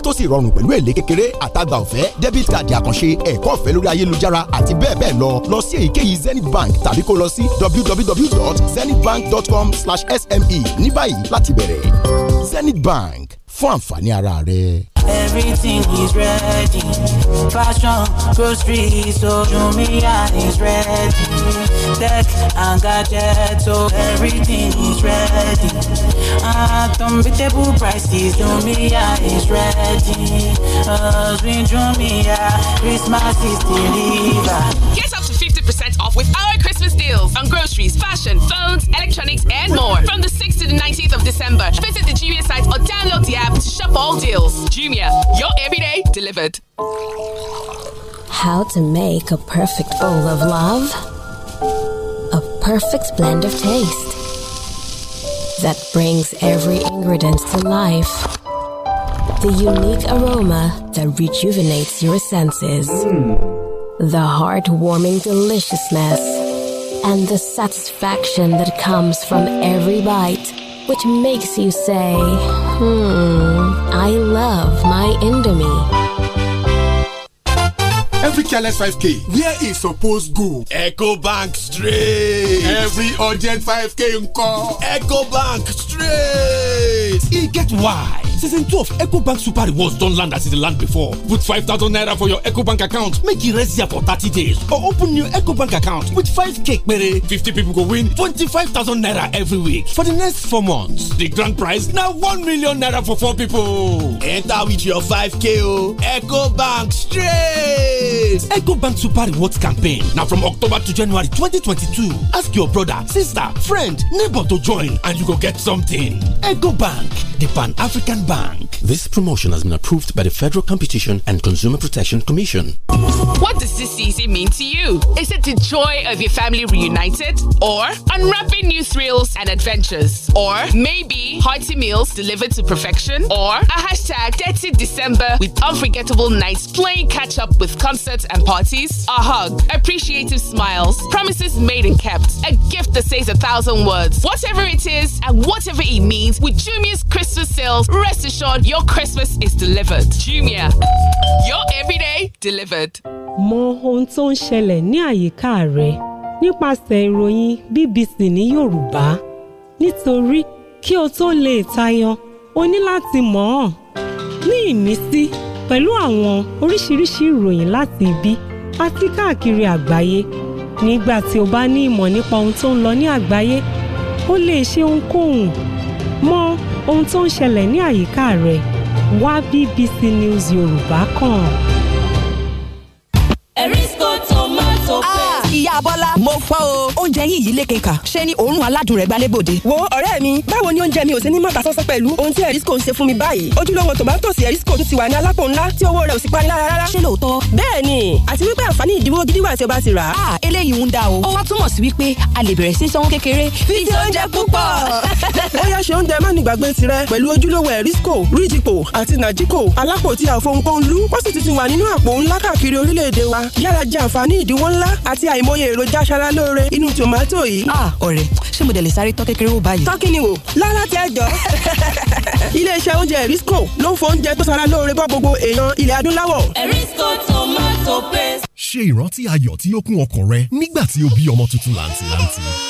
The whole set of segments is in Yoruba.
kíá tó sì rọrùn pẹ̀lú èlé kékeré àtàgbà ọ̀fẹ́ debit card àkànṣe ẹ̀kọ́ ọ̀fẹ́ lórí ayélujára àti bẹ́ẹ̀ bẹ́ẹ̀ lọ lọ sí èyíkéyìí zenith bank tàbí kó lọ sí www.zenithbank.com/sme ní báyìí láti bẹ̀rẹ̀ zenith bank fún àǹfààní ara rẹ. everything is ready. Fashion, groceries, so Jumia is ready. Tech and gadgets, so everything is ready. At unbeatable prices, Jumia is ready. Husband Jumia, Christmas is delivered. 50% off with our Christmas deals on groceries, fashion, phones, electronics, and more. From the 6th to the 19th of December, visit the Jumia site or download the app to shop all deals. Jumia, your everyday delivered. How to make a perfect bowl of love? A perfect blend of taste that brings every ingredient to life the unique aroma that rejuvenates your senses. Mm the heartwarming deliciousness, and the satisfaction that comes from every bite, which makes you say, hmm, I love my Indomie. Every careless 5k, where is supposed go? Echo Bank straight. Every urgent 5k, call. Echo Bank straight. He get why? season twelve ecobank super rewards don land as e dey land before Put five thousand naira for your ecobank account make e rest there for thirty days or open new ecobank account with five k pere fifty people go win twenty-five thousand naira every week for the next four months the grand prize na one million naira for four people. enter with your five k o ecobank straight. ecobank super rewards campaign na from october to january twenty twenty-two ask your brother sister friend neighbor to join and you go get something ecobank the pan-african bank. Bank. This promotion has been approved by the Federal Competition and Consumer Protection Commission. What does this season mean to you? Is it the joy of your family reunited? Or unwrapping new thrills and adventures? Or maybe hearty meals delivered to perfection? Or a hashtag dirty December with unforgettable nights playing catch up with concerts and parties? A hug, appreciative smiles, promises made and kept, a gift that says a thousand words. Whatever it is and whatever it means, with Jumia's Christmas sales, rest rest assured your Christmas is delivered. Jumia, your everyday delivered. Mọ ohun tó ń ṣẹlẹ̀ ní àyíká rẹ nípasẹ̀ ìròyìn BBC ní Yorùbá nítorí kí o tó lè tayọ o ní láti mọ̀ ọ́n ní ìmísí pẹ̀lú àwọn oríṣiríṣi ìròyìn láti ibi àti káàkiri àgbáyé nígbà tí o bá ní ìmọ̀ nípa ohun tó ń lọ ní àgbáyé o lè ṣe ohunkóhun mọ́ ohun tó ń ṣẹlẹ̀ ní àyíká rẹ wá BBC News Yorùbá kàn. Erisco tomato paste ìyá Bọ́lá mo fọ́ o. oúnjẹ yín yìí lékè kà ṣé ni òórùn aládùn rẹ̀ gbalẹ́gbòde. wo ọ̀rẹ́ mi báwo ni oúnjẹ mi ò sí ní mọ̀ta sọ́sọ́ pẹ̀lú ohun tí Erisco ń ṣe fún mi báyìí. ojúlówó tòmátòsì Erisco tún ti wà ní alápò ńlá tí owó rẹ̀ ò sì pani lára rárá. ṣé lóòótọ́. bẹ́ẹ̀ ni àti wípé àǹfààní ìdíwọ́ gidi wà tí o bá ti rà á. Ah, eléyìí ń da o. ó wá túmọ̀ sí wípé a lè bẹ̀rẹ̀ sí sanwó kékeré fi ti oúnjẹ púpọ̀. ó yá ṣe oúnjẹ má nígbàgbé tirẹ̀ pẹ̀lú ojúlówó Erisco ríjìpò àti nàjíkò alápò tí àfohùn kò ń lú wọ́n sì ti ti wà nínú àpò ńlá káàkiri orílẹ̀-èdè wa yára jẹ àǹfààní ìdíwọ́ ńlá àti àìmọye èròjà aṣara lóore inú tòmátò yìí. a ah, ọ̀rẹ́ ṣé mo dẹ̀ lè sáré tọ́ kékeré wò báyìí. tọ́kì ni wò lára tí ẹ jọ. iléeṣẹ́ oúnjẹ Erisco ló ń fọ oúnjẹ tó sara lóore bọ́ gbogbo èèyàn ilẹ̀ adúláwọ̀. Erisco tomato paste. ṣe ìrántí ayọ̀ tí ó kún ọkàn rẹ nígbà tí o bí ọmọ tuntun làǹtìlanti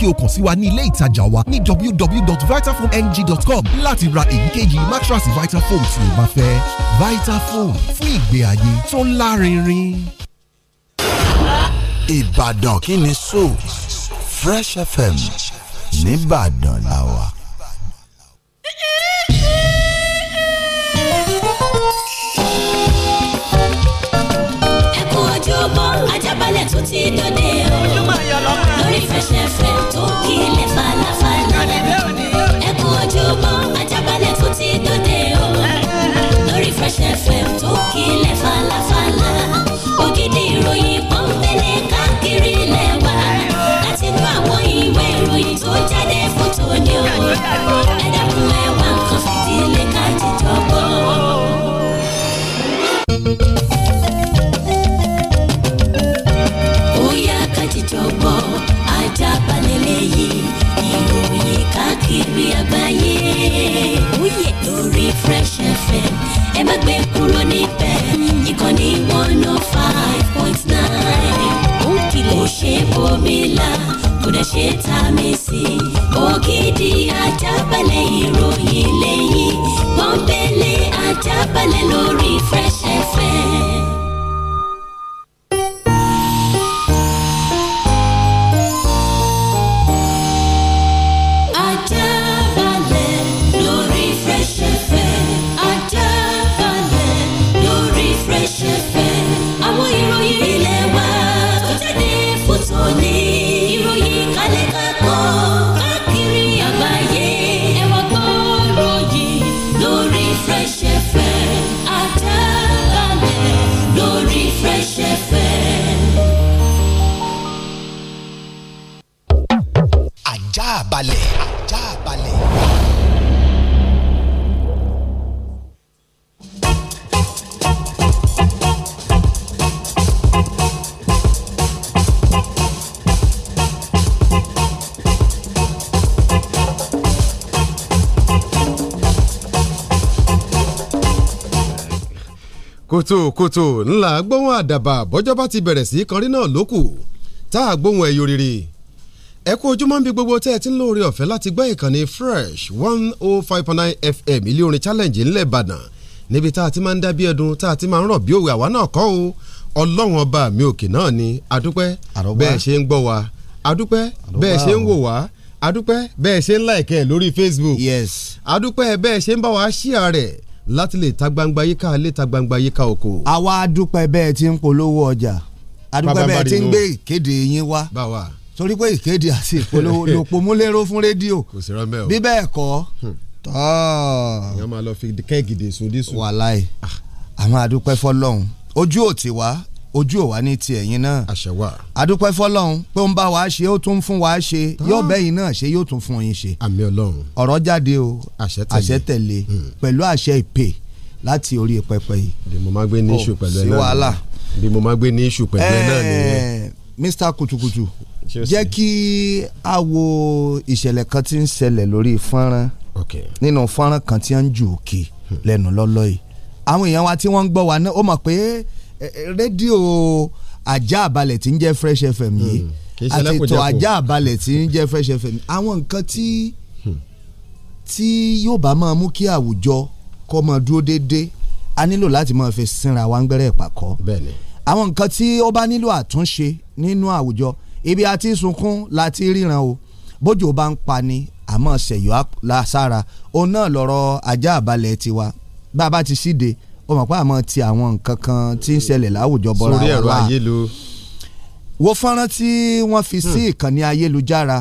k kí o kàn sí wa ní ilé ìtajà wa ní www.vitafoamng.com láti ra èyíkéyìí mattress Vitafoam tí o bá fẹ́ Vitafoam fún ìgbé ayé tó lárinrin. Ìbàdàn kí ni so Fresh FM nìbàdàn la wà. ẹ kú ojúbọ Ajábalẹ̀ tó ti dòde o. ojúmọ́ ayọ̀ lọ́kàn lórí fẹsẹ̀fẹ̀ tó kílẹ̀ falafala. ẹ kú ojúmọ́ ajábalẹ̀ tó ti dòde o lórí fẹsẹ̀fẹ̀ tó kílẹ̀ falafala. ògidì ìròyìn pọ́npẹ́lẹ́ káàkiri lẹ́wà láti inú àwọn ìwé ìròyìn káàkiri àgbáyé. Oyè lórí Refresh FM ẹ má gbé kúrò níbẹ̀ ìkànnì one oh five point nine. Ó kìlọ̀ ṣe bòmílà kódà ṣe tá a sí. Ògidì ajábalẹ̀ ìròyìn lẹ́yìn pọ́npẹ́lẹ́ ajábalẹ̀ lórí Refresh FM. kùtùkùtù ńlá gbóhùn àdàbà bọ́jọ́ bá ti bẹ̀rẹ̀ sí kọrin náà lókù tá a gbóhùn ẹ̀yọ́ rírì ẹ kú ojúmọ́ ń bi gbogbo tẹ́ ẹ ti ń lo oore ọ̀fẹ́ láti gbọ́ ìkànnì fresh one oh five point nine fm ilé orin challenge ńlẹ̀ ìbàdàn níbi tá a ti máa ń dábí ẹdun tá a ti máa ń rọ̀ bí òwe àwa náà kọ́ o ọlọ́run ọba mi òkè náà ni adúpẹ́ bẹ́ẹ̀ ṣe ń gbọ́ wa adúpẹ́ bẹ́ẹ̀ ṣe ń wò wá adúpẹ́ bẹ́ẹ̀ ṣe ń láìkẹ́ lórí facebook yes adúpẹ́ bẹ́ẹ̀ ṣe ń bá wa ṣíà rẹ̀ láti lè ta gbangba yíká lè ta gbangba yíká oko. àwa adúpẹ́ bẹ́ẹ̀ ti ń polówó ọjà adúpẹ́ bẹ́ẹ̀ ti ń gbé ìkéde yín wá torí pé ìkéde àti ìpolówó ló pomúléró fún rédíò bí bẹ́ẹ̀ kọ́ hmm. tọ́ọ̀. èèyàn máa lọ wàláì àwọn ah. adúpẹ́ fọlọ́run ojú ò ti wá ojú ò wá ní ti ẹ̀yin náà. àṣẹwà. àdúpẹ́ fọlọ́run pé ó ń bá wa ṣe ó tún fún wa ṣe ah. yóò bẹ́yìn náà ṣe yóò tún fún yín ṣe. àmì ọlọ́run. ọ̀rọ̀ jáde o àṣẹ tẹ̀lé hmm. pẹ̀lú àṣẹ ìpè láti orí pẹpẹ yìí. bí mo máa gbé ní iṣu pẹ̀lú ẹ náà sí bí mo máa gbé ní iṣu pẹ̀lú ẹ náà nìyẹn. Eh, Mr Kutukutu jẹ́ kí a wo ìṣẹ̀lẹ̀ kan tí ń ṣẹlẹ̀ lórí fọ́nrán nínú fọ́nrán kan tí ń ju òkè hmm. lẹ́nu lọ́lọ́ yìí àwọn èèyàn wa tí wọ́n ń gbọ́ wa náà ó mọ̀ pé rédíò ajá àbálẹ̀ tí ń jẹ́ Fresh FM yìí hmm, àti ètò ajá àbálẹ̀ tí ń jẹ́ Fresh FM àwọn nǹkan tí hmm. tí yóò bá máa mú kí àwùjọ kó máa dúró déédéé a nílò láti máa fi sinra wa ń gbẹ́rẹ́ ìpàkọ́ àwọn nǹkan tí ó bá nílò àtúnṣe nínú àwùjọ ibi àti sunkún láti ríran o bójú bá ń pa ni àmọ́ ṣẹ̀yọ́ lására òun náà lọ́rọ̀ ajá àbálẹ̀ tiwa bá a bá ti ṣíde si ó mọ̀ pé àmọ́ ti àwọn nǹkan kan tí ń ṣẹlẹ̀ láwùjọ bọ́ra wọn wá. ẹ̀rọ ayélujára. wo fọ́nrán tí wọ́n fi sí hmm. ìkànnì ayélujára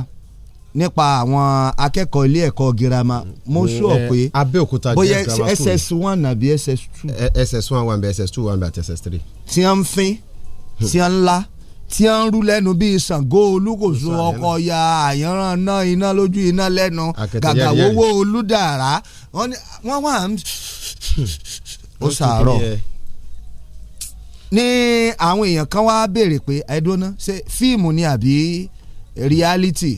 nípa àwọn akẹ́kọ̀ọ́ ilé ẹ̀kọ́ girama mo sọ eh, pé Abẹ́òkúta bóyá ss one àbí ss two. ss eh, one wà bẹ ss two wà bẹ àti ss three. tí wọ́n ń fín hmm. tí wọ́n ń la tí wọ́n ń rú lẹ́nu bíi Ṣàngó Olúkòso ọkọ ya àyànràn náà iná lójú iná lẹ́nu gàgàwówó Olúdàrá wọ́n wà ń. Hmm ó sàárọ̀ ní àwọn èèyàn kan wá béèrè pé ẹdúná ṣe fíìmù ni àbí reality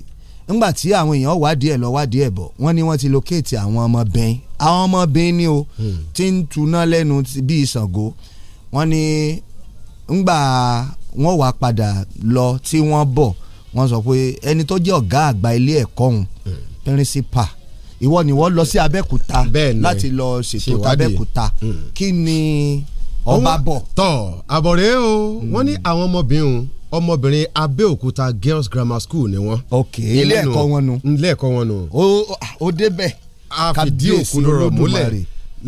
ńgbà tí àwọn èèyàn wádìí ẹ̀ lọ wádìí ẹ̀ bọ̀ wọ́n ní wọ́n ti locate àwọn ọmọbìnrin àwọn ọmọbìnrin ni o hmm. ti ń tuná lẹ́nu bíi Ṣàngó wọ́n ní ńgbà wọ́n wá padà lọ tí wọ́n bọ̀ wọ́n sọ pé ẹni tó jẹ́ ọ̀gá àgbà ilé ẹ̀kọ́ ọ̀hún hmm. principal ìwọ ni wọ́n lọ sí abẹ́kúta láti lọ ṣètò abẹ́kúta hmm. kí ni ọba bọ̀. tọ́ àbọ̀rẹ́ o hmm. wọ́n ní àwọn ọmọbìnrin ọmọbìnrin Abẹ́òkúta Girls Grammar School ni wọ́n. ok ilé ẹ̀kọ́ wọn nu. ilé ẹ̀kọ́ wọn nu. o o débẹ̀. a fìdí òkú lọ́rọ̀ múlẹ̀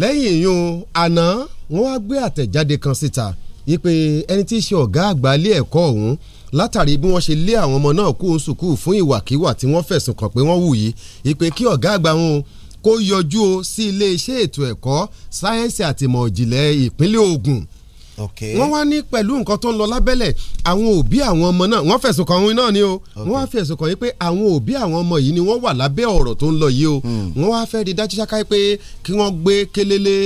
lẹ́yìn yìí àná wọ́n wá gbé àtẹ̀jáde kan síta yí pé ẹni tí í ṣe ọ̀gá àgbà ilé ẹ̀kọ́ ọ̀hún látàrí bí wọ́n ṣe lé àwọn ọmọ náà kú sùkú fún ìwàkiwà tí wọ́n fẹ̀sùn kàn pé wọ́n hù yìí ìpè kí ọ̀gá àgbà wọn kó yọjú o sí iléeṣẹ́ ètò ẹ̀kọ́ sáyẹ́ǹsì àtìmọ̀ ìjìnlẹ̀ ìpínlẹ̀ Ògùn okay. wọ́n wá ní pẹ̀lú nǹkan tó ń lọ lábẹ́lẹ̀ àwọn òbí àwọn ọmọ náà wọ́n fẹ̀sùn kàn òun náà ni o wọ́n wá fẹ̀sùn kàn yí pé àwọn òbí àwọn ọmọ yìí ni wọ́n wà lábẹ́ ọ̀rọ̀ tó ń lọ yìí o hmm. wọ́n wá fẹ́ di dájú ṣáká pé kí wọ́n gbé kélélé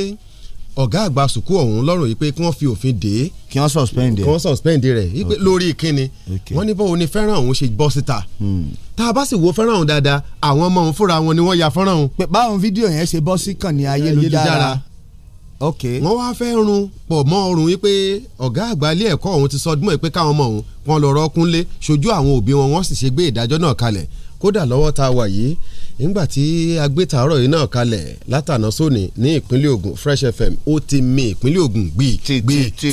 ọ̀gá àgbà sùkú ọ̀hún lọ́rùn yìí pé kí wọ́n fi òfin dè kí wọ́n suspend rẹ̀ kí wọ́n suspend rẹ̀ yìí lórí ìkíni wọ́n ní báwo ni fẹ́ràn òun ṣe bọ́ síta. Hmm. tá a bá sì wo fẹ́ràn òun dáadáa àwọn ọmọ òun fúnra wọn ni wọ́n ya fẹ́ràn òun. báwọn fídíò yẹn ṣe bọ́ sí kàn eh, ayélujára wọ́n wá fẹ́ run pọ̀ mọ́ ọrùn yìí ọ̀gá àgbà ilé ẹ̀kọ́ òun ti sọdúnmọ́ pé káwọn ọmọ òun wọn lọ rọ́ọ̀kúnlé ṣojú àwọn òbí wọn wọ́n sì ṣe gbé ìdájọ́ náà kalẹ̀ kódà lọ́wọ́ tá wà yìí nígbà tí agbétàárọ̀ yìí náà kalẹ̀ látànà sóni ní ìpínlẹ̀ Ògùn Fresh FM ó ti mi ìpínlẹ̀ Ògùn gbì gbì tì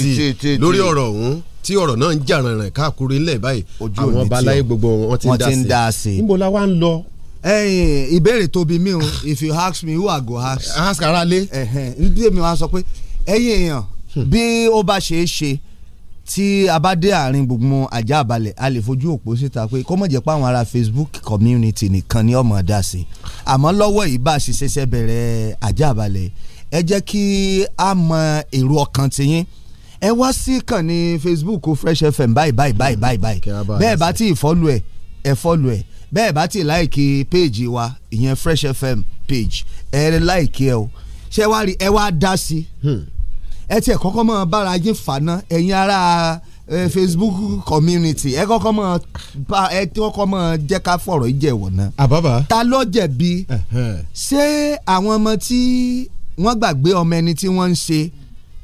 lórí ọ̀rọ̀ ọ̀hún tí ọ̀rọ̀ náà ń jà rànràn káàkiri ilẹ̀ báyìí àwọn balaye gbogbo wọn ti ń dá sí i níbo la wá ń lọ ẹyin ìbéèrè tóbi mi o if you ask me who i go ask. ask ara lé. ǹdí èmi wá sọ pé ẹ̀yin èèyàn hmm. bí ó bá ṣe é ṣe tí a bá dé àárín gbùngbùn ajá balẹ̀ a lè fojú òpó síta pé kó mọ̀ jẹ́ pé àwọn ará Facebook community nìkan ni ọmọ dá sí àmọ́ lọ́wọ́ yìí bá a sì ṣẹ̀ṣẹ̀ bẹ̀rẹ̀ ajá balẹ̀ ẹ jẹ́ kí a mọ èrò ọkàn tiyín ẹ wá sí ìkànnì Facebook Fresh FM báyìí báyìí báyìí báyìí báyìí bẹ́ẹ̀ bá ti follow ẹ̀ ẹ̀ follow ẹ̀ bẹ́ẹ̀ bá ti láìkì péèjì wa ìyẹn Fresh FM page ẹ̀ láìkì ẹ̀ o ṣé wá rí ẹ wá dá sí. Hmm ẹ tiẹ̀ kọ́kọ́ mọ́ bára yín fàná ẹ̀yin ara Facebook community ẹ kọ́kọ́ mọ́ ẹ kọ́kọ́ mọ́ jẹ́ ká fọ̀rọ̀ ìjẹ̀wọ̀ náà. àbábà. ta ló jẹ̀bi ṣé àwọn ọmọ tí wọ́n gbàgbé ọmọ ẹni tí wọ́n ń ṣe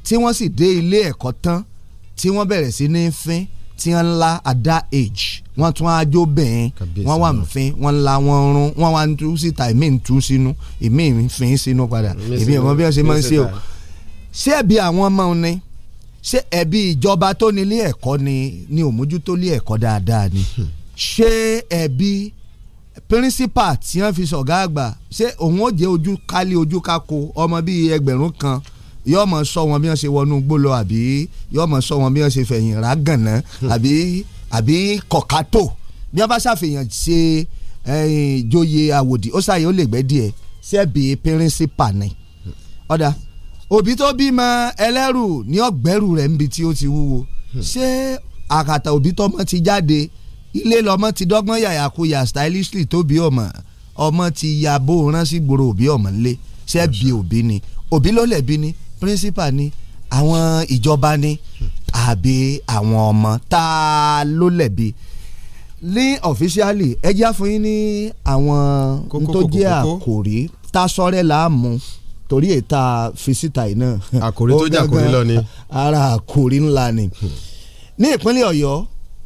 tí wọ́n sì dé ilé ẹ̀kọ́ tán tí wọ́n bẹ̀rẹ̀ sí ní fín tí wọ́n la ada age wọ́n tún ajó bẹ̀ẹ́n wọ́n wà nfin wọ́n la wọ́n rún wọ́n wà tú síta èmi ń tú sínú èmi ń fin sínú padà èmi ìwọ̀n bí wọ́n ṣe máa ń ṣe o ṣé ẹ̀bi àwọn ọmọ òun ni ṣé ẹ̀bi ìjọba tó ní ilé ẹ̀kọ́ ni ni òmójútó ilé ẹ̀kọ́ dáadáa ni hmm. ṣé ẹ̀bi píríncípà tí wọ́n fi sọ̀gá àgbà ṣé òun ó jẹ́ ojú kálí ojú kákó ọmọ bíi ẹgbẹ̀rún kan yóò mọ sọ wọn bí wọ́n ṣe wọnú gbólọ àbí yóò mọ sọ wọn bí wọ́n ṣe fẹ̀yìn rà gànà hmm. àbí àbí kọkátò bí wọ́n bá ṣàfihàn ṣe ìjòyè àwòdì ó ṣàyẹ̀ ó lè gbẹ́ díẹ̀ ṣebí píríncípà ni hmm. ọ̀dà. -hmm òbí tó bímọ ẹlẹ́rù ní ọ̀gbẹ́rù rẹ̀ níbi tí ó ti wúwo hmm. ṣé àkàtà òbí tọmọ ti jáde ilé lọmọ ti dọ́gbọ́n yàyàkuyà stylishly tóbi ọmọ ọmọ ti ya bó rán sí gbòòrò òbí ọmọ ńlé ṣé bí òbí ni òbí ló lẹ̀bi ni principal ni àwọn ìjọba ni hmm. àbí àwọn ọmọ tá a ló lẹ̀bi ní ọ̀fíṣíálì ẹjá fún yín ní àwọn tó jẹ́ tá a sọ́rẹ́ là á mú torí èta fisita yìí náà. àkòrí tó jẹ́ àkòrí lọ ni. ara àkòrí ńlá ni. Hmm. ní ìpínlẹ̀ ọ̀yọ́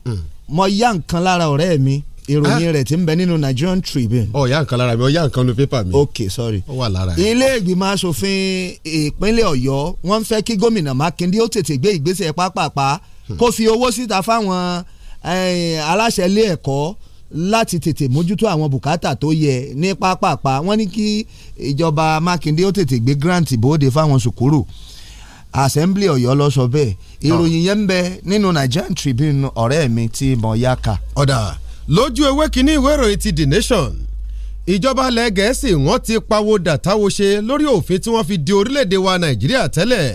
hmm. mo yá nǹkan lára ọ̀rẹ́ mi ìròyìn ah. rẹ̀ ti ń bẹ nínú Nigerian Tribune. ọ yá nǹkan lára mi ọ yá nǹkan lu pépà mi. ok sorry. ó wà lára yẹn. ilé ìgbìmọ̀ asòfin ìpínlẹ̀ ọ̀yọ́ wọ́n ń fẹ́ kí gómìnà Mákindé ó tètè gbé ìgbésẹ̀ pápápá hmm. kó fi owó síta fáwọn eh, aláṣẹ ilé ẹ̀kọ́ láti tètè mójútó àwọn bùkátà tó yẹ ní pápápá wọ́n ní kí ìjọba Mákindé ó tètè gbé grant bóde fáwọn sùkúrù assembly Ọ̀yọ́ lọ sọ bẹ́ẹ̀ ìròyìn yẹn ń bẹ nínú Nigerian Tribune ọ̀rẹ́ mi tí mo yá ka. ọ̀dà lójú ewé kínní ìwé ìròyìn ti The Nation ìjọba ilẹ̀ gẹ̀ẹ́sì wọ́n ti pawó dàtàwọ́ ṣe lórí òfin tí wọ́n fi di orílẹ̀-èdè wa Nàìjíríà tẹ́lẹ̀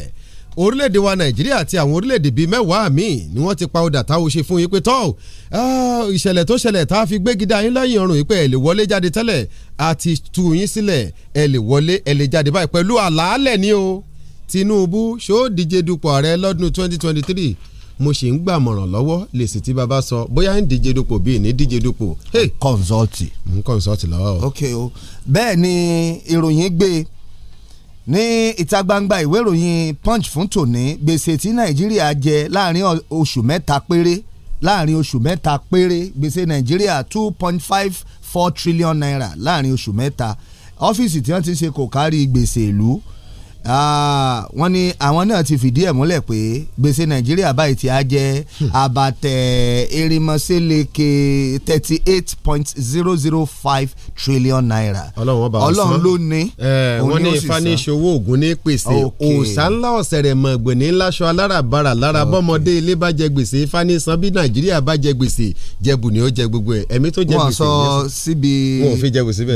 orílẹ̀-èdè wa nàìjíríà àti àwọn orílẹ̀-èdè bíi mẹ́wàá míì ni wọ́n ti pa ọ̀dà táwọn ṣe fún yín pé tọ́ ah, ìṣẹ̀lẹ̀ tó ṣẹlẹ̀ tá a fi gbégidá yín lẹ́yìn ọrùn yìí pé ẹ̀ lè wọlé jáde tẹ́lẹ̀ àti tú yín sílẹ̀ ẹ̀ wọlé ẹ̀ jáde báyìí pẹ̀lú àlàálẹ̀ ni o Tinubu ṣó díje dupò ààrẹ lọ́dún 2023 mo ṣì ń gbàmọ̀ràn lọ́wọ́ lèsì tí baba sọ bóyá ń díje dupò bíi ní díje dupò. kọ́ńsọ́ọ̀tì. ń kọ́ńsọ́ọ̀tì lọ́wọ́. ok o bẹ́ẹ̀ ni ìròyìn gbé e ní ìta gbangba ìwé ìròyìn punch fún tòní gbèsè tí nàìjíríà jẹ láàrin oṣù mẹ́ta péré láàrin oṣù mẹ́ta péré gbèsè nàìjíríà two point five four trillion naira láàrin oṣù mẹ́ta ọ́fíìsì tí wọ́n ti ṣe kò kárí gbèsè ìlú Ah, wọ́n ní àwọn náà ti fìdí ẹ̀ múlẹ̀ pé gbèsè nàìjíríà báyìí ti á jẹ́ àbàtẹ̀ hmm. erimọ́sẹ́lẹ̀kẹ̀ thirty eight point zero zero five trillion naira ọlọ́run ló ní eh, òun ní ìfanisowó ògùn ní pèsè òòsà ńlá ọ̀sẹ̀ rẹ̀ mọ̀ gbòní ńláṣọ aláràbarà lára bọ́mọdé ilé bá jẹ gbèsè ìfanisàn bí nàìjíríà bá jẹ gbèsè jẹbù ni ó jẹ gbogbo ẹ̀ ẹ̀mí tó jẹ gbèsè wọn sọ síbi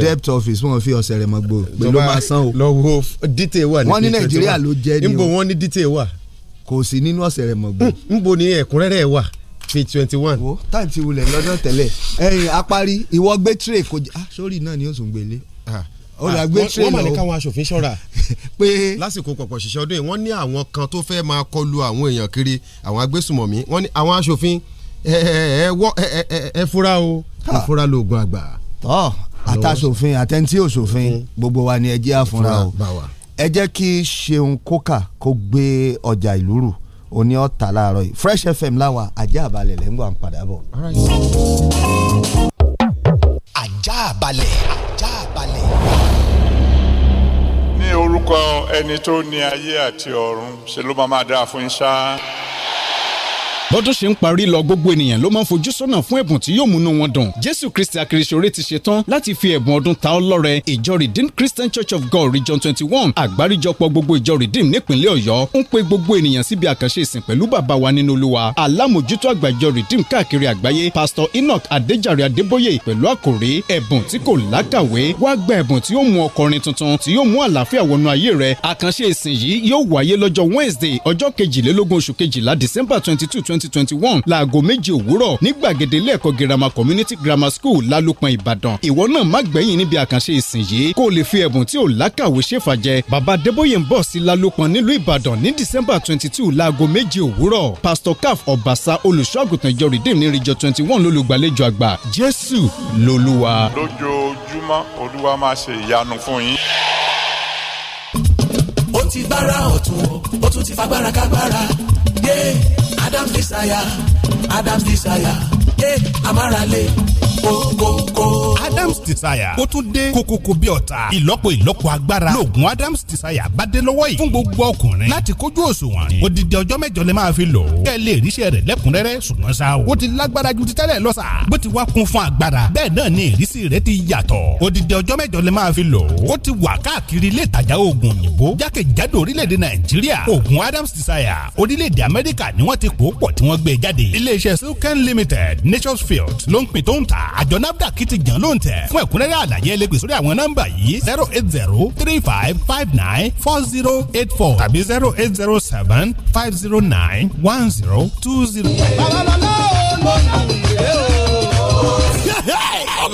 debt office wọn fi ọ̀sẹ̀ rẹ̀ mọ̀ gbò pẹ̀lú máa san o lọ́wọ́ dítẹ̀ wà ní wọ́n ní nàìjíríà ló jẹ́ ni o nbo wọ́n ní detail wà. kò sí nínú ọ̀sẹ̀ rẹ̀ mọ̀ gbọ́. nbo ni ẹ̀kúnrẹ́rẹ́ wà fi twenty one. wo táyì ti wulẹ̀ lọ́dọ̀ tẹ́lẹ̀ ẹ̀yìn apárí ìwọ gbé tray kò jẹ́ ah sórí náà ni ó sùn gbélé. Ah. ó là ah, gbé tray lọ. wọ́n mà ní káwọn aṣòfin ṣọ́ra. pé lásìkò pọ̀pọ̀ ṣiṣẹ́ ọdún yìí wọ́n ní àwọn kan tó fẹ́ máa kọlu àwọn èèyàn kiri àwọn agbésùmọ̀mí wọ́n ní àwọn aṣòfin ẹ fura o ẹ fura lóògùn àgbà. tọ́ àtàṣòfin àtẹ̀ntí òṣòfin gbogbo wa ni ẹ jẹ́ àfúnra o ẹ jẹ́ kí Ṣeun Kókà kó gbé ọjà ìlú rù òní ọ̀tà láàárọ̀ yìí Fresh FM láwa ajá àbálẹ̀ lẹ́ngbọ̀n padà bọ̀. ajá àbálẹ̀ ajá àbálẹ̀. ní orúkọ ẹni tó ní ayé àti ọ̀run ṣe ló máa máa dáa fún yín ṣáá bọ́dún ṣe ń parí lọ gbogbo ènìyàn ló máa ń fojú sọ́nà fún ẹ̀bùn tí yóò múnú wọn dùn jésù kristi akérésìore ti ṣe tán láti fi ẹ̀bùn ọdún ta ọ́ lọ́rẹ ìjọ redeemed christian church of god region twenty one àgbáríjọpọ̀ gbogbo ìjọ redeemed nípìnlẹ̀ ọ̀yọ́ ń pe gbogbo ènìyàn síbi àkànṣe ìsìn pẹ̀lú bàbá wa nínú olúwa alámòjútó àgbà ìjọ redeemed káàkiri àgbáyé pastor enoch adéjàre adébóyè pẹ̀lú àkòrí ẹ̀bùn tí kò lákàwé wá gba ẹ̀bùn tí yóò mú ọkọrin tuntun tí yóò mú àlàáfíà wọnú ayé rẹ àkànṣe wednesday ọjọ́ kejìlélógún oṣù december twenty two twenty twenty twenty one láago méje òwúrọ̀ ní gbàgede ilé-ẹ̀kọ́ girama community grammar school lálùpọ̀ ìbàdàn ìwọ náà má gbẹ̀yìn níbi àkànṣe ìsìn yìí kó o lè fi ẹ̀bùn tí ò lákàwé ṣèfàjẹ bàbá adébóyè ń bọ̀ sí lálùpọ̀ nílùú ìbàdàn ní december twenty two láago méje òwúrọ̀ pastor caf ọ̀bàṣà olùṣọ́àgùtàn ìjọ redeem ní region twenty one lólùgbàlejò àgbà jésù lolúwa. lójoojúmọ́ olúwa máa ṣe ìyanu fún yín ó ti gbára ọ̀tún ó tún ti fagbára kágbára Yeah Adam's Desire Adam's Desire ẹ hey, amárale desire ó tún dé kokoko bí ọ̀tá ìlọ́po ìlọ́po agbára lóògùn adams desire bá dé lọ́wọ́ yìí fún gbogbo ọkùnrin láti kójú òṣùwọ̀n odidi ọjọ́ mẹ́jọ lè máa fi lò ó kẹ́ ẹ lè ríṣẹ́ rẹ̀ lẹ́kùnrẹ́rẹ́ ṣùgbọ́n ṣá o ó ti lágbára ju ti tẹ́lẹ̀ lọ sà bó ti wá kún fún agbára bẹ́ẹ̀ náà ni ìrísí rẹ̀ ti yàtọ̀ odidi ọjọ́ mẹ́jọ lè máa fi lò ó ó ti wà káàkiri ilé ìtajà oògùn òyìnbó jákèjádò orílẹ̀-èdè nàìjíríà oògùn adams desire orílẹ̀-èdè amẹ́ríkà ni wọ́n ti pò pọ̀ tí wọ́n gbé e jáde iléeṣẹ́ silken limited nature's field ló ń pin tó ń ta àjọ nafdac fún ẹ̀kúnrẹ́rẹ́ àlàyé ẹ sórí àwọn nọ́mbà yìí zero eight zero three five five nine four zero eight four tàbí zero eight zero seven five zero nine one zero two zero. bàbá lọ́lá ò lọ́nà òye o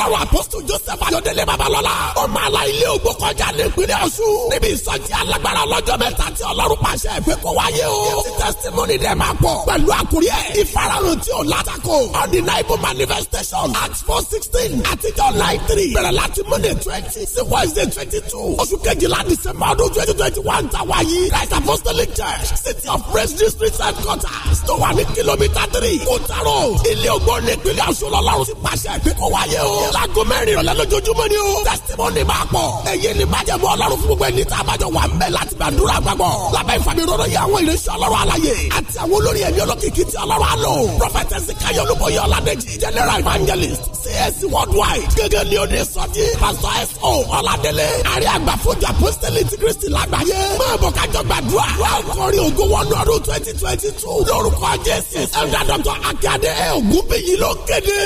babaláwo apọ́sù joseph ayọ̀délé babalọ́lá ọmọ ala ilé ògbókọjà nípínlẹ̀ ọ̀ṣun níbi ìsọjí alágbára ọlọ́jọ́ mẹ́ta tí ọlọ́run pàṣẹ ìpè kó wáyé o ti testimony dẹ̀ máa pọ̀ pẹ̀lú àkórí ẹ̀ ìfarahàn tí ò látàkó undeniable manifestation at four sixteen àtijọ́ line three bẹ̀rẹ̀ láti monday twenty sí wednesday twenty two oṣù kejìlá december ọdún twenty twenty one tàwa yìí christ apostolic church city of praise district headquarters tó wà ní kìlómítà three kò tààrọ̀ ilé ògbóni ìpínlẹ̀ ọ̀ṣun lọ́lọ́run ti pàṣẹ ìpè kó wáyé o láago mẹ́rin ìrọ̀lẹ́ lójoojúmọ́ ni o. testimony máa pọ̀. èyí ni májẹ̀mú ọlọ́run fún gbogbo ẹni tá a bá jọ wà ń bẹ̀ láti gbàdúrà gbàgbọ́. lábẹ́ ìfàmì rọrọ yẹ àwọn ìrẹsì ọlọ́run alaye àti àwọn olórí ẹ̀mí olókìkí tí ọlọ́run á lò. prophetess kayo olúbọyé ọládẹ́jì general evangelist cs worldwide gẹ́gẹ́ ni o ní sọ́jí pastor so ọládélé àrí àgbà fojú apostolic christy lágbàáyé. máa bọ̀ kájọ gbàdúrà. wọ́n kọrin ògo wọnú ọdún twenty twenty two lórúkọ jésù. ẹ̀dá dr akíade ògúnbíyì ló kéde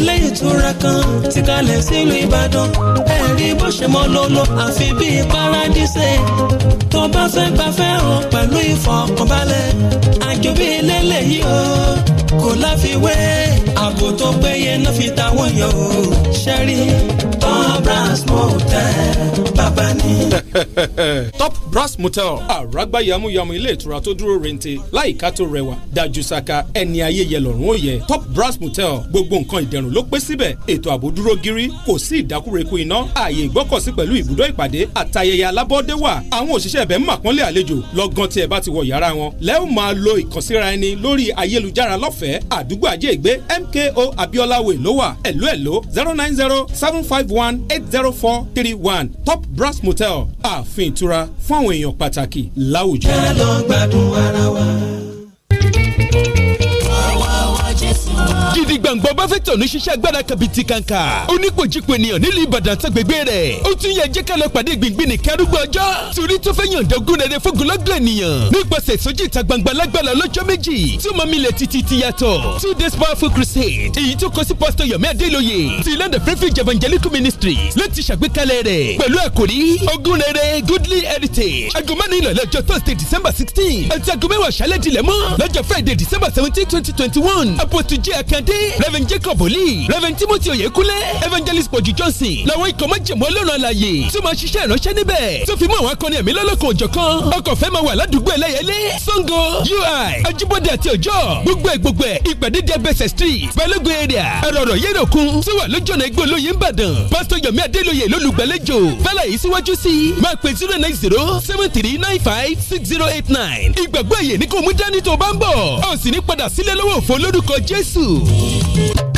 ilé ìtura kan ti kalẹ̀ sílùú ìbàdàn ẹ̀rí bó ṣe mọ́ lóló àfi bíi párádísè tó bá fẹ́ gbà fẹ́ràn pẹ̀lú ìfọ̀kànbalẹ̀ àjò bíi lélẹ̀ yìí o kò láfiwé ààbò tó péye náà fi táwọn yọ o ṣẹ́rí top brass motel bàbá ni. top brass motel àràgbá yamuyamu ilé ìtura tó dúró rente láìka tó rẹwà dájú saka ẹni ayé yẹ lọ́rùn ó yẹ top brass motel gbogbo nǹkan ìdẹ̀rùn ló pé síbẹ̀ ètò ààbò dúró gírí kò sí ìdákúrekú iná ààyè ìgbọ́kọ̀sí pẹ̀lú ibùdó ìpàdé àtayẹyẹ alábọ́dé wà àwọn òṣìṣẹ́ ibẹ̀ ń màpọ́nlé àlejò lọ́gán tí ẹ bá ti wọ yàrá wọn lẹ́ẹ̀ máa lo ìkànsíra ẹni lórí ayélujára lọ́fẹ̀ẹ́ àdúgbò ajé ìgbé mp ko abiolawe ló wà ẹ̀lú ẹ̀ló zero nine zero seven five one eight zero four three one top brass motel ààfin ìtura fún àwọn èèyàn pàtàkì láwùjọ. ká lọ gbádùn wa. gidi gbàngbọ́n báfẹ́tì oníṣiṣẹ́ agbára kabiti kàǹkà onípojìpò ènìyàn nílùú ìbàdàn àtàgbègbè rẹ̀ ó tún yẹ jẹ́ ká lọ pàdé gbìngbìn nìkan arúgbó ọjọ́ torí tó fẹ́ yàn dẹ́gun rẹ̀ fógunlọ́gọ̀ ènìyàn nípasẹ̀ ìsọjí ìta gbangba lágbára lọ́jọ́ méjì tí ó máa milẹ̀ títí ti yàtọ̀ two days powerful crusade èyí tó kọ sí pásítọ̀ yomi adéloye ti land of refuge evangelical ministries láti ṣàgbékalẹ̀ rẹ̀ pẹ̀lú àkòrí ogun rere goodly heritage aago mẹ́rin ìrọ̀lẹ́ ọjọ́ thursday december sixteen àti aago mẹ́wàá ṣálẹ̀ dilẹ̀ mọ́ lọ́jọ́ friday december seventeen twenty twenty one àpótí akand dé reverend jacob oli reverend timothy oyekunle evangelist pọ̀jù johnson làwọn ikọ̀ májèmú ọlọ́run àlàyé tó máa ṣiṣẹ́ ìránṣẹ́ níbẹ̀ tó fi mú àwọn akọni ẹ̀mí lọ́lọ́kan òjọ̀kan ọkọ̀ fẹ́ máa wà ládùúgbò ẹlẹ́yẹlé sango ui ajibode àti ọjọ́ gbogbo ẹ̀ gbogbo ẹ̀ ìpàdé dẹ́bẹ̀sẹ̀ street balógun area ẹ̀rọ̀rọ̀ yẹ́rọ̀kun tó wà lójú ọ̀nà igbó olóyè ńbàdàn pásítọ̀ yomi adélóye lólùgbàlejò fẹ́lẹ̀ yìí síwájú sí máa pè zero nine zero seven three nine five six zero eight nine ìgbàgbọ́ èyí ni kò mú dání tó bá ń bọ̀ ó sì ní sílẹ̀ lọ́wọ́ òfò lórúkọ jésù. Thank you.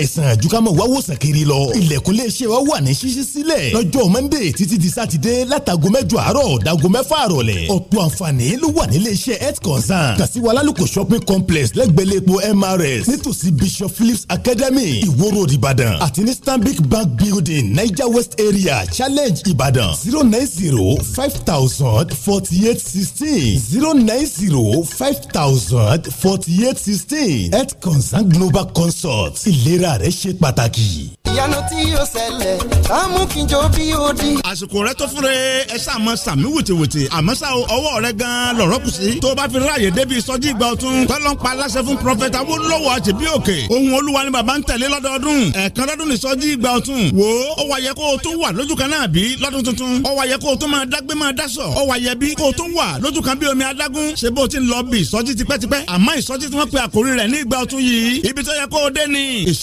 àìsàn àjùkámọ̀ wá wòsàn kiri lọ. ilẹ̀kùn lè ṣe wa wà ní ṣíṣí sílẹ̀. lọ́jọ́ monday títí di sátidé látago mẹ́jọ àárọ̀ dago mẹ́fà àrọ̀lẹ̀. ọ̀pọ̀ àǹfààní ló wà nílé iṣẹ́ health concern. kàṣíwá lálùkò shopping complex lẹ́gbẹ̀lẹ́ epo mrs nítòsí bishop phillips academy ìwó ìbàdàn àti ní stanbic bank building niger west area challenge ìbàdàn zero nine zero five thousand forty eight sixteen zero nine zero five thousand forty eight sixteen health concern global consult ìlera ìlera rẹ ṣe pàtàkì. ìyanu tí yóò ṣẹlẹ̀ á mú kí n jó bí ó di. àsìkò rẹ tó fúnre ẹ ṣáà sàmí wùtìwùtì àmọ́ ṣá o rẹ gan-an kù sí. tó o bá fi ráàyè débi ìsọjí ìgbà ọ̀tun tọ́lọ́ ń pa aláṣẹ fún prọfẹ̀tà Awólọ́wọ̀ àti bí òkè ohun olúwa ni bàbá ń tẹ̀lé lọ́dọọdún ẹ̀ẹ̀kan lọ́dún ní ìsọjí ìgbà ọ̀tun wò ó wà yẹ kó o tún wà lójú kan náà bí lọ́dún tuntun ó wà yẹ kó o tún máa dágbé máa dáṣọ ó wà yẹ bí kó o tún wà lójú kan bí omi adágún ṣe bó o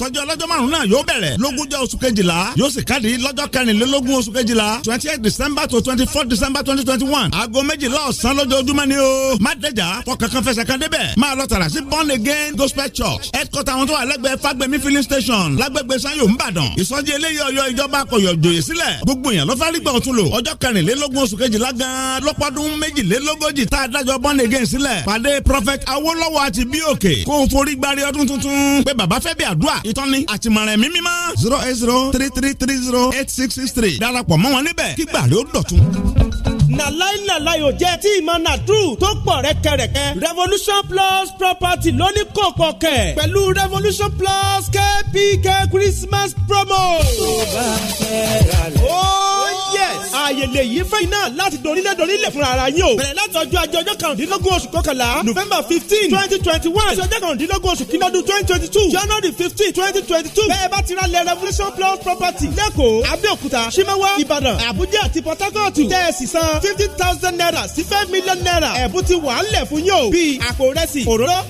ìsọjí ọlọ́jọ́ márùn-ún náà yóò bẹ̀rẹ̀ lógúnjọ́ oṣù kejìlá yóò sì káàdì lọ́jọ́ kẹrìnlélógún oṣù kejìlá twenty eight december to twenty four december twenty twenty one aago méjìlá ọ̀sán lójoojúmọ́ ni o má dẹjà fọkànkan fẹsẹ̀ kan débẹ̀ máa lọ tààrà sí born again gospel church headquarter àwọn tó wà lẹ́gbẹ̀ẹ́ fagbemi filling station lágbègbè sanyo nìbàdàn ìsọjí eléyìí ọyọ ìjọba akọyọ joyè sílẹ̀ gbogbo èèyàn ló fẹ́ rí gbà ọ̀tún lò ọjọ́ kẹrìnlélógún oṣù kejìlá gan lọ́pọ̀dún méjìlélógójì tá a dájọ́ born again sílẹ̀ pàdé prophet awolowo àti bíòkè kó o forí gbárí ọdún tuntun pé bàbá fẹ́ bí àdúrà tọ́ni àti mọ̀ràn ẹ̀mí mímọ́. zero eight zero three three three zero eight six six three darapọ̀ mọ́ wọn níbẹ̀ kí gbàrí ó dọ̀tun nàláìnàláì ò jẹ́ tí ìmọ̀ nàdúrù tó pọ̀ rẹ́kẹrẹ́kẹ́ revolution plus property lóní kòkò kẹ̀ pẹ̀lú revolution plus kpk christmas promo. tó bá fẹ́ ra lẹ̀ yes ààyè lè yí fẹ́yìn náà láti dorílẹ̀ dorílẹ̀ fúnra ara yín o bẹ̀rẹ̀ láti ọjọ́ ajé ọjọ́ kàrúndínlógún oṣù kọkànlá november fifteen twenty twenty one ọjọ́ kàrúndínlógún oṣù kìnnàdún twenty twenty two january fifteen twenty twenty two bẹ́ẹ̀ bá ti ra lẹ̀ revolution plus property lẹ́kọ̀ọ́ abẹ́òkúta simawa ìbàdàn àbújá àti port harcourt tẹ́ ẹ sì san fifty thousand naira sí five million naira ẹ̀bùn ti wà á lẹ̀ fún yín o bíi àpò rẹsì òróró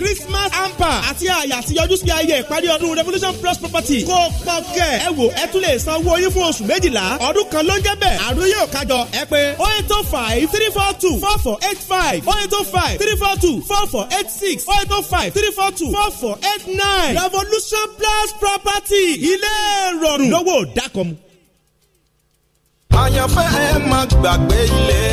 christmas hamper àti àyà àtiyọjú sí ayẹyẹ ìparí ọdún revolution plus property kó ẹ wò ẹ tún lè san owó yín fún oṣù méjìlá ọdún kan ló ń jẹ́ bẹ́ẹ̀ àrùn yóò kájọ ẹ pé oh eight oh five three four two four four eight five oh eight oh five three four two four four eight six oh eight oh five three four two four four eight nine revolution plus property ilé ìrọ̀rùn lówó dákọ̀mu. àyànfẹ́ ẹ máa gbàgbé ilé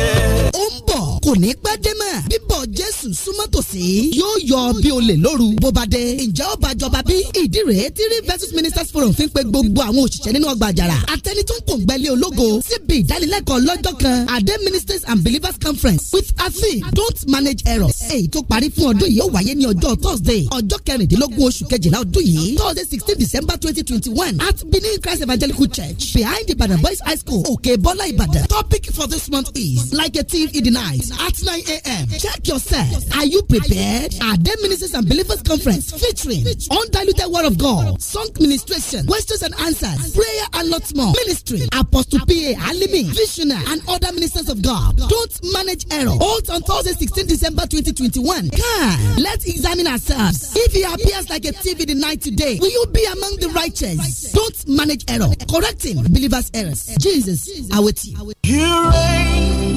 kò ní pẹ́ dé mọ̀ bíbọ̀ jésù súnmọ́ tòsí yóò yọ bí olè lóru bó ba dé ǹjẹ́ ó jọba bí ìdí rèé tí versus ministers forum fi ń pe gbogbo àwọn òṣìṣẹ́ nínú ọgbà àjàrà atẹni tó ń kòǹgbẹ́lé ológo síbi ìdánilẹ́kọ̀ọ́ lọ́jọ́ kan adé ministers and believers conference with afi don't manage errors èyí tó parí fún ọdún yìí ó wáyé ní ọjọ́ thursday ọjọ́ kẹrìndínlógún oṣù kejìlá ọdún yìí thursday sixteen december twenty twenty one at benin christ evangelical church behind ibadan boys high school òkè bọ́lá ìbàdàn topic for this month is like a thief in the night at 9 a.m. Check yourself. Are you prepared? At then Ministers and Believers Conference featuring Undiluted Word of God, Song Ministration, Questions and Answers, Prayer and lots more. Ministry, Apostle P.A. Alimi, Visionary, and other ministers of God. Don't manage error. Hold on Thursday, 16 December 2021. Come, let's examine ourselves. If he appears like a thief in the night today, will you be among the righteous? Don't manage error. Correcting believers' errors. Jesus, I with you. You reign.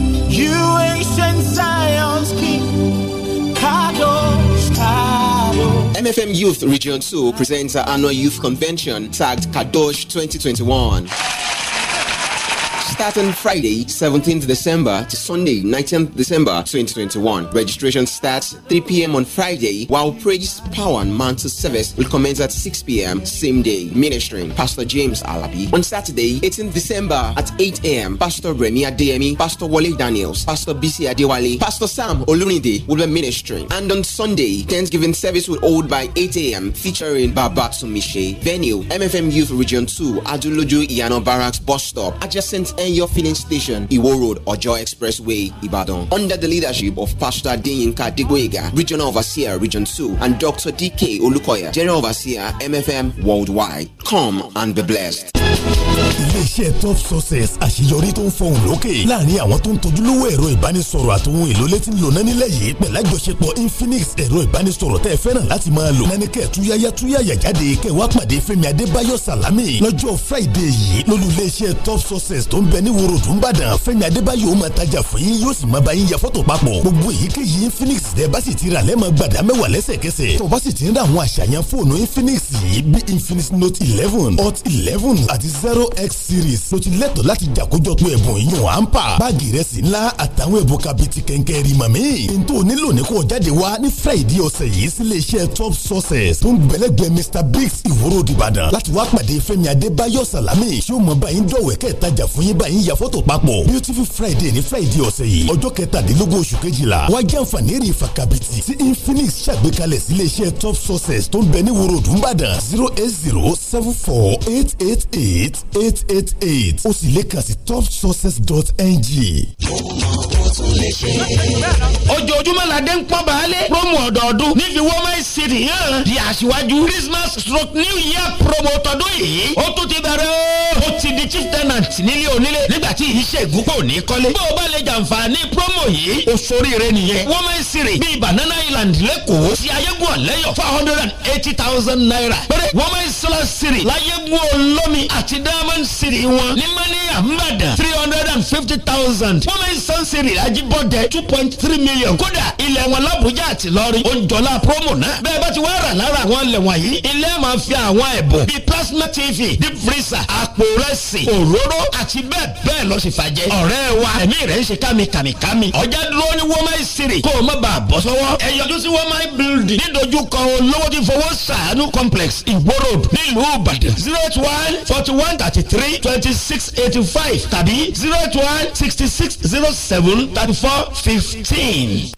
MFM Youth Region 2 presents our annual youth convention tagged Kadosh 2021 starting Friday, 17th December to Sunday, 19th December 2021. Registration starts 3 p.m. on Friday, while Praise Power and Mantle service will commence at 6 p.m. same day. Ministering Pastor James Alabi. On Saturday, 18th December at 8 a.m., Pastor Remy Adeyemi, Pastor Wale Daniels, Pastor BC Adewale, Pastor Sam Olunide will be ministering. And on Sunday, Thanksgiving service will hold by 8 a.m. featuring Baba Sumishe. Venue, MFM Youth Region 2, Aduloju Iano Barracks Bus Stop, adjacent and your filling station, Iwo Road, Ojo Expressway, Ibadan. Under the leadership of Pastor Dinyinka Digwega, Regional Overseer, Region 2, and Dr. DK Olukoya, General Overseer, MFM Worldwide. Come and be blessed iléeṣẹ́ top success àṣeyọrí tó ń fọhùn lókè láàrin àwọn tó ń tojúlówó ẹ̀rọ ìbánisọ̀rọ̀ àtòhun èlò létí ń lò náà nílẹ̀ yìí pẹ̀lú àjọṣepọ̀ infinix ẹ̀rọ ìbánisọ̀rọ̀ tẹ́ fẹ́ràn láti máa lò náà ní kẹ́ túyáyá túyáyá jáde kẹ́ wá pàdé Fẹ́mi Adébáyọ̀ Sàlámì lọ́jọ́ friday yìí lólú iléeṣẹ́ top success tó ń bẹ ní woro dùnbàdàn Fẹ́mi Adébáyọ̀ máa tajà fún yín yóò sì máa bá yín ya fọ́tò papọ̀ gbogbo èyíkéyìí infinix tẹ́ bá sì ti rà lẹ́mọ̀ gbàdá mẹ́wàá lẹ́sẹ̀kẹsẹ̀ tó bá sì ti ń ra àwọn àṣàyàn fóònù infinix yìí bí infinix note eleven hot eleven àti àti zero x series ló ti lẹ́tọ̀ọ́ láti jàkójọpọ̀ ẹ̀bùn ìyún àǹpà báàgì ìrẹsì ńlá àtàwọn ẹ̀bùn kabiti kẹ̀kẹ́ rí màmí. n tó nílò ní kó jáde wá ní friday ọ̀sẹ̀ yìí sílé iṣẹ́ top sources tó ń gbẹlẹ́gbẹ́ mr biggs ìwòrò ìbàdàn láti wá pàdé fẹ́mi adébáyọ̀ salami ṣé o mọ̀ báyìí dọ̀wẹ́kẹ́ ìtajà fún yín báyìí ya fọ́tò papọ̀ beautiful friday ní friday ọ̀sẹ̀ yìí ọjọ́ kẹtàdínlógún oṣù kejìlá wá jẹ́ àǹfààní rí ìfakabiti tí infinix ṣàgbékalẹ̀ sílé iṣẹ́ top sources tó ń bẹ ní wòrò zero eight zero seven four eight eight eight eight eight eight eight ó sì lè kàn sí topsuccess.ng. ojoojúmọ́ la dé ń pọ́n baálé promo ọ̀dọ́ọdún nífi wọ́n máa ń ṣe nìyẹn di àṣìwájú christmas stroke new year promo tọdún yìí ó tún ti bẹ̀rẹ̀ ó ti di chief tenant nílé onílé nígbà tí iṣẹ́ ìgúnpọ̀ ò ní kọ́lé bó o bá lè jàǹfààní promo yìí ó soríire nìyẹn wọ́n máa ń ṣeré bíi banana island lẹ́kọ̀ọ́ ti ayégun ọ̀lẹ́yọ̀ four hundred and eighty thousand naira péré wọ́n máa ń sọ́lá ṣeré láyégun olómi àti diamond city wọn ní mania mbàdàn three hundred and fifty thousand women sun city ajibọdẹ two point three million kódà ilẹ̀ wọn làbújá àti lọ́rí òǹjọ́lá promo náà bẹ́ẹ̀ bá ti wá rà lára àwọn ilẹ̀ wọ̀nyí ilé máa fi àwọn ẹ̀bùn bíi plasma tv deep freezer àpò rẹsì òróró àti bẹ́ẹ̀ bẹ́ẹ̀ lọ sí fàjẹ́ ọ̀rẹ́ wa ẹ̀mí rẹ̀ ń ṣe kàmìkàmìkàmì ọjà dúró ní women city kó o má bàa bọ́ sọ́wọ́ ẹ yọjú sí women building nídojúkọ olówó ti fowó sàánú complex ìgbó road nílùú ìbàdàn zero eight one four forty one thirty three twenty six eighty five tàbí zero eight one sixty six zero seven thirty four fifteen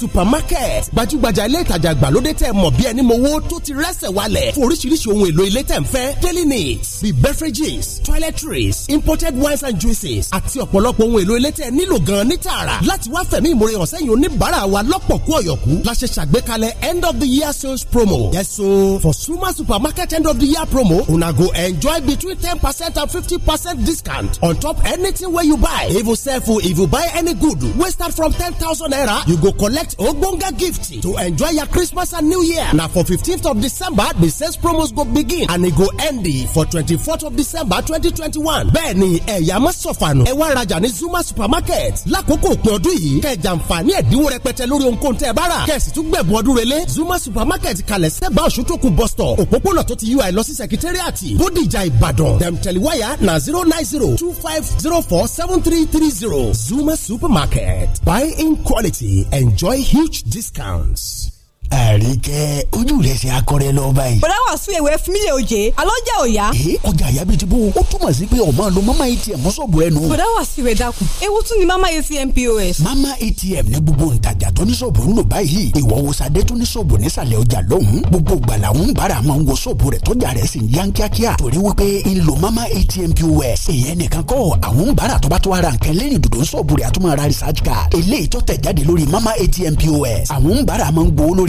supermarket gbajúgbajà ilé ìtajà ìgbàlódé tẹ́ mọ̀ bí ẹni mowó tó ti rẹ́sẹ̀ wálẹ̀ fún oríṣiríṣi ohun èlò ilé tẹ́ ń fẹ́ daily needs bíi beverages toiletries imported wines and juices àti ọ̀pọ̀lọpọ̀ ohun èlò ilé tẹ́ nílò gan ní tààrà láti wá fẹ̀mí ìmoore hàn sẹ́yìn oníbàárà wa lọ́pọ̀ kú ọ̀yọ̀kú la ṣe ṣàgbékalẹ̀ end of the year sales promo yes so for Suma supermarket end of the year promo una go enjoy between ten percent and fifty percent discount on top anything wey you buy if you sell food if you buy any good wey start from ten thousand naira you go collect collect ogbonge gift to enjoy your christmas and new year Now for 15th of december the sales promos go begin and it e go end for 24th of december 2021 bẹ́ẹ̀ ni ẹ̀yà má sọ̀fànù ẹ wá zuma supermarket lákòókò òpin ọdún yìí kẹjà àǹfààní ẹ̀dínwó rẹpẹtẹ lórí ohunkóhun tẹ́ ẹ bá rà zuma supermarket kalẹ̀ sẹ́bà ọ̀ṣuntókun bus stop òpópónà tó ui lossi secretariat. sẹkítẹ́rìàtì bódìjà ìbàdàn dem tẹ̀líwáyà na zero nine zero two five zero four seven three three zero zuma supermarket buy in quality enjoy enjoy huge discounts. àríkẹ́ ojú rẹ̀ ṣe akọrẹ lọ báyìí. bọ̀dá wà sún ewé fún mi oje alọ́jà òya. ee ọjà àyà bíi ti bó o túmọ̀ sí pé ọmọ lo mama atm mọ́sọ̀bù rẹ nù. bọ̀dá wà sí ìwé dákun ewu tún ni mama atm pos. mama atm ní gbogbo ntajà tó ní sọ̀bù ń lò báyìí ìwọ wo sadé tó ní sọ̀bù nísàlẹ̀ ọjà lọ́hùn gbogbo gbala ń bára máa ń wo sọ̀bù rẹ̀ tọ́jà rẹ̀ sì ń yan kíákíá torí mama atm pos èèyàn nìkan kọ́ àwọn ń bára tó bá tó ara nǹkan lẹ́yìn dòdò ń sọ̀bù rẹ̀ mama atm pos àwọn ń bára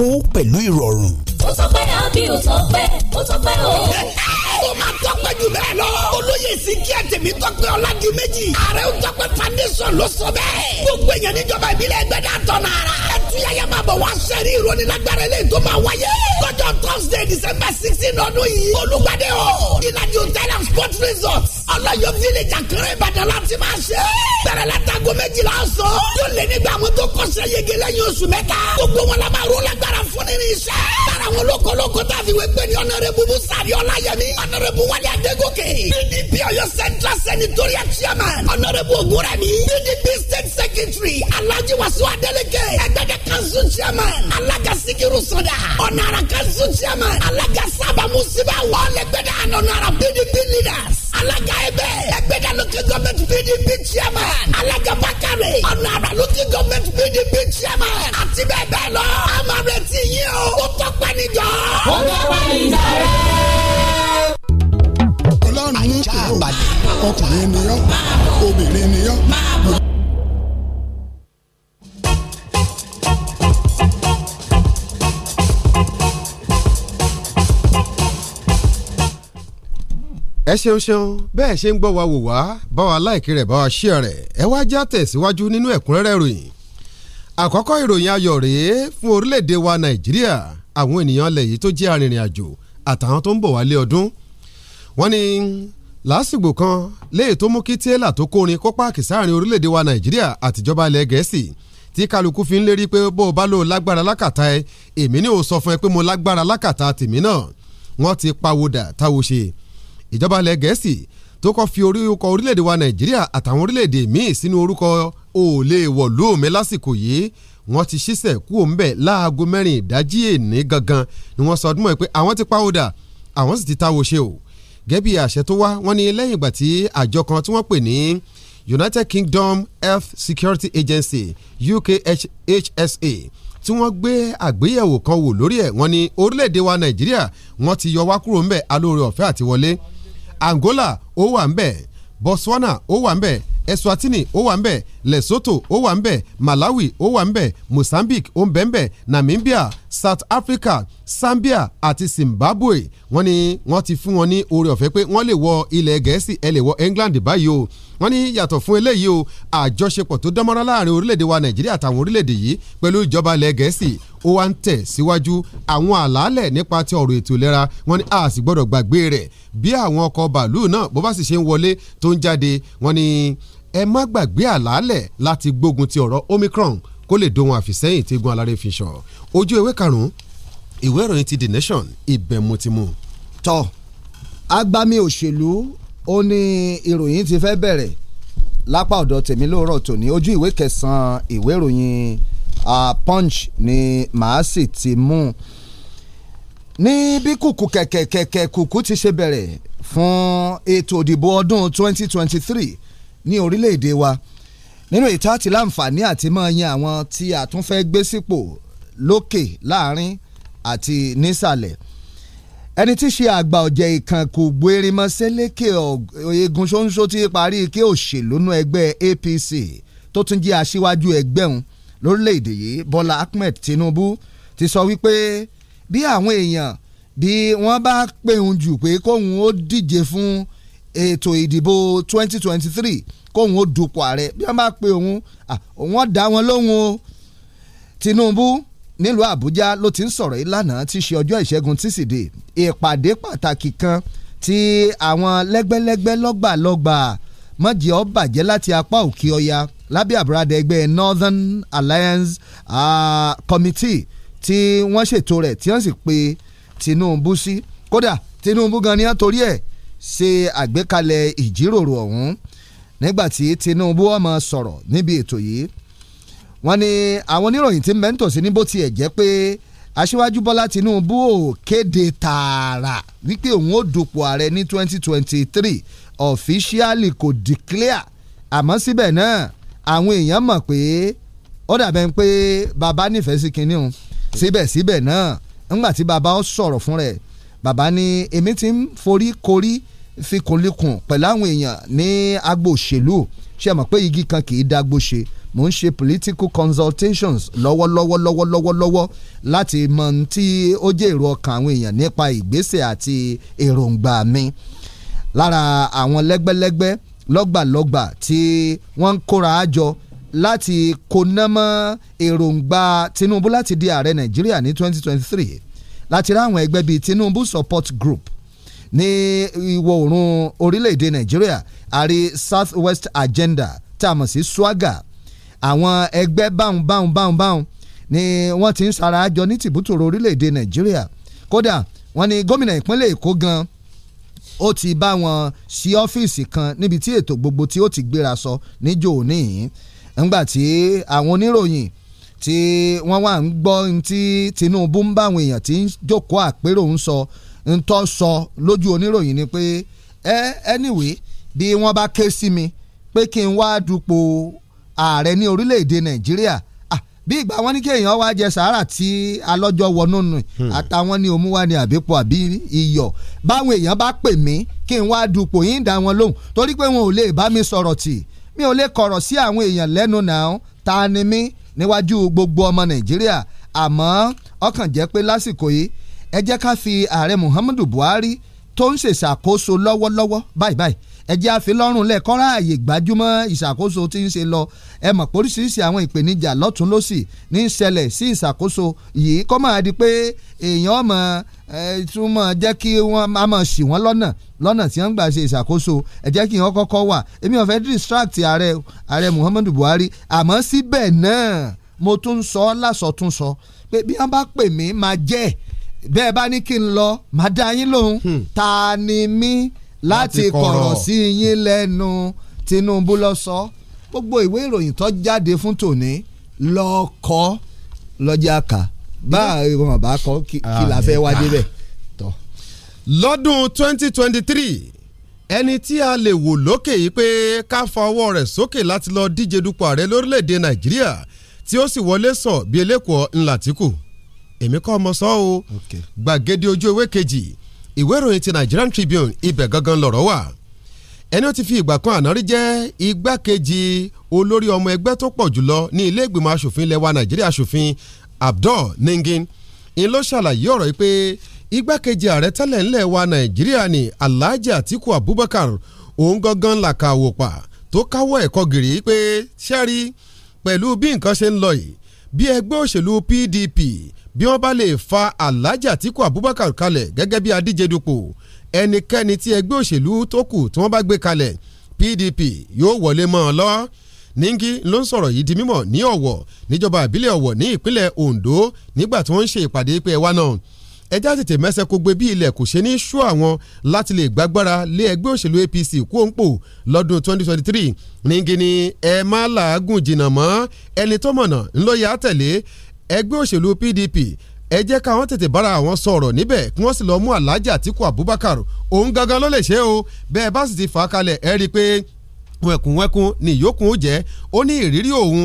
owó pẹ̀lú ìrọ̀rùn. ó sọ pé àbí ò sọ pé ó sọ pé ó ó máa tọ́pẹ́ jù bẹ́ẹ̀ lọ. olóyè sí àtẹ̀mí tọ́pẹ́ ọ̀làjú méjì. ààrẹ ó tọ́pẹ́ foundation ló sọ bẹ́ẹ̀. gbogbo èèyàn níjọba ìbílẹ̀ ẹgbẹ́ dà tọ́ ọ̀fíàyà máa bọ̀ wá sẹ́rí ìrónilágbára ilé tó máa wáyé. lọ́jọ́ thursday december sixteen ọdún yìí olùgbàdé o ìlàjì hotel and sport resort ọlọ́yọ̀ village àkàrà ìbàdàn láti máa ṣe. bẹ̀rẹ̀ látago méjìlá ọ̀sán yóò lé nígbà àwọn tó kọ́ṣẹ́ yege lẹ́yìn oṣù mẹ́ta. gbogbo wọn la máa ró lágbára fún nínú iṣẹ́. lára wọn lókolóko tá a fi wé ní ọ̀nàrẹ́bù musari ọláyẹmí ọ̀nàrẹ́bù wálé kanzu chairman alaga sikiru sọdà ọ̀nàrà kanzu chairman alaga sábà musiba wà ọ̀lẹ́gbẹ̀dà ọ̀nàrà pdp leaders alaga ẹbẹ ẹgbẹ̀dà lókè gọọmenti pdp chairman alaga bakare ọ̀nàrà lókè gọọmenti pdp chairman àti bẹ́ẹ̀ bẹ́ẹ̀ lọ amarẹ́tì yìí o ó tọ́pẹ́ níjọ́. ó tọ́pẹ́ níjọ́ rẹ̀. ọlọ́run ọkùnrin ni ọ́ obìnrin ni ẹ ṣeun ṣeun bẹ́ẹ̀ ṣe ń gbọ́ wa wò wá bá wa láìkí rẹ̀ bá wa ṣí rẹ̀ ẹ wá já tẹ̀síwájú nínú ẹ̀kúnrẹ́rẹ́ ìròyìn àkọ́kọ́ ìròyìn ayọ̀ rèé fún orílẹ̀-èdè wa nàìjíríà àwọn ènìyàn lẹ̀ yìí tó jẹ́ arìnrìn àjò àtàwọn tó ń bọ̀ wálé ọdún wọ́n ní lásìgbò kan léè tó mú kí tẹ́lá tó kórin kó páàkì sáàrin orílẹ̀-èdè wa nàìjíríà àtijọba ilẹ̀ gẹ̀ẹ́sì tí kálukú fi ń lérí pé bó o bá lò lágbára lákàtà ẹ èmi ni ò sọ fún ẹ pé mo lágbára lákàtà tèmi náà wọ́n ti pawódà táwo ṣe ìjọba ilẹ̀ gẹ̀ẹ́sì tó kọ́ fi orúkọ orílẹ̀-èdè wa nàìjíríà àtàwọn orílẹ̀-èdè míì sínú orúkọ òòlè wọ̀lú mi lásìkò yìí wọ́n ti ṣiṣẹ́ kú òǹbẹ̀ láago mẹ́rin ìdájí èní gangan ni wọ́n sọ ọdún mọ́ ẹ pé àwọn ti pàwọ́dà àwọn sì ti táwo ṣe o gẹ́bí àṣẹ tó wá wọ́n ní lẹ́yìn ìgbà tí àjọ kan tí wọ́n pè ní United Kingdom Health Security Agency UKHSA tí wọ́n gbé àgbéyẹ̀wò kan wò lórí ẹ̀ wọ́n ní orílẹ̀-èdè wa Nàìjíríà wọ́n ti yọ wá kúrò ńbẹ̀ alóore ọ̀fẹ́ àti Angola ó wà ń bẹ̀ Botswana ó wà ń bẹ̀ Eswatini ó wà ń bẹ̀ Lesotho ó wà ń bẹ̀ Malawi ó wà ń bẹ̀ Mozambique ó ń bẹ̀ ń bẹ̀ Namibia South Africa Zambia àti Zimbabwe wọ́n ní wọ́n ti fún wọn ní oore ọ̀fẹ́ pé wọ́n lè wọ ilẹ̀ gẹ̀ẹ́sì ẹ lè wọ England báyìí o wọ́n ní yàtọ̀ fún eléyìí o àjọṣepọ̀ tó dánmọ́rán láàrin orílẹ̀-èdè wa Nàìjíríà àtàwọn orílẹ̀-èdè yìí pẹ̀lú ìjọba ilẹ̀ gẹ̀ẹ́sì ó wá ń tẹ̀ síwájú àwọn àlàálẹ̀ nípa ti ọ̀rọ̀ ètò ìlera wọ́n ní a sì gbọ́dọ̀ gbàgbé rẹ̀ bí àwọn ọkọ̀ bàálù náà bó bá sì ṣe ń wọlé tó ń jáde wọ́n ní ẹ má gbàgbé àlàálẹ̀ láti gbógun ti ọ̀rọ̀ Omicron kó lè dohun àfìsẹ́yìn tí egun alárè fi sàn ojú ewé karùn-ún ìwé ìròyìn ti the nation ibẹ̀ mo ti mú. tọ́ agbami òṣèlú ó ní ìròyìn ti fẹ́ bẹ̀rẹ̀ lápá ọ̀dọ̀ tèmi lóòrọ̀ tòní ojú ìwé kẹsàn-án ìwé ìròyìn punch ni màá sì ti mú ní bí kùkù kẹ̀kẹ̀kẹ̀kẹ̀ kùkù ti ṣe bẹ̀rẹ̀ fún ètò òdìbò ọdún 2023 ní orílẹ̀-èdè wa nínú ìta ti láǹfààní àti máa yan àwọn tí a tún fẹ́ gbé sípò lókè láàrin àti nísàlẹ̀ ẹni tí ṣe àgbà ọ̀jẹ̀ ìkànkù gbérimọ̀ sẹ́lẹ̀kẹ̀ egun ṣoṣo ti parí kí òṣèlú nú ẹgbẹ́ APC tó tún jẹ́ aṣíwájú ẹgbẹ́ òun lórílẹ̀‐èdè yìí Bọ́lá Ahmed Tinubu ti sọ wípé bí àwọn èèyàn bí wọ́n bá pè ń jù pé kóun ó díje fún ètò ìdìbò 2023 kóun ó dupò ààrẹ bí wọ́n bá pè òun òun ó wọn lóhùn Tinubu nílùú àbújá ló ti ń sọ̀rọ̀ yìí lánàá tí í ṣe ọjọ́ ìṣẹ́gun tíṣídẹ̀ẹ́ ìpàdé pàtàkì kan tí àwọn lẹ́gbẹ́lẹ́gbẹ́ lọ́gbàlọ́gbà mọ̀jẹ̀ ọ́ bàjẹ́ láti apá òkè ọya lábẹ́ àbúradà ẹgbẹ́ Northern Alliance uh, Committee tí wọ́n ṣètò rẹ̀ tí wọ́n sì pe Tinubu sí kódà Tinubu gan ni wọ́n torí ẹ̀ ṣe àgbékalẹ̀ ìjíròrò ọ̀hún nígbàtí Tinubu ó máa sọ̀rọ̀ níbi ètò yìí wọ́n ní àwọn oníròyìn tí ń bẹ nítòsí ní bó tiẹ̀ jẹ́ pé aṣíwájú bọ́lá tinubu ò kéde tààrà wípé òun ó dupò ààrẹ ní 2023 officially kò declare àmọ́ síbẹ̀ náà àwọn èèyàn mọ̀ pé ó dàbẹ̀ pé bàbá nífẹ̀ẹ́ sí kinní o síbẹ̀síbẹ̀ náà ńgbà tí bàbá ó sọ̀rọ̀ fún rẹ̀ bàbá ní èmi ti ń forí korí fi kùnlẹ̀kùn pẹ̀lú àwọn èèyàn ní agbo ṣe mọ̀ pé igi kan kì í dágbó ṣe mò ń ṣe political consultations lọ́wọ́lọ́wọ́ lọ́wọ́lọ́wọ́ láti mọ tí ó jẹ́ èrò ọkàn àwọn èèyàn nípa ìgbésẹ̀ àti èròǹgbà mi lára àwọn lẹ́gbẹ́lẹ́gbẹ́ lọ́gbàlọ́gbà tí wọ́n ń kóra àjọ láti koná mọ́ èròǹgbà Tinubu láti di ààrẹ Nàìjíríà ní 2023 láti rá àwọn ẹgbẹ́ bíi Tinubu support group ní ìwọ̀ oòrùn orílẹ̀-èdè Nàìjíríà àrí South West Agenda tá a mọ̀ sí swaga àwọn ẹgbẹ́ báhùn báhùn báhùn báhùn ni wọ́n ti ń sara jọ ní tìbútòrò orílẹ̀‐èdè nàìjíríà kódà wọ́n ní gómìnà ìpínlẹ̀ èkó gan ó ti bá wọn sí ọ́fíìsì kan níbi tí ètò gbogbo tí ó ti gbéra sọ níjó òní nígbà tí àwọn oníròyìn tí wọ́n wà ń gbọ́ tí tinubu ń báwọn èèyàn tí ń jókòó àpérò ń sọ ń tọ́ sọ lójú oníròyìn ni pé ẹ anyway bí wọ́n bá ké sí mi pé kí n wá dupò ààrẹ ní orílẹ̀-èdè nàìjíríà ah, bí ìgbà wọn ní kí èèyàn wá jẹ sàárà tí alọ́jọ́ wọnú nù hmm. àtàwọn ní òmùwà ní àbípọ̀ àbí iyọ̀ báwọn èèyàn bá pè mí kí n wá dupò yín dá wọn lóhùn torí pé wọn ò lè bá mi sọ̀rọ̀ tì mi ò lè kọ̀rọ̀ sí àwọn èèyàn lẹ́nu náà ta ni mí níwájú gbogbo ọmọ nàìjíríà àmọ́ ọkàn jẹ́ pé lásìkò yìí ẹ jẹ́ ká fi ààrẹ Muhammadu Buhari tó ń ṣèṣàkóso lọ́wọ́lọ́wọ́ báyìí báyìí ẹjẹ́ àfilọ́rùn lẹ̀ kọ́ra àyè gbajúmọ̀ ìṣàkóso tí ń ṣe lọ ẹ mọ̀ póríṣiríṣi àwọn ìpèníjà lọ́tún lọ́sì ní í ṣẹlẹ̀ sí ìṣàkóso yìí kọ́ máa di pé èèyàn ọmọ tún mọ̀ jẹ́ kí wọ́n á mọ̀ ṣì wọ́n lọ́nà lọ́nà tí wọ́n ń gbà ṣe ìṣàkóso ẹ jẹ́ kí wọ́n kọ́kọ́ wà èmi ò distract ààrẹ ààrẹ Muhammadu Buhari àmọ́ síbẹ̀ náà mo tún sọ lásọtúnsọ pé bí wọ́n bá pè mí máa jẹ́ bẹ́ẹ̀ bá ní kí n lọ máa dá yín lóhùn hmm. ta ni mí láti kọ̀rọ̀ sí yín lẹ́nu Tinubu lọ sọ gbogbo ìwé ìròyìn tó jáde fún tòní lọ́ọ́ kọ́ lọ́jà kà bá àwọn bàbá kọ́ kí la fẹ́ wá débẹ̀. lọ́dún twenty twenty three ẹni tí a lè wò lókè yìí pé ká fa ọwọ́ rẹ̀ sókè láti lọ díje dupò ààrẹ lórílẹ̀‐èdè Nàìjíríà tí ó sì wọlé sọ bí elékòó ńlá tí kù èmi kọ́ ọmọ sọ́ o gbàgede ojú ewé kejì. Okay ìwé ìròyìn ti Nigerian Tribune ibẹ̀ gangan lọ̀rọ̀ wà ẹni ó ti fi ìgbà kan àná rí jẹ́ igbákejì olórí ọmọ ẹgbẹ́ tó pọ̀ jùlọ ní ilé ìgbìmọ̀ asòfin ilẹ̀ wa Nàìjíríà asòfin Abdul Ningin ń ló ṣàlàyé ọ̀rọ̀ yìí pé igbákejì ààrẹ tẹ́lẹ̀ ńlẹ̀ wa Nàìjíríà ni Alhaji Atiku Abubakar òun gangan làkà àwòpà tó káwọ́ ẹ̀kọ́ gìrì pé ṣẹ́rí pẹ̀lú bí nǹkan ṣe ń lọ yìí bí ẹgbẹ́ òṣèlú PDP bí wọ́n bá lè fa Alhaji Atiku Abubakar kalẹ̀ gẹ́gẹ́ bí adíje dupò ẹnikẹ́ni tí ẹgbẹ́ òṣèlú tó kù tí wọ́n bá gbé kalẹ̀ PDP yóò wọlé mọ́ ọ lọ́wọ́ Ningi ló ń sọ̀rọ̀ yìí di mímọ̀ ní Ọ̀wọ̀ níjọba àbílẹ̀ Ọ̀wọ̀ ní ìpínlẹ̀ Ondo nígbà tí wọ́n ń ṣe ìpàdé pé ẹ wá náà ẹjá tètè mẹ́sẹ̀ kó gbé bí ilẹ̀ kò ṣe ní ṣú àwọn láti lè gbàgbára lé ẹgbẹ́ òṣèlú APC kú òǹpò lọ́dún 2023 Ningi ni ẹ má làágùn jìnnà mọ́ ẹni tó mọ̀nà ńlọ́yà tẹ̀lé ẹgbẹ́ òṣèlú PDP ẹ jẹ́ káwọn tètè bára àwọn sọ̀rọ̀ níbẹ̀ kí wọ́n sì lọ́ọ́ mú Alhaji Atiku Abubakar òun gangan ló lè ṣe o bẹ́ẹ̀ bá sì ti fà á kalẹ̀ ẹ rí i pé wẹ̀kùnwẹ̀kùn ni ìyókùn ó jẹ́ ó ní ìrírí òun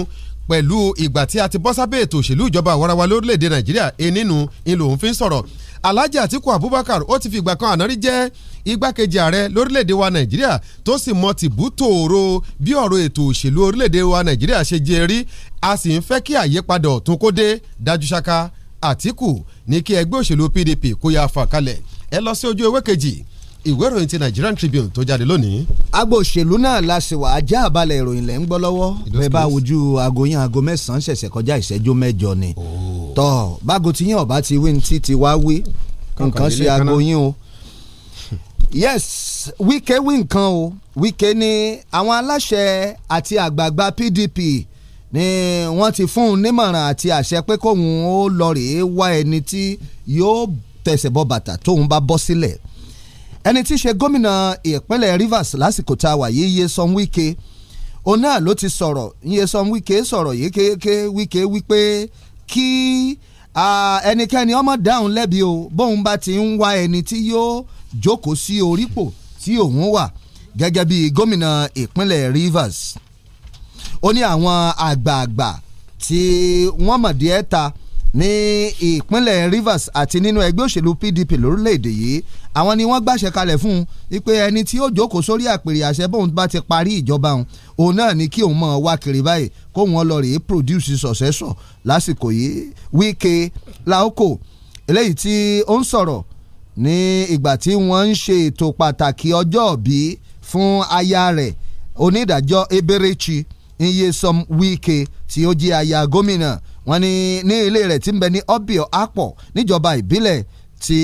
pẹ̀lú ìgbà tí a ti bọ́ sábẹ́ ètò òṣèlú ìjọba àwarawa lórílẹ̀‐èdè nàìjíríà enínú ìlò òun fi ń sọ̀rọ̀ alhaji atiku abubakar ó ti fi ìgbà kan ànárí jẹ́ igbákejì ààrẹ lórílẹ̀‐èdè wa nàìjíríà tó sì mọ tìbú tòòró bí ọ̀rọ̀ ètò òṣèlú orílẹ̀‐èdè wa nàìjíríà ṣe jẹ́ rí a sì ń fẹ́ kí àyípadà ọ̀tun kó dé dájú ṣáká atiku ní kí ẹgbẹ́ òṣèlú pdp kó yáa fà kalẹ̀ ẹ lọ sí ojú ewé kejì ìwé ìròyìn ti Nigerian Tribune tó jáde lónìí. agbo òṣèlú náà la ṣe wà ajá àbálẹ̀ ìròyìn lẹ́ ń gbọ́ lọ́wọ́ bẹ́ẹ̀ bá wojú aago yín aago mẹ́sàn-án ṣẹ̀ṣẹ̀ kọjá ìṣẹ́jú mẹ́jọ ni. Oh. tọ́ bágo ti yín ọ̀bá ti wí ní ti wá wí nǹkan ṣe aago yín o. yes Wike wí nǹkan o Wike ni àwọn aláṣẹ àti àgbààgbà PDP ni wọ́n ti fún un nímọ̀ràn àti àṣẹ pé kóun ó lọ rèé wá ẹni tí yóò tẹ̀sẹ̀ bọ́ bàtà tóun bá bọ́ sílẹ̀ si ẹni tí í ṣe gómìnà ìpínlẹ̀ Rivers lásìkò tá a wà yìí Nyesom Wike òun náà ló ti sọ̀rọ̀ Nyesom Wike sọ̀rọ̀ yìí kéèké Wike wípé kí ẹnikẹ́ni ọmọ dáhùn lẹ́bi o bóun bá ti ń wá ẹni tí yóò jókòó sí orípò tí òun wà gẹ́gẹ́ bí gómìnà ìpínlẹ̀ Rivers ó ní àwọn àgbààgbà tí wọ́n mọ̀ díẹ̀ ta ní ìpínlẹ̀ Rivers àti nínú ẹgbẹ́ òṣèlú PDP lórílẹ̀‐èdè yìí àwọn ni wọ́n gbàṣẹ kalẹ̀ fún un wípé ẹni tí ó jókòó sórí àpèrè àṣẹ bóun bá ti parí ìjọba òun òun náà ni kí òun mọ̀ wá kiri báyìí kó wọn lọ rèé produce successor lásìkò yìí Wike Laoko eléyìí tí ó ń sọ̀rọ̀ ní ìgbà tí wọ́n ń ṣe ètò pàtàkì ọjọ́ bíi fún aya rẹ̀ onídàájọ́ Eberechi Nyesom Wike tí ó jẹ́ aya gómìnà wọ́n ní ní ilé rẹ̀ tí ń bẹ ní Obio Akpọ̀ níjọba ìbílẹ̀ ti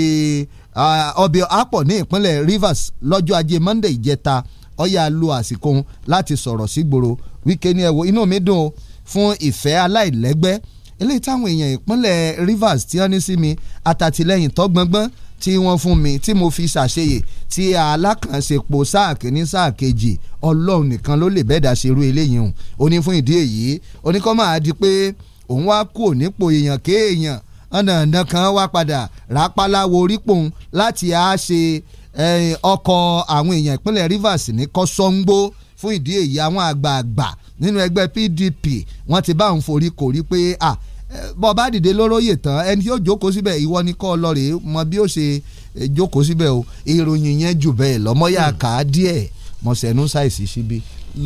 Obio Akpọ̀ ní ìpínlẹ̀ Rivers lọ́jọ́ ajé Monday ìjẹta ó yá lu àsìkò láti sọ̀rọ̀ sígboro Wike ní ẹ̀wọ̀ inú mi dùn fún ìfẹ́ aláìlẹ́gbẹ́ eléyìí táwọn èèyàn ìpínlẹ̀ Rivers tí wọ́n ní sí mi àtàtìlẹ́yìn tó gbọ́ngbọ́n tí wọ́n fún mi tí mo fi ṣàṣeyè tí alákànṣepọ̀ sáà kìíní sáà kejì ọlọ́run nìkan ló lè bẹ́ẹ̀ dá ṣerú eléyìí hùn ó fún ìdí èyí oníkọ́ máa di pé òun wá kú ònípò èèyàn kéèyàn ọ̀nà kan wá padà rápálá wo orípòun láti á ṣe ọkọ̀ àwọn èèyàn ìpínlẹ̀ Rivers ní kọ́sọ́ńgbó fún ìdí èyí àwọn àgbààgbà nínú ẹgbẹ́ PDP wọ́n ti bá òun forí kò rí pé à bọ́ bá dìde lóróyè tán ẹni tí ó jókòó síbẹ̀ ìwọ ni kọ́ lọ rèé mọ bí ó ṣe jókòó síbẹ̀ o ìròyìn yẹn jù bẹ́ẹ̀ lọ́mọ́yà hmm. ká díẹ̀ mọ̀sẹ̀nú ṣàìsí síbí.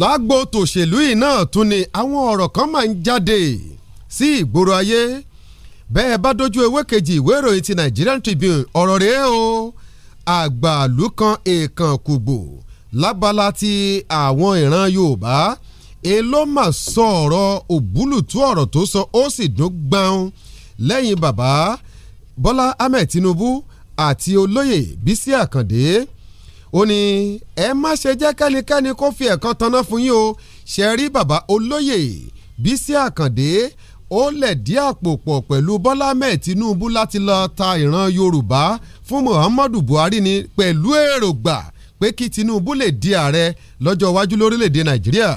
lágbo tòṣèlú yìí náà tún ni àwọn ọ̀rọ̀ kan máa ń jáde sí ìgboro ayé bẹ́ẹ̀ bá dojú ewé kejì ìwé ìròyìn ti Nigerian Tribune ọ̀rọ̀ rèé o àgbàlú kan èèkàn kùgbò lábala ti àwọn ìran Yorùbá èló mà sọ ọ̀rọ̀ òbúlùtú ọ̀rọ̀ tó sọ ó sì dùn gbọ́n lẹ́yìn bàbá Bọ́lá Ahmed Tinubu àti olóyè Bísí Àkàndé ó ní ẹ má ṣe jẹ́ kẹ́nikẹ́ni kó fi ẹ̀kan tanná fún yín o ṣe rí bàbá olóyè Bísí Àkàndé ó lẹ̀dí àpò pọ̀ pẹ̀lú Bọ́lá mẹ́ẹ̀ Tinubu láti lọ ta ìran Yorùbá fún Muhammadu Buhari ni pẹ̀lú èrògbà pé kí Tinubu lè di ààrẹ lọ́jọ́ iwájú lórílẹ̀‐èdè Nàìjíríà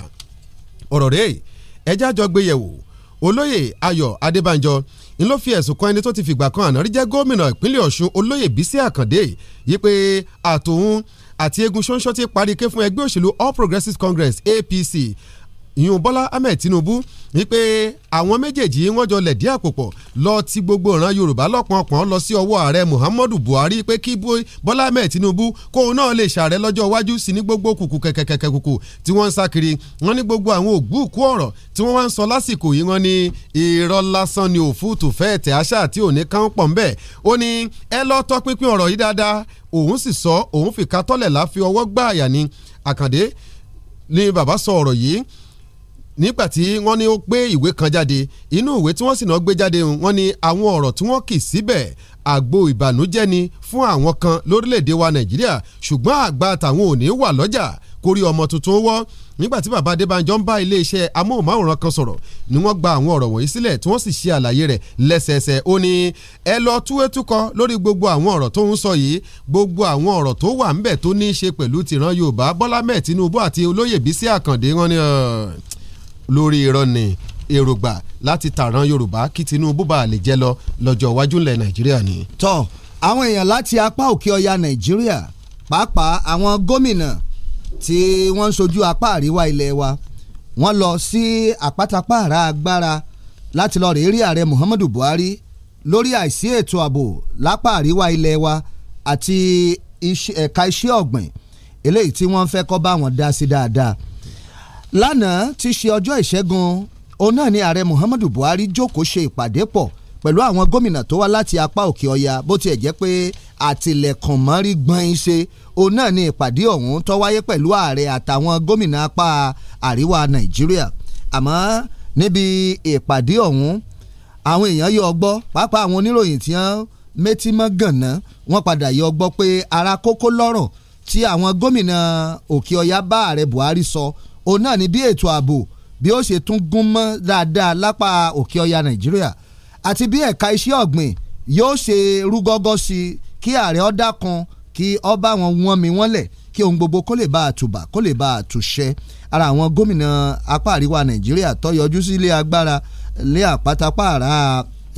ọ̀rọ̀ rẹ̀ ẹjá jọ gbé yẹ̀wò olóyè Ayọ̀ Adébánjọ n ló fi ẹ̀sùn kan ẹni tó ti fìgbà kan àná rí jẹ́ gómìnà ìpínlẹ̀ Ọ̀ṣun olóyè Bísí Àkàndé yí pé àtòun àti egun ṣóńṣó ti parí ké fún ẹgbẹ́ òṣèlú All Progressives Congress APC ìyún Bọ́lá Ahmed Tinubu wípé àwọn méjèèjì wọ́n jọ lẹ̀dí àpòpọ̀ lọ ti gbogbo ìran Yorùbá lọ́pọ̀ọ̀pọ̀ lọ sí ọwọ́ ààrẹ Muhammadu Buhari pé kí Bọ́lá Ahmed Tinubu kóun náà lè ṣààrẹ lọ́jọ́ iwájú sí ní gbogbo kùkù kẹ̀kẹ̀kẹ̀ kùkù tí wọ́n ń sá kiri wọ́n ní gbogbo àwọn ògbúùkú ọ̀rọ̀ tí wọ́n wá ń sọ lásìkò yìí wọ́n ní irọ́ lásán ni òfúùtù fẹ́ẹ̀ tẹ̀ àṣà àti òní kan pọ̀ ńbẹ̀ ó ní ẹ lọ tọpinpin ọ̀rọ̀ yìí dáadáa òun sì sọ òun fìkà tọ́lẹ̀ láfi ọwọ́ gbá àyà ni Àkàndé ni bàbá sọ ọ̀rọ̀ yìí nígbà tí wọ́n ní ó gbé ìwé kan jáde inú ìwé tí wọ́n sì náà gbé jáde wọ́n ní àwọn ọ̀rọ̀ tí wọ́n kì síbẹ̀ àgbo ìbànújẹ́ ni fún àwọn kan lórílẹ̀‐èdè wa nàìjíríà ṣùgbọ́n àgbà tàwọn ò ní wà lọ́jà kórí ọmọ tuntun wọ́ nígbàtí bàbá adébánjọ ń bá iléeṣẹ́ amóhùnmáwòrán kan sọ̀rọ̀ ni wọ́n gba àwọn ọ̀rọ̀ wọ̀nyí sílẹ̀ tí wọ́n sì ṣe àlàyé rẹ̀ lẹ́sẹẹsẹ ó ní ẹ lọ túwétúkọ lórí gbogbo àwọn ọ̀rọ̀ tó ń sọ yìí gbogbo àwọn ọ̀rọ̀ tó wà ńbẹ̀ tó ní í ṣe pẹ̀lú tìran yorùbá bọ́lá mẹ́ẹ̀ tinubu àti olóyè bísí àkàndé wọ́n ní lórí irọ́ ni èrògbà láti tàràn yorùbá kí tinubu bá lè jẹ lọ lọ́jọ́ iwájú ilẹ̀ nàìjíríà ni. tọ́ àwọn èèyàn láti apá òkè ọya nàìjíríà pàápàá àwọn gómìnà tí wọ́n ń sojú apá àríwá ilẹ̀ wa wọ́n lọ sí àpátápàrà agbára láti lọ rèé rí ààrẹ muhammadu buhari lórí àìsí ètò ààbò lápá àríwá ilẹ̀ wa àti ẹ̀ka iṣẹ́ ọ̀gbìn eléyìí tí wọ́n fẹ́ kọ́ bá wọn dá sí dáadáa lánàá ti ṣe ọjọ́ ìṣẹ́gun òun náà ni ààrẹ Muhammadu Buhari jókòó ṣe ìpàdé pọ̀ pẹ̀lú àwọn gómìnà tó wá láti apá òkè ọya bó tiẹ̀ jẹ́ pé àtìlẹ̀kùn mọ́rí gbọ́n ṣe òun náà ni ìpàdé ọ̀hún tó wáyé pẹ̀lú ààrẹ àtàwọn gómìnà apá àríwá Nàìjíríà àmọ́ níbi ìpàdé ọ̀hún àwọn èèyàn yọ ọgbọ́ pàápàá àwọn oníròyìn tí wọ́n métí mọ́ gànná wọ́n padà yọ ọgbọ́ pé ara kókó lọ́rọ̀ tí àwọn gómìnà òkè ọya bá ààrẹ Buhari sọ so, òun náà ni bí ètò ààbò bí ó ṣe tún gún mọ́ dáadáa lápá òkè ọya nàìjíríà àti bí ẹ̀ka iṣẹ́ ọ̀gbìn yóò ṣe rúgọ́gọ́ sí i kí ààrẹ ó dákun kí ó bá wọn wọ́n mi wọ́n lẹ̀ kí ohun gbogbo kó lè bá a tùbà kó lè bá a tùṣẹ́ ara àwọn gómìnà apá àríwá nàìjíríà tó yọjú sí ilé agbára ilé àpátápàrà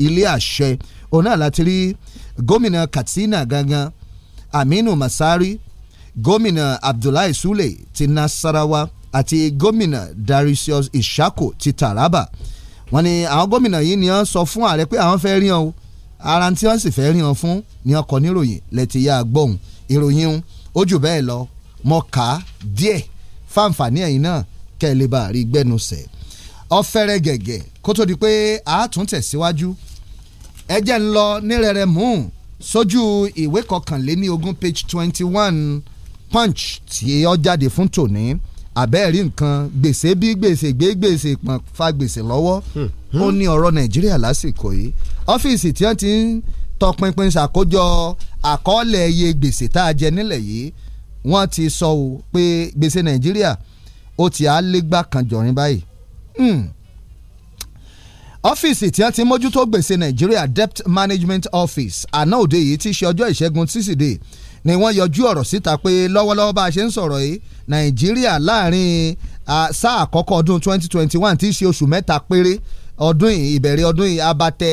ilé àṣẹ òun náà láti rí gómìnà Katsina gangan Aminu Masari gómìnà Abdullahi Sule ti Nasarawa àti gómìnà Darius Ishaku ti Taraba wọ́n ní àwọn gómìnà yìí ni wọ́n sọ fún ààrẹ pé àwọn fẹ́ rí wọn o ara tí wọ́n sì fẹ́ rí wọn fún ni wọ́n kọ níròyìn lẹ́tí yá gbóhùn ìròyìn ń ó jù bẹ́ẹ̀ lọ mọ kà á díẹ̀ fáǹfààní ẹ̀yìn náà kẹ́ ẹ lè bá rí gbẹ́nusẹ̀ ọ̀fẹ́rẹ́ gẹ̀gẹ̀ kó tó di pé àátún tẹ̀síwájú ẹ jẹ́ ń lọ ní mú sójú ìwé kọkànléní ogún page twenty one punch tí ó jáde fún tòní àbẹ́ẹ̀rí nǹkan gbèsè bí gbèsè gbé gbèsè pọ̀n fa gbèsè lọ́wọ́ hmm. ó ní ọ̀rọ̀ nàìjíríà lásìkò yìí ọ́fíìsì tí wọ́n ti ń tọpinpin ṣàkójọ àkọọ́lẹ̀ iye gbèsè tá a jẹ nílẹ̀ yìí wọ́n ti sọ o pé gbèsè nàìjíríà ó ti á légbá kan jọ̀rin báyìí hmm. ọ́fíìsì tí wọ́n ti mójútó gbèsè nàìjíríà debt management office àná òde yìí ti ṣe ọjọ́ ìṣẹ́gun tísídẹ̀ẹ́ ni wọ́n yọjú ọ̀rọ̀ síta pé lọ́wọ́lọ́wọ́ bá a ṣe ń sọ̀rọ̀ yìí nàìjíríà láàrin sáà àkọ́kọ́ ọdún 2021 tí í ṣe oṣù mẹ́ta péré ọdún yìí ìbẹ̀rẹ̀ ọdún yìí abatẹ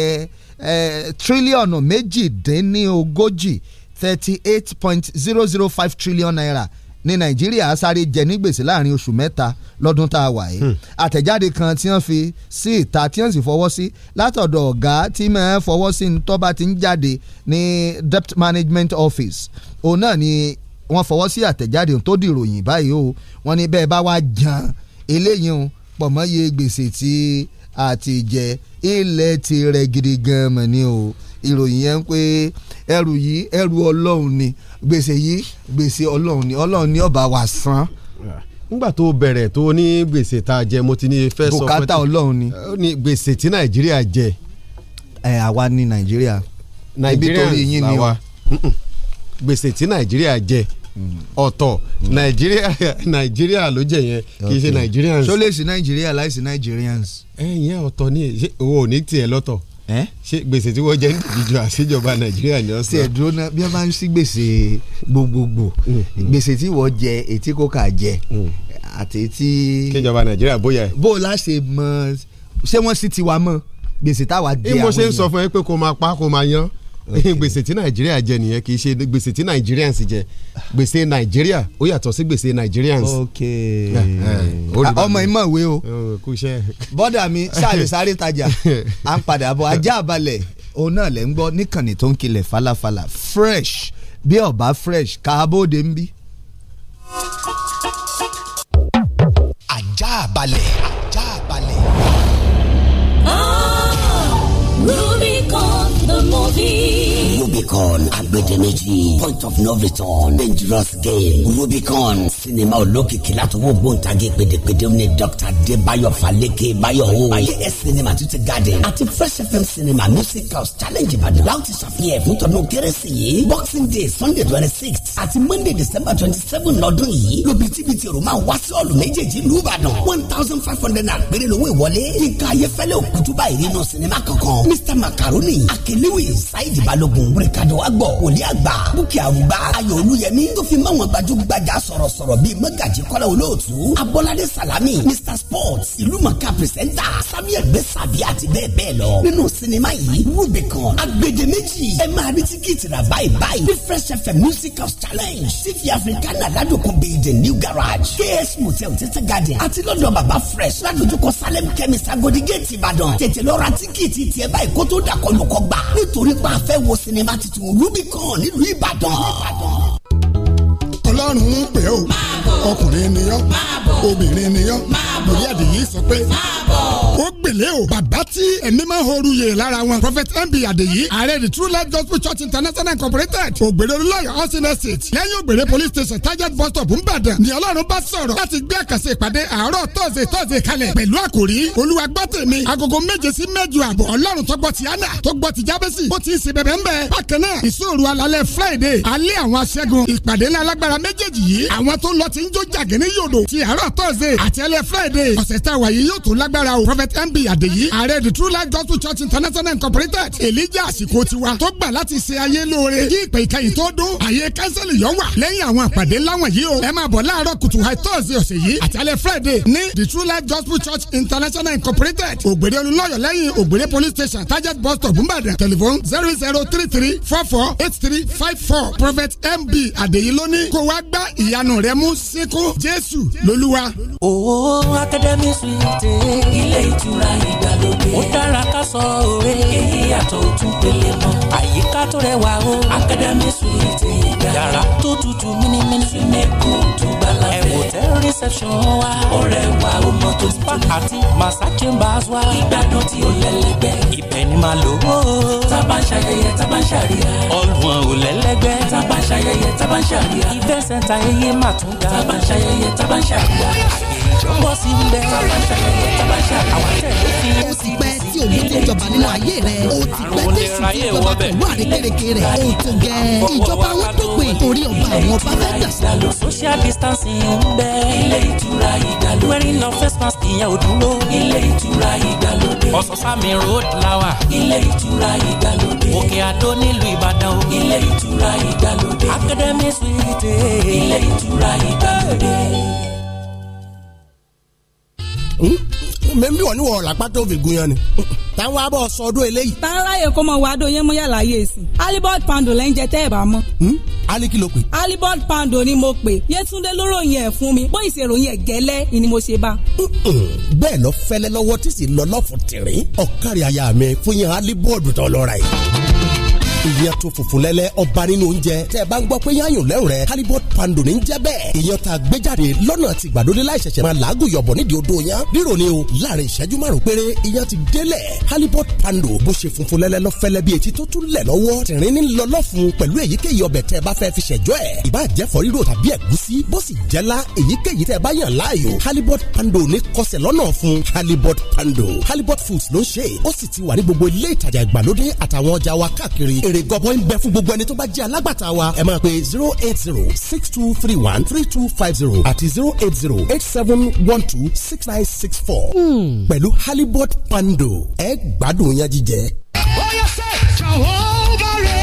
tírílíọ̀nù méjìdínlógójì thirty eight point zero zero five trillion naira ní nàìjíríà sáré jẹ ní gbèsè láàrin oṣù mẹ́ta lọ́dún tá a wà yìí hmm. àtẹ̀jáde kan tí wọ́n fi sí ìta tí wọ́n sì fọwọ́ sí látọ̀dọ̀ ọ̀gá tí mẹ́ẹ́ fọwọ́ sí ní tọ́ba ti ń jáde ní debt management office òun náà ni wọ́n fọwọ́ sí àtẹ̀jáde tó di ìròyìn báyìí o wọ́n ní bẹ́ẹ̀ bá wá jan eléyìí pọ̀ mọ́ iye gbèsè tí àtijẹ́ ilẹ̀ ti rẹ̀ gidi gan mọ̀ ni o ìròyìn yẹn ń pé ẹrù yìí ẹrù ọlọ́run ni gbèsè yìí gbèsè ọlọ́run ni ọlọ́run ni ọba wa san nígbà tó bẹ̀rẹ̀ tó ní gbèsè tá a jẹ mo ti ní fẹ́ sọ pé bùkátà ọlọ́run ni ní gbèsè tí nàìjíríà jẹ. ẹ àwa ní nàìjíríà nàìjíríà là wa gbèsè tí nàìjíríà jẹ mm. ọ̀tọ̀ nàìjíríà nàìjíríà ló jẹ yẹn kì í ṣe Nàìjíríà ṣó lè sí nàìjíríà láìsí nàìjíríàns. ẹ yẹn ọ̀tọ̀ ni owó ò ní tiẹ̀ lọ́tọ̀. ṣé gbèsè tí wọ́n jẹ́ ń dìjọ àṣejọba nàìjíríà ni ọ̀sán. tiẹ̀ dúró náà bí wọ́n bá ń sí gbèsè gbogbogbò hmm. gbèsè tí wọ́n jẹ etí kò kà jẹ hmm. àti etí. kíjọba nàìjíríà bóyá. bó o láṣẹ mọ ṣé wọ́n sì ti wá mọ gbèsè táwa jẹ àwọn èèyàn. bí mo ṣe ń sọ fún ẹ pé kó máa pa kó máa yan gbèsè tí nàìjíríà jẹ nìyẹn kì í ṣe gbèsè tí nigerians jẹ gbèsè nàìjíríà ó yàtọ̀ sí gbèsè nigerians. Ah, ọmọ ìmọ̀ ìwé o bọ́dà mi sáré sáré tajà à ń padà bọ̀ ajá balẹ̀ òun náà lẹ̀ ń gbọ́ níkànnì tó ń kilẹ̀ falafala fresh bí ọba fresh káàbóde ń bí. ajá balẹ̀ ajá balẹ̀. Ah, Rubicon the movie. Rubicon Agbedemeji Point of No Return Dangerous Game Rubicon sinima olókìkí láti wo gbóǹtagì pèdèpèdè ní Dr. Debayo Faleke Bayo Ho AS Cinema Tutu Garden àti Fresh FM Cinema Music House Challenge Ìbàdàn láti ṣàfihàn ẹ̀fún tọdún kérésì yìí Boxing Day Sunday twenty six àti Monday December twenty seven lọ́dún yìí lóbi tíbitì rò máa wá sí ọ̀lù méjèèjì lùbàdàn one thousand five hundred naira péré lówó ìwọlé Yínká Ayéfẹ́lẹ́ òkútúbà ìrìnnà sinima kankan Mr Macaroni Akeliwi Saidi Balogun múrekadò wa gbọ̀ wòlí àgbà búkì àrùbá ayọ̀ olúyẹmí tó fi máwọn gbajúgbajà sọ̀rọ̀sọ̀rọ̀ bíi mọ́gàjì kọ́lá olóòtú abọ́ládé salami mr sports ìlúmọ̀ká pìrìsẹ́ńtà samuel gbèsàbí àti bẹ́ẹ̀ bẹ́ẹ̀ lọ nínú sinimá yìí rubicon agbedeméjì ẹ máa rí tíkìtì rà báyìí báyìí ní fresh fm music house challenge tv africana ládùkún bíi the new garage ks motel tètè garden àti lọ́dọ̀ baba fresh ládùjúkọ salem chemist agodi gate ìbàdàn tètè lọ́ra tíkìtì tiẹ̀ báyìí kó tó dàkọ́ lùkọ́ gbà nítorí pé a fẹ́ sinimá titun Rubicon nílùú Ìbàdàn ọlọ́run ń pè ó ọkùnrin ni ọ́ obìnrin ni ọ́ lórí àdìyí sọ pé ó gbèlè o bàbá tí ẹ̀mí máa ń horu yè lára wọn prophet mb adeyi ààrẹ the true life gospel church international incorporated ògbèrè olùlọ́yọ̀ housing estate lẹ́yìn ògbèrè police station target bus stop ńbàdàn ni ọlọ́run bá sọ̀rọ̀ láti gbé àkànṣe ìpàdé àárọ̀ tọ́sẹ̀ tọ́sẹ̀ kalẹ̀ pẹ̀lú àkòrí olúwa gbọ́ tèmi agogo méje sí mẹ́jọ àbọ̀ ọlọ́run tó gbọ́ ti yánà tó gbọ́ ti jábẹ́sì bó ti ń ṣe bẹ̀bẹ̀ ńbẹ bákan náà ìṣòro friday alẹ́ àwọn aṣẹ́gun ìpàdé ńlá alágbára méjèèjì yìí àwọn tó lọ ti ń jó ti àárọ̀ tọ́sẹ̀ àti alẹ́ friday ọ̀sẹ̀ táwa yìí yóò tó lágbára o prophet prophet mb adeyi ààrẹ the true life gospel church international incorporated elijah àsìkò tiwa tó gbà láti ṣe ayé lóore kí ìpè ìkẹyìn tó dún àyè kánsẹ́lì yọ wà lẹ́yìn àwọn àpàdé láwọn yìí o ẹ máa bọ̀ láàárọ̀ kùtù high thursday ọ̀sẹ̀ yìí àtàlẹ́ friday ní the true life gospel church international incorporated ògbèrè olùlọ́yọ̀ lẹ́yìn ògbèrè police station target bus stop nìbàdàn telephone zero zero three three four four eight three five four prophet mb adeyi lónìí kó wá gbá ìyanu rẹ mú síkú jésù lolúwa. owó oh, akademi suwite ilé ìtura ìdàlódé. ó dára ká sọ òwe. èyí yàtọ̀ òtún pélé mọ́. àyíká tó rẹwà o. akademi suwite ìgbà. yàrá tó tutù mímímí. sinimu tó gbala. ẹ hotel reception wa. ọ̀rẹ́ wa ó mọ tó ti tó. àti massa chambers wa. ìgbádùn tí o lẹ́lẹ́gbẹ́. ibẹ̀ ni màá lò ó. tábà ń ṣayẹyẹ tábà ń ṣàríyá. ọlùwọ̀n ò lẹ́lẹ́gbẹ́. tábà ń ṣayẹyẹ tábà ń ṣàríyá. ìfẹ́ sẹ́ńtà eyé mà tún ga. tábà ń ṣayẹyẹ tábà ń ṣàríyá. ìjọba sí ń bẹ. tábà ń ṣayẹyẹ tábà ń ṣàríyá. àwọn àtẹ̀lé fi ó ti pẹ́ tí òye tó jọba nínú ayé rẹ̀ ó ti pẹ́ tí èsì tí ìjọba kò wá àrékérekè rẹ̀ ó tó gẹ́ ìjọba wọn tó pé torí ọba àwọn bá fẹ́ gbà. social distancing ń bẹ níbẹ̀. ilé ìtura ìgbàlódé. wearing no face mask ìyẹn ò dúró. ilé ìtura ìgbàlódé. ọ̀sán-sámi road lawa. ilé ìtura ìgbàlódé. òkè àdó nílùú ìbàdàn o. ilé ìtura ìgbàlódé. academy suite. ilé ìtura ìgbàlódé. Hmm? mẹ́mbí wọ̀ ni wọ̀ lápá tó fi gun yan ni táwọn abọ́ sọ ọdún eléyìí. tààrà yẹ kó mọ wàdó yẹn mú yàrá yé sí. alibod pando lẹ́ ń jẹ tẹ́ ẹ̀ bá mọ́. Hmm? ali kí ló pè. alibod pando ni mo pè yétúndé lóròyìn ẹ̀ fún mi bó ìṣèròyìn ẹ̀ gẹ́lẹ́ ni mo ṣe bá. bẹ́ẹ̀ lọ fẹ́lẹ́ lọ́wọ́ tí sì lọ lọ́fọ̀ọ́ tẹ̀rín ọ̀kárí aya mi fún yẹn alibod tó lọ́ra yìí ìyẹn tó funfun lẹ́lẹ́ ọba nínú oúnjẹ tẹ́ ẹ bá ń gbọ́ pé yáyùn lẹ́rù rẹ halibut pando ní jẹ́ bẹ́ẹ̀ ìyẹn tá a gbé jáde lọ́nà ti gbàdúrà láìṣẹ̀ṣẹ̀ máa làágùn yọ̀bọ̀ nídìí odò yẹn rírò ni o láàrin ìṣẹ́jú márùn péré ìyẹn ti délẹ̀ halibut pando bó ṣe funfun lẹ́lẹ́ lọ fẹ́lẹ́ bí etí tó tún lẹ̀ lọ́wọ́ tìrín ní lọ́lọ́ fún pẹ̀lú èyíkéyìí ọbẹ̀ tẹ́ èrè gọbọi ń bẹ fún gbogbo ẹni tó bá jẹ́ alágbàtà wa ẹ máa pe zero eight zero six two three one three two five zero àti zero eight zero eight seven one two six nine six four hmm. pẹ̀lú halibut pando ẹ gbádùn yẹn jíjẹ. ó yẹ sẹ́ ṣàwọ́ bá rẹ̀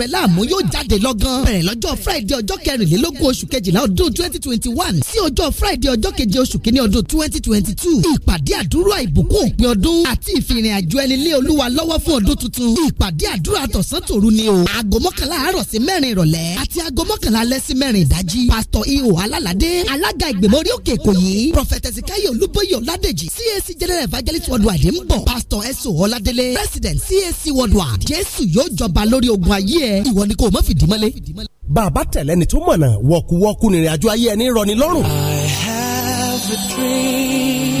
rẹ̀ láàmú yóò jáde lọ́gán. bẹ̀rẹ̀ lọ́jọ́ friday ọjọ́ kẹrìnlélógún oṣù kejìlá ọdún twenty twenty one sí ọjọ́ friday ọjọ́ keje oṣù kínní ọdún twenty twenty two. ìpàdé àdúrà ìbùkún òpin ọdún àti ìfìrìn àjò ẹni lé olúwa lọ́wọ́ fún ọdún tuntun. ìpàdé àdúrà tọ̀sán tòru ni o. aago mọ́kànlá àárọ̀ sí mẹ́rin ìrọ̀lẹ́ àti aago mọ́kànlá alẹ́ sí mẹ́rin ìdájí. pásítọ̀ ihò alálàdé alága ìgbìmọ̀ orí òkè èkó yìí. prọfẹtẹsì káyọ̀ olúbóyè cac general evangelist worldwide ń bọ̀. pásítọ̀ ẹ̀sùn president cac worldwide jésù yóò jọba lórí ogun ayé ìwọ ni kò má fìdí mọ́lẹ̀. bàbá tẹ̀lẹ́ ni tó mọ̀nà wọ̀kúwọ́kú nìrìnàjò ayé ẹni rọ̀ ni lọ́rùn. I have a dream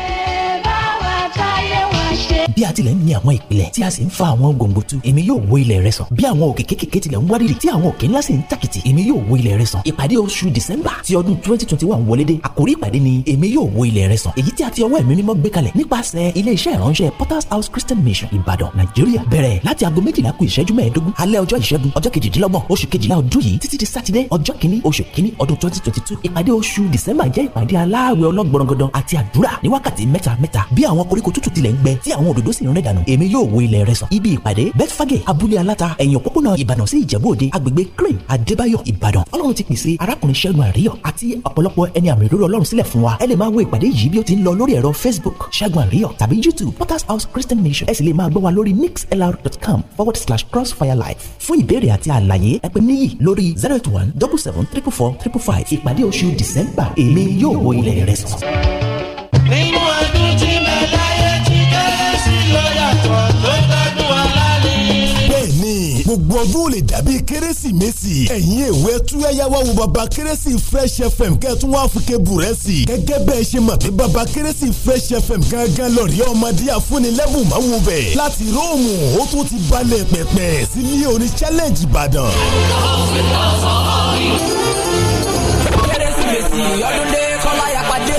ṣe. bí a tilẹ̀ ń ní àwọn ìpìlẹ̀ tí a sì ń fa àwọn gbòǹgbòtu èmi yóò wo ilẹ̀ rẹ sàn bí àwọn òkè kékèké tilẹ̀ ń wárìrì tí àwọn òkè ńlá sì ń tàkìtì èmi yóò wo ilẹ̀ rẹ sàn ìpàdé oṣù december ti ọdún twenty twenty one wọlédé àkórí ìpàdé ni èmi yóò wo ilẹ̀ rẹ sàn èyí tí a ti ọwọ́ ẹ̀mí mímọ́ gbé kalẹ̀ nípasẹ̀ ilé iṣẹ́ ìránṣẹ́ Potter's House Christian Mission Ìbàdàn Nàìjíríà bẹ̀rẹ̀ láti aago méjìlá kù ìṣẹ́jú mẹ́ẹ̀ẹ́dógún alẹ́ ọjọ́ ìṣẹ́gun ọjọ́ kejìdínlọ́gbọ̀n oṣù kejìlá ọdún yìí títí di sátidé ọjọ́ kìíní oṣù kìíní ọdún twenty twenty two ìpàdé oṣù december jẹ́ ìpàdé aláàwẹ̀ ọlọ́gbọ̀nrọ̀gọ̀dọ̀ àti àdúrà ní wákàtí mẹ́ta mẹ́ta bí àwọn koríko tútù tilẹ̀ ń gbẹ tí àwọn òdòdó sì ń rẹ̀ dànù èmi yóò wo ilẹ̀ rẹ sàn. ibi ìpàdé betfage abúlé aláta ẹ̀yìn òpópónà ìbàdàn sí ìjẹ̀bú òde agbègbè crane adébáyọ̀ ìbàdàn ọlọ́run ti pèsè arákùnrin ṣẹ́gun àríyọ̀ àti ọ̀pọ̀lọpọ̀ ẹni àmì ìróró ọlọ́run sílẹ̀ fún wa ẹ lè máa wo ìpàdé yìí bí ó ti ń lọ lórí ẹ̀rọ facebook ṣẹ́gun àríyọ̀ tàbí youtube potters house christian mission ẹ sì lè máa gbọ́ wa lórí mixlr.com forward slash crossfire live fún ìbéèrè àti àlàyé ẹ pè níyì lórí zero eight one double seven triple four triple five ìpàdé oṣù december èmi yóò wo ilẹ̀ rẹ sàn. nínú ọdún tí gbogbo ọdún ò lè dàbí kérésìmesì ẹ̀yin èwe túyáyáwá wo baba kérésì fresh fm kẹ́tún wá fúnkẹ́ bùrẹ́sì gẹ́gẹ́ bẹ́ẹ̀ ṣe mọ̀ pé baba kérésì fresh fm gángan lọ́ọ̀rì ọmọdé àfúnilẹ́bùn máa wù bẹ̀ láti róòmù ó tún ti balẹ̀ pẹ̀pẹ̀ sílé oní challenge ìbàdàn. kérésìmesì ọdún dé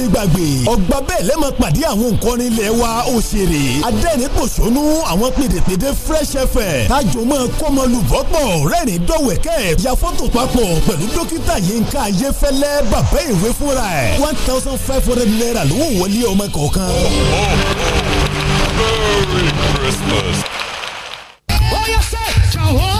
ní gbàgbé ọgbà bẹ́ẹ̀ lẹ́mọ̀ pàdé àwọn nǹkan ilẹ̀ wa òṣèré adẹ́rìnpòṣónú àwọn pèdèpèdè fresh fm tájò máa kọ́mọ lùbọ́pọ̀ rẹ́rìn dọ́wẹ̀kẹ́ ya fọ́tò papọ̀ pẹ̀lú dókítà yínká ayéfẹ́lẹ́ bàbá ìwé fúnra ẹ̀ one thousand five hundred naira ló wọlé ọmọ kọ̀ọ̀kan. Merry Christmas. ó yẹ sẹ́ ṣàwọ́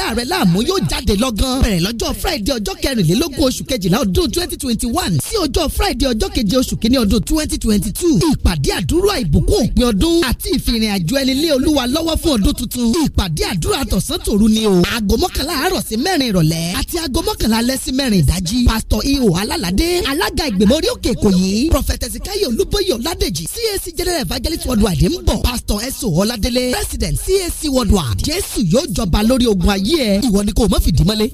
ẹ̀dá rẹ̀ láàmú yóò jáde lọ́gán. bẹ̀rẹ̀ lọ́jọ́ friday ọjọ́ kẹrìnlélógún oṣù kejìlá ọdún twenty twenty one sí ọjọ́ friday ọjọ́ keje oṣù kìíní ọdún twenty twenty two. ìpàdé àdúrà ìbùkún òpin ọdún àti ìfìrìn àjò ẹni lé olúwa lọ́wọ́ fún ọdún tuntun. ìpàdé àdúrà tọ̀sán tòru ni o. aago mọ́kànlá àárọ̀ sí mẹ́rin ìrọ̀lẹ́ àti aago mọ́kànlá alẹ́ sí mẹ́rin ìdájí. pásítọ̀ ihò alálàdé alága ìgbìmọ̀ orí òkè èkó yìí. prọfẹtẹ sikayo olúbóyè ọládèjì cac general evangelist worldwide ń bọ̀. pásítọ̀ ẹ̀sùn ọládélé president cac worldwide jésù yóò jọba lórí ogun ayé ayé ẹ ìwọ ni kò mọ́ fìdí mọ́lé.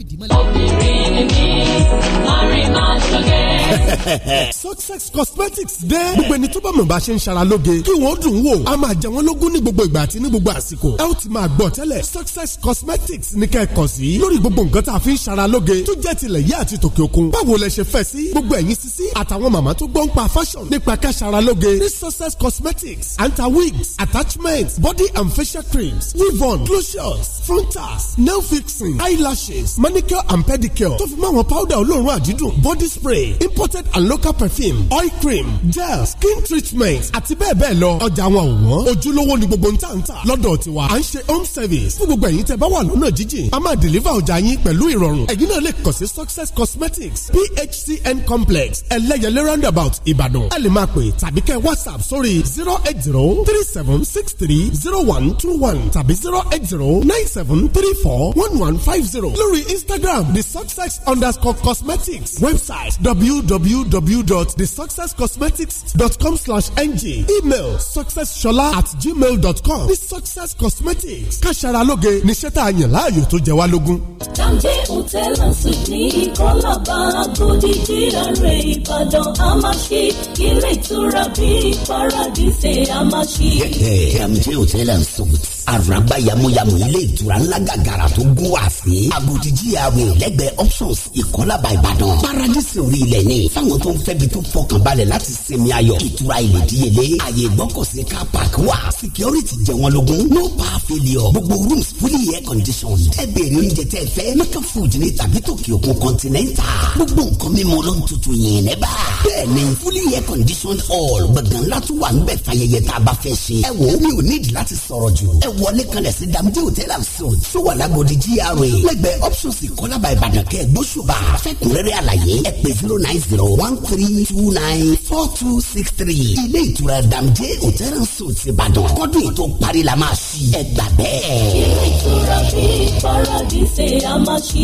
success cosmetics dé. gbogbo ẹni tó bá mọ̀ bá ṣe ń ṣara lóge kí wọ́n dùn wò a máa jẹ wọ́n lógún ní gbogbo ìgbà àti ní gbogbo àsìkò ẹ ó ti máa gbọ́ tẹ́lẹ̀ success cosmetics ní kẹ́ẹ̀kan sí lórí gbogbo nǹkan tá a fi ń ṣara lóge tó jẹ́ tilẹ̀ yé àti tòkè òkun báwo lẹ ṣe fẹ́ sí gbogbo ẹ̀yin sisi àtàwọn màmá tó gbọ́ ń pa fashion nípa ká ṣara lóge ní success cosmetics anti wigs attachments body and facial creams weave on closures frontals nail fixing eyelashes manicure and pedicure tó fi mọ́ àwọn powder olóòórùn àdídùn body spray imported and local perfume oil cream gel skin treatment àti bẹ́ẹ̀ bẹ́ẹ̀ lọ ọjà wọn ò wọ́n ojúlówó ni gbogbo ń tà ń tà lọ́dọ̀ tiwa à ń ṣe home service fún gbogbo ẹ̀yin tẹ́ bá wà lọ́nà jíjìn a máa deliver ọjà yín pẹ̀lú ìrọ̀rùn ẹ̀yin náà lè kàn sí success cosmetics phcn complex ẹlẹ́yẹlé roundabout ìbàdàn ẹ lè máa pè tàbí kẹ́ whatsapp sórí zero eight zero three seven six three zero one two one tàbí zero eight zero nine seven three four one one five zero lórí Instagram thesuccess_cosmetics. website www.thesuccesscosmetics.com slash ng email successshola at gmail.com. the success cosmetics káṣara lóge níṣẹ́ tá a yàn láàyò tó jẹ wá lógún. jàǹdé hòtẹ́lì sùn ní ìkọ́lábà bòdìjì ààrẹ Ìbàdàn àmàṣe ilé ìtura bíi paradíṣe àmàṣe. jàǹdé hòtẹ́lì àràgbá yamuyamu ilé ìtura ńlá gàgàrà tó gún wà sí. Agodi GRA options ìkọ́lábà Ìbàdàn. Paradísì orí ilẹ̀ ni fáwọn tó ń fẹ́ bi tó fọkàn balẹ̀ láti sinmi ayọ̀. Ìtura ìlèdíyelé, àyè ìgbọ́kọ̀sí car park wà. Security jẹ lógún. No power failure. Gbogbo rooms fully air conditioned. Ẹ béèrè oúnjẹ tẹ́ fẹ́. Mẹ́kà food ni tàbí tòkì òkun continental. Gbogbo nǹkan mímu ló ń tutù yìnyín lẹ́bà. Bẹ́ẹ̀ni fully air conditioned hall gbọ̀ngàn látúwà ń wọlé kanlẹ̀ sí damidi hotel and suit tó wà lágòdì gra lẹ́gbẹ̀ẹ́ options ìkọ́lábà ìbàdàn kẹ́ gbósùbà fẹ́kùnrẹ́rẹ́ àlàyé ẹ zero nine zero one three two nine four two six three ilé ìtura damidi hotel and suit ìbàdàn kọ́dún tó parí la máa ṣí ẹ gbà bẹ́ẹ̀. ilé ìtura bíi paradise a máa ṣí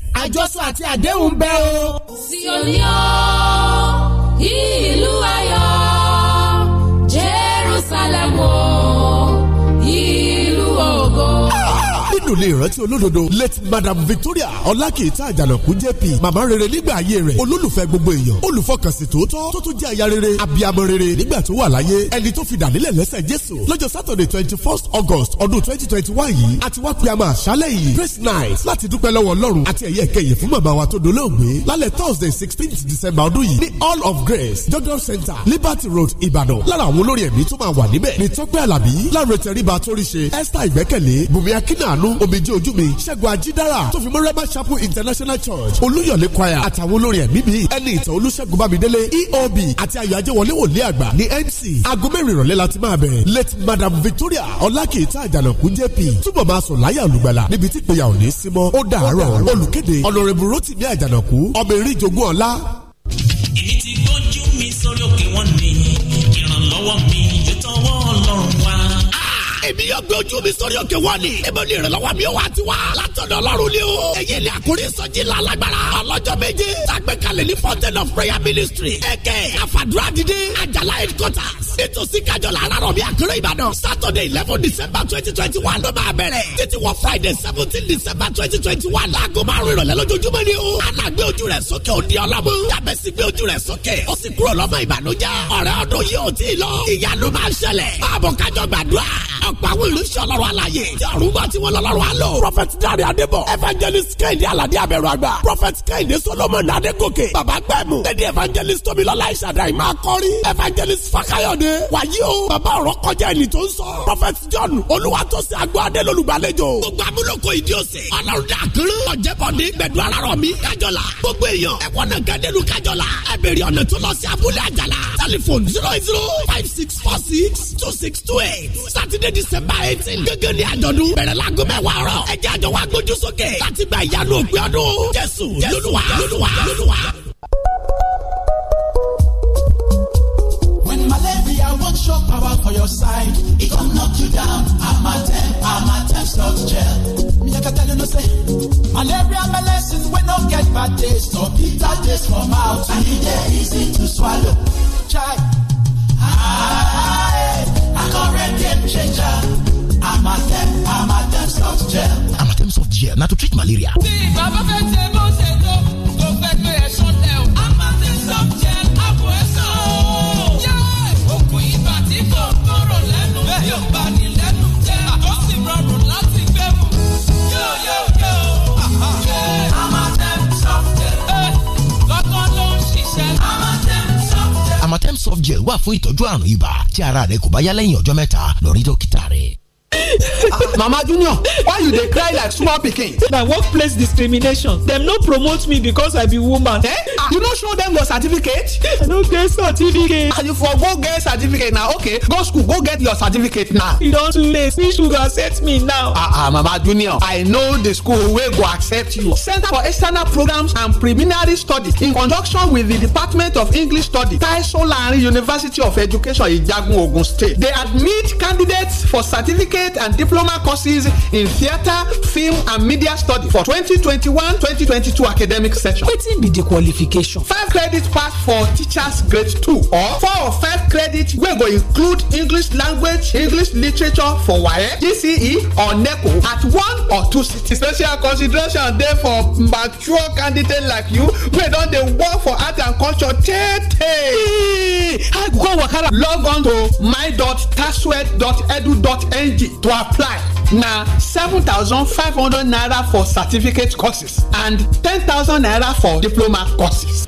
àjọsọ àti àdéhùn bẹ́ o. Síónì o ìlú ayọ̀ Jerúsálẹ́mù o. gbádùn lè rántí olódodo late madam victoria ọlákìíta àjànàkú jp màmá rere nígbà ayé rẹ̀ olólùfẹ́ gbogbo èèyàn olùfọkànsìn tòótọ́ tó tún jẹ́ aya rere abiyamọ rere nígbà tó wà láyé ẹni tó fi dànílẹ̀ lẹ́sẹ̀ jésù lọ́jọ́ saturday twenty first august ọdún twenty twenty one yìí àti wá pe àmà àṣálẹ̀ yìí praise night láti dúpẹ́ lọ́wọ́ ọlọ́run àti ẹ̀yẹ kẹyìn fún màmá wa tó dolóògbé lálẹ́ thursday sixteenth december ọdún yìí ní all of grace jọjọ center liberty road ìbàdàn lára àwọn olórí ẹ̀mí tó máa wà níbẹ̀ ní tọ́pẹ́ àlàbí láre tẹríba tó rí ṣe esther ìgbẹ́kẹ̀lé omijì ojú mi ṣẹ́gun ajídára tó fi mọ́ rema chapel international church olúyọ̀lé choir àtàwọn olórin ẹ̀mí bíi ẹni ìtàn olúṣẹ́gun bámidélé eob àti ayọ̀ ajẹ́wọlé wòlé àgbà ní mc aago mẹ́rin ìrọ̀lẹ́ la ti máa bẹ̀ late madam victoria ọlákìíta àjànàkú jp túbọ̀ máa sọ láyà olùgbàlà níbi tí ìpínyà ò ní í símọ́ ó dàárọ̀ olùkéde ọ̀nàrẹ̀bù rotimi àjànàkú ọmọ eré ti gbójú mi sórí òkè wọn ni ìrànlọ́wọ́ mi yóò tọwọ́ ọlọ́run èmi yóò gbé ojú mi sórí òkè wọ́n ni ibo ni ìrànlọ́wọ́ mi wà ti wá látọ̀dọ̀ ọlọ́run ni o èyí ni àkórí ìsọjí la lágbára ọlọ́jọ́ méje tá a gbé ní fountain of prayer ministry ẹ̀kẹ́ àfàdúrà dídé àjàlá headquarters nítòsí kájọlá arárọ̀ mi àkúrẹ́ ìbàdàn sátọ̀dẹ̀ eleven december twenty twenty one ló máa bẹ̀rẹ̀ títí wọ friday seventeen december twenty twenty one láago márùn ìrọ̀lẹ́ lójoojúmọ́ ni o alágbé ojú rẹ̀ sókè òdi ọlọ́mọ yàbẹ̀sí gbé ojú rẹ̀ sókè ó sì kúrò lọ́mọ ìbànújẹ́ ọ̀rẹ́ ọdún yìí ò tí ì lọ ìyanu máa ń ṣẹlẹ̀ báàbọ̀ kájọ gbàdúrà ọ̀pọ̀ àwọn ìrúṣẹ́ ọlọ́run alaye tí ọ̀run bá tí wọ́n lọ́lọ́run á lò prophet dare Adebo. evangelist kẹ́hìndé aládé abẹ́rù àgbà prophet kẹ́hìndé solomon adégòkè baba gbẹ̀mú lady evangelist tómilọ́lá ìṣàdá ìmọ̀ akọ́rí evangelist fakayọ̀dé ṣe. wàyí o bàbá ọ̀rọ̀ kọjá ẹni tó ń sọ. prophet john olúwatósìn agbóadé lolùgbàlejò. gbogbo amúlòkọ ìdí òsè. ọlọ́run dà kúrú. ọ̀jẹ̀bọ̀dé gbẹ̀dú ara rọ̀ mi kájọlá. gbogbo èèyàn ẹ̀kọ́ náà gẹ́dẹ́lu kájọlá. ẹ bèrè ọ̀nà tó lọ sí abúlé àjàlá. tẹlifon zero zero five six four six two six two eight. Saturday december eighteen. gẹ́gẹ́ ni àjọ̀dún bẹ̀rẹ̀ láago mẹ́wàá rọ̀. ẹ jẹ́ àjọ wa gbójú sókè. láti gba for your side. It gon' knock you down. I'm a temp, I'm a temp, stop gel. Me, I can tell you no say. Malaria, my lesson, we no get bad taste. So bitter taste from out. And it easy to swallow. Chai. I, I got red game changer. a temp, soft gel. I'm a temp, soft gel, now to treat malaria. See, Baba, Peptamen soft gel wà fún ìtọ́jú àrùn ibà tí ara rẹ kò bá yá lẹ́yìn ọjọ́ mẹ́ta lọ rí dókítà rẹ. mama junior why you dey cry like small pikin. na workplace discrimination dem no promote me because i be woman. Eh? Ah, you no show dem your certificate. i no get certificate. as ah, you for go get certificate na okay go school go get your certificate now. e don too late which school go accept me now. ah ah mama junior i know the school wey go accept you. center for external programs and preliminary studies in conjunction with the department of english studies taisolari university of education ijagun ogun state dey admit candidates for certificate and diploma courses in theatre film and media study for 2021-2022 academic session. wetin be di qualification? five credit pass for teachers grade two or four or five credit wey go include english language english literature for waec gce or neco at one or two cities. special consideration dey for mature candidates like you wey don dey work for art and culture tey tey. i go waka log on to my.tasweb.edu.ng to to apply na seven thousand five hundred naira for certificate courses and ten thousand naira for diploma courses.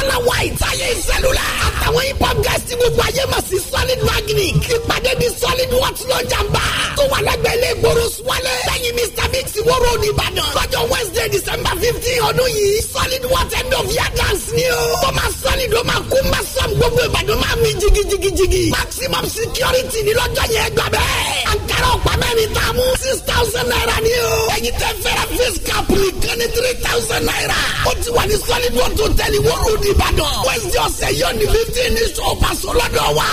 ayé ìsẹ́lúlẹ̀. àtàwọn hip hop guys ti gbogbo ayé mọ̀ sí solid magnic. ìpàdé di solid watch lọ́jà ń bá. tó wà lẹ́gbẹ̀ẹ́ ilé ìgboro suwálé. lẹ́yìn mr mix wóró oníbàdàn. lọ́jọ́ wednesday december fifteen ọdún yìí. solid watch end of year dance ni o. tó máa solid ó máa kú máa sọ gbogbo ìbàdàn máa mi jigijigijigi. maximum security ni lọ́jọ́ yẹn gbà bẹ́ẹ̀. àǹkárá ọ̀pá mẹ́rin tá a mú. six thousand naira ni o. ẹ̀yin tẹ́ fẹ́ràn face cap nìkan three thousand naira. ó ti wà ní solid watch hotel ìwóró oníbàdàn. wẹ́ wednesday ọ̀sẹ̀ yóò ní fifteen ní sọ́ọ̀bà sọ́lọ́dọ̀ wa.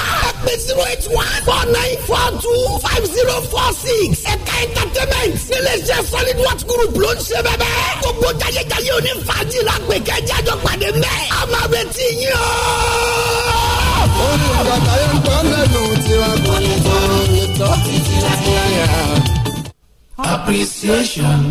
ẹ zero eight one four nine four two five zero four six. ẹ̀ka entertainment níléeṣẹ́ solid watch group ló ń ṣe bẹ́ẹ̀. gbogbo jayéjayé òní fàájì la pè kẹ́jẹ́ àjọ pàdé mẹ́. a máa retí yín o. olùbàdàn yẹn ń tọ́ lẹ́nu tiwa kọ́ ni tó ń tọ́ títí láyé. appreciation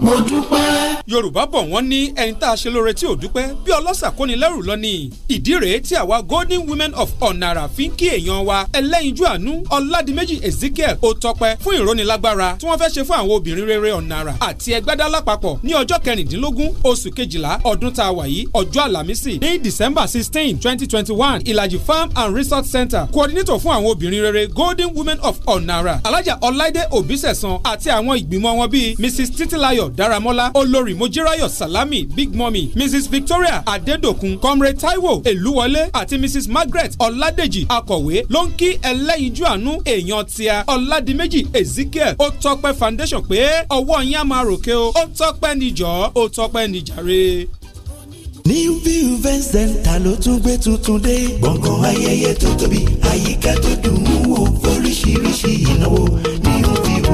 mo dúpẹ́. yorùbá bọ̀ wọ́n ní ẹni tá a ṣe lóore tí ò dúpẹ́ bí ọlọ́ṣà kóni lọ ni ìdí rèé tí àwa golden women of ọ̀nàrà fi ń kí èèyàn wa ẹlẹ́yinjú àánú ọ̀làdìmẹ́jì ezekiel ó tọpẹ́ fún ìrónilágbára tí wọ́n fẹ́ ṣe fún àwọn obìnrin rere ọ̀nàrà àti ẹgbẹ́dá lápapọ̀ ní ọjọ́ kẹrìndínlógún oṣù kejìlá ọdún tá a wà yìí ọjọ́ àlàmísì ní december sixteen twenty twenty one ìlàjì farm and resort center coordinator fún àwọn obìnrin rere golden women of ọ̀nàrà alájà ọláìdé òbísẹ̀sán àti àwọn ìgbìmọ̀ wọn bíi mrs titilayo Daramola Daramọ́lá olórí Mojírayọ̀ Salami Big Mummy Mrs Victoria Adédòkun Comrade Taiwo Èlúwọlé àti Mrs Margaret Ọládèjì akọ̀wé ló ń kí ẹlẹ́yinjú àánú èèyàn tíya Ọládìméjì Ezekiel ó tọpẹ́ foundation pé ọwọ́ yín á máa ròkè o ó tọpẹ́ níjọ́ ó tọpẹ́ níjàre new view event center ló tún gbé tuntun dé. gbọ̀ngàn ayẹyẹ tó tóbi àyíká tó dùn ún wò oríṣiríṣi ìnáwó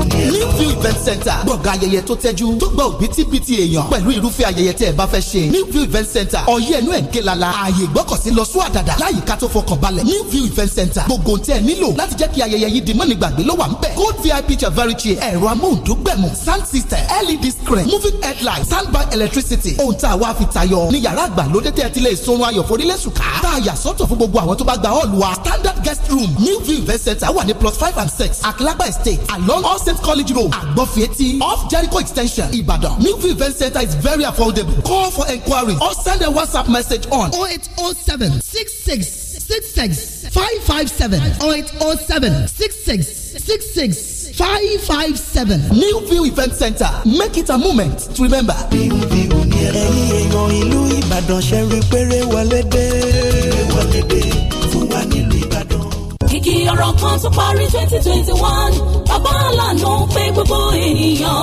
Newview event center gbọ̀ngàn ayẹyẹ tó tẹ́jú tó gba òbítíbitì èèyàn pẹ̀lú irúfẹ́ ayẹyẹ tẹ́ ẹ bá fẹ́ ṣe Newview event center ọ̀yẹ́ ẹnu ẹ̀ ń ké lala ààyè ìgbọ́kọ̀sí lọ sún àdàdà láyìíká tó fọkàn balẹ̀ Newview event center gbogbo tẹ́ ẹ nílò láti jẹ́ kí ayẹyẹ yìí di mọ́nìgbàgbé ló wà ń bẹ̀ gold vip chavari chair ẹ̀rọ amóhùndógbẹ̀mù sound system led screen moving headlight standby electricity ohun tá a wá fi tayọ ní yàrá àgbàlódé tẹ́ ẹ ti lè sunrun ayọ̀ forílẹ̀sùká tá a yà sọ́tọ̀ fún gbogbo àwọn tó bá gba hall wa standard guest room Newview event center wà ní plus five and six àkìlágbà estate along all state college road agbofieti off jericho extension ibadan New View event center is very affordable call for enquiry or send a whatsapp message on 0807 66 66 557 0807 66 66 557 newview event center make it a moment to remember. ẹ̀yin èèyàn ìlú ìbàdàn ṣe rí péré wọlé dé fún wa nílùú kí ọ̀rọ̀ kan tó parí twenty twenty one bàbá àlànà pé gbogbo ènìyàn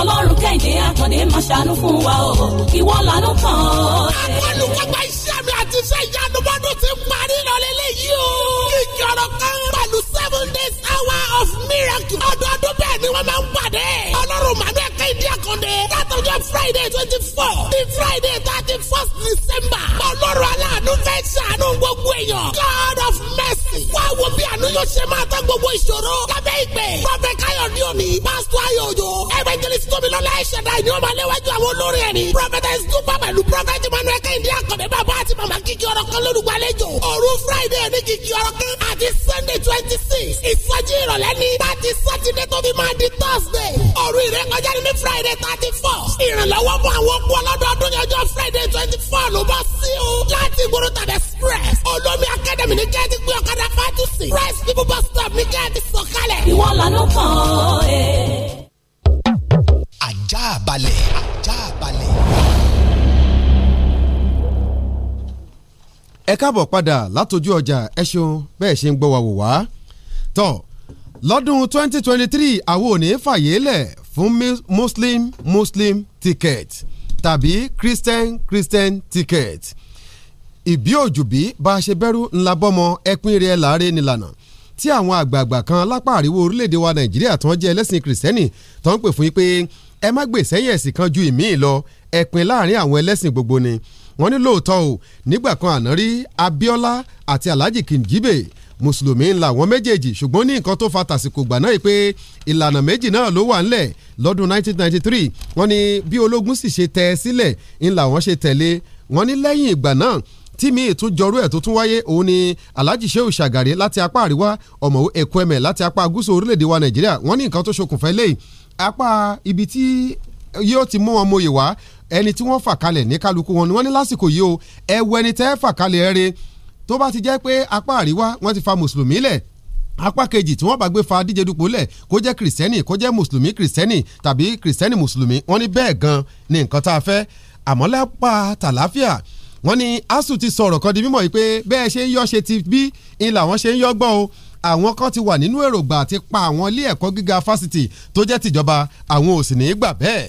ọlọ́run kẹ́hìndé àkàndé máa ṣàánú fún wa o ìwọ lànà kan ọ́ ṣe. àwọn olùkọ́gbà iṣẹ́ mi àti iṣẹ́ ìyanu bọ́dún ti parí lọ lélẹ́yìí o. kíkì ọ̀rọ̀ kan pẹ̀lú seven days hour of miracle. ọdọọdún bẹ́ẹ̀ ni wọ́n máa ń pàdé. ọlọ́run màdé kéde àkàndé. látọjọ́ friday twenty four ní friday thirty first december. ọlọ́run aláàánú fẹ́ ṣàánú gbogbo èèyàn. god of mercy. wá wo bí àánú yóò ṣe máa tán gbogbo ìṣòro. lábẹ́ ìgbẹ́ prọfẹ̀t káyọ̀dé òní. pásítọ̀ ayọ̀jọ. evangelist tómilọ́lá ẹ̀ṣẹ̀dá ìní ọmọ aléwájú àwọn olórí ẹ̀rí. prophetess dúpọ̀ pẹ̀lú prophet emmanuel kéde àkàndé bàbá àti màmá kíkí ọ̀rọ̀ kan lórúkọ àlejò. òru friday ní kíkí ọ̀rọ̀ kan àti sunday twenty six ìsọjí ìrọ̀lẹ́ ìrọ̀lẹ́ ní láti sátidé tó fi máa di thursday òru ìrékọjá ní ní friday thirty four ìrànlọ́wọ́ fún àwọn okú ọlọ́dọọdún ní ọjọ́ friday twenty four ló bá sí o láti gbóró tàbí express olómi academy ní kẹ́ẹ̀tì gbé ọ̀kadà fatusi rice people bus stop ní kẹ́ẹ̀tì sọ̀kalẹ̀. ìwọ lànà kan ẹ. ajá balẹ̀ ajá balẹ̀. ẹ káàbọ̀ padà látọjú ọjà ẹ ṣeun bẹ́ẹ̀ ṣe ń gbọ́ wa wò wá tán lọ́dún twenty twenty three àwọn ò ní fún muslim muslim ticket tàbí christian christian ticket ìbí òjùbí bá a ṣe bẹ̀rù ńlá bọ́mọ ẹpin rẹ̀ láre nílànà tí àwọn àgbààgbà kan lápá àríwó orílẹ̀-èdè wa nàìjíríà tó ń jẹ́ ẹlẹ́sìn kìrìsìtẹ́nì tó ń pè fún yín pé ẹ má gbè sẹ́yìn ẹ̀sìn kan ju ìmíì lọ ẹ̀pin láàrin àwọn ẹlẹ́sìn gbogbo ni wọ́n ní lóòótọ́ o nígbà kan àná rí abiola àti Alhaji Kingibe mùsùlùmí ńlá wọn méjèèjì ṣùgbọ́n ní nǹkan tó fa tàsìkò gbà náà pé ìlànà méjì náà ló wà ńlẹ̀ lọ́dún 1993 wọ́n ní bí ológun sì ṣe tẹ̀ sílẹ̀ ńlá wọn ṣe tẹ̀lé wọ́n ní lẹ́yìn ìgbà náà tí mi ìtúnjọrú ẹ̀ tó tún wáyé òun ni alhaji shehu shagari láti apá àríwá ọ̀mọ̀wé ekweme láti apá gúúsù orílẹ̀-èdè wa nàìjíríà wọ́n ní nǹkan tó ṣokùnfà eléyìí apá ibi tí yóò ti mú ọmọ yìí wá ẹni tí wọ́n fà kalẹ̀ ní kálukú wọn ni wọ́n ní lásìkò yìí o ẹ ẹni tẹ́ fà kalẹ̀ ẹ tó bá ti jẹ́ pé apá àríwá wọ́n ti fa mùsùlùmí lẹ̀ apá kejì tí wọ́n bá gbé fa díje dupò lẹ̀ kó jẹ́ kìrìsìtẹ́nì kó jẹ́ mùsùlùmí kìrìsìtẹ́nì tàbí kìrìsìtẹ́nì mùsùlùmí wọ́n ní bẹ́ẹ̀ gan ni nǹkan tá a fẹ́ àmọ́ lápá tàlàáfíà wọ́n ní asu ti sọ̀rọ̀ kan di mímọ̀ yìí pé bẹ́ẹ̀ ṣe ń yọ́ ṣe ti bí ń làwọn ṣe ń yọ́ gbọ́ o àwọn kan ti wà nínú èròǹgbà àti pa àwọn ilé ẹ̀kọ́ gíga fásitì tó jẹ́ tìjọba àwọn ò ní í gbà bẹ́ẹ̀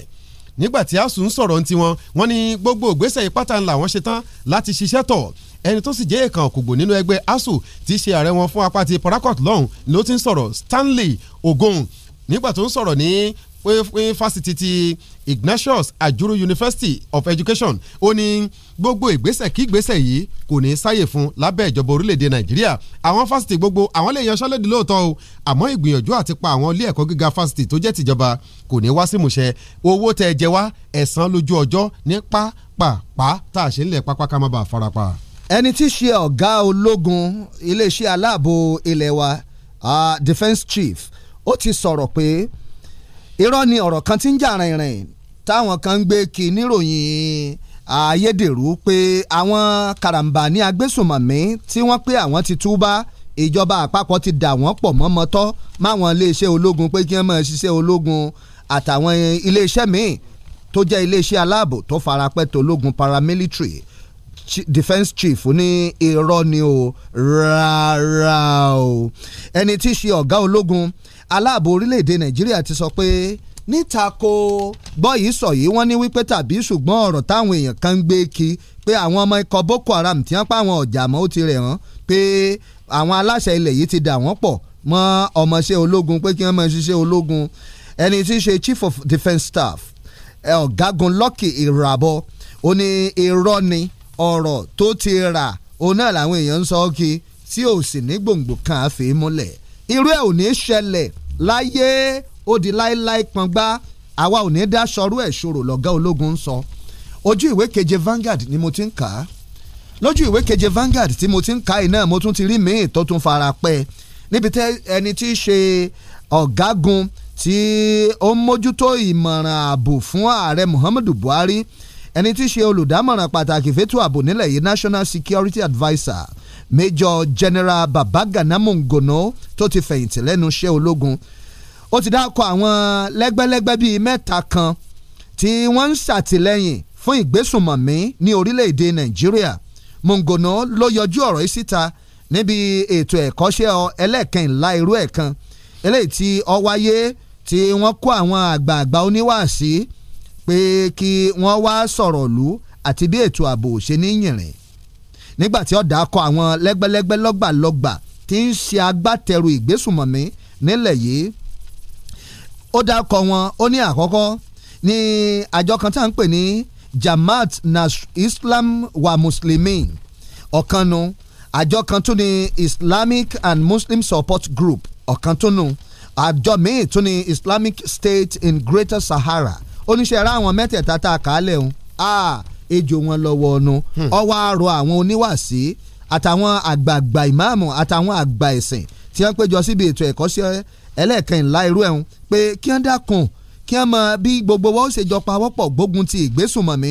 nígbàtí asun sọ̀rọ̀ ní tiwọn wọ́n ní gbogbo ìgbésẹ̀ ìpátá ńlá wọn ṣe tán láti ṣiṣẹ́ tọ̀ ẹni tó sì jẹ́ èèkàn kògbò nínú ẹgbẹ́ asu ti ṣe ààrẹ wọn fún apá ti Port-Harcourt lọ́hùn ló ti ń sọ̀rọ̀ Stanley Ogun nígbà tó ń sọ̀rọ̀ ní eh, eh, fásitì ti Ignatius Ajuru University of Education ó ní gbogbo ìgbésẹ̀ kí ìgbésẹ̀ yìí kò ní sáyè fún lábẹ́ ìjọba orílẹ̀-èdè Nàìjíríà àwọn fásitì gbogbo àwọn lè yanṣẹ́lódì lóòótọ́ o àmọ́ ìgbìyànjú àti pa àwọn ilé ẹ̀kọ́ gíga fásitì tó jẹ́ tìjọba kò ní wá sí ìmúṣẹ owó tẹ́ ẹ jẹ wá ẹ̀san lójú ọjọ́ ní pápápá tá a ṣe ń lẹ̀ pápá ká má bàa farapa. ẹni tí í ṣe ọ̀gá ológun iléeṣẹ́ aláàbò ilé wa defence chief ó ti sọ̀rọ̀ pé irọ́ ni ọ̀rọ̀ kan ti ń jà rìnrìn táwọn kan ń gbé kí níròyìn ayédèrú pé àwọn karambani agbésùnmọ̀mí tí wọ́n pé àwọn ti túbá ìjọba àpapọ̀ ti dà wọ́n pọ̀ mọ́ mọ́tọ́ máwọn iléeṣẹ́ ológun pé kí wọ́n máa ṣiṣẹ́ ológun àtàwọn iléeṣẹ́ míì tó jẹ́ iléeṣẹ́ aláàbò tó farapẹ́ tó ológun paramilitary defence chief ní irọ́ ni o rárá o ẹni tí í ṣe ọ̀gá ológun aláàbò orílẹ̀-èdè nàìjíríà ti sọ pé níta ko bọ́ọ̀yì sọ yìí wọ́n ní wípé tàbí ṣùgbọ́n ọ̀rọ̀ táwọn èèyàn kan ń gbé kí pé àwọn ọmọ ikọ̀ Boko Haram tí wọ́n pa àwọn ọ̀jà mọ́ ó ti rẹ̀ wọ́n pé àwọn aláṣẹ ilẹ̀ yìí ti dà wọ́n pọ̀ mọ́ ọmọọṣẹ́ ológun pé kí wọ́n máa ṣiṣẹ́ ológun ẹni tí í ṣe Chief of Defence Staff ọ̀gágun Lucky Irabor ó ní irọ́ ni ọ̀rọ̀ tó ti rà òun náà làwọn èèyàn ń sọ ọ́ kí tí ò sì ní gbòǹgbò kan àfi múlẹ̀ irú ẹ̀ ò ní ṣẹlẹ̀ láyé ó di láéláé pọngbá àwa ò ní dá sọrú ẹ̀ ṣòro lọ́gá ológun ń sọ ojú ìwé keje Vanguard ni mo ti ń kà á lójú ìwé keje Vanguard tí mo ti ń kà iná mo tún ti rí míì tó tún fara pẹ́ níbi tẹ ẹni tí í ṣe ọ̀gágun tí ó ń mójútó ìmọ̀ràn ààbò fún ààrẹ Muhammadu Buhari ẹni tí í ṣe olùdámọ̀ràn pàtàkì fẹ́tò ààbò nílẹ̀ yìí National Security Adviser Major General Babagana Mongono tó ti fẹ̀yìntì lẹ́nu iṣẹ́ ológun ó ti dákọ àwọn lẹ́gbẹ́lẹ́gbẹ́ bíi mẹ́ta kan tí wọ́n ń ṣàtìlẹ́yìn fún ìgbésùnmọ̀mí ní orílẹ̀-èdè Nàìjíríà Mọ̀ngànà ló yọjú ọ̀rọ̀ yìí síta níbi ètò ẹ̀kọ́ṣẹ́ ẹlẹ́ẹ̀kẹ́ńlá irú ẹ̀ kan eléyìí tí ó wáyé tí wọ́n kó àwọn àgbààgbà oníwàásí pé kí wọ́n wá sọ̀rọ̀ lù àti bí ètò ààbò ṣe ní yìnrìn nígbà tí ọ̀dà kọ àwọn lẹ́gbẹ́lẹ́gbẹ́ lọ́gbàlọ́gbà tí ń ṣe agbátẹrù ìgbésùnmọ̀mí nílẹ̀ yìí ó dákọ̀ wọn ó ní àkọ́kọ́ ní àjọ kan tá à ń pè ní Jamaat Nasr Islam wa Muslimin ọ̀kanu àjọ kan tún ní Islamic and Muslim Support Group ọ̀kan tún nù àjọ míì tún ní Islamic State in Greater Sahara oníṣẹ́ ra àwọn mẹ́tẹ̀ẹ̀ta tá a kà á lẹ́hùn ejò wọn lọ́wọ́ ọ̀nu hmm. ọwọ́ àrò àwọn oníwàásí àtàwọn àgbààgbà ìmáàmù àtàwọn àgbà ẹ̀sìn tí wọ́n péjọ síbi ètò ẹ̀kọ́ sí ẹlẹ́ẹ̀kan ńlá irú ẹ̀hún pé kí wọ́n dákun kí wọ́n mọ bí gbogbo wọn ó ṣe jọ pawọ́pọ̀ gbógun ti ìgbésùnmọ̀mí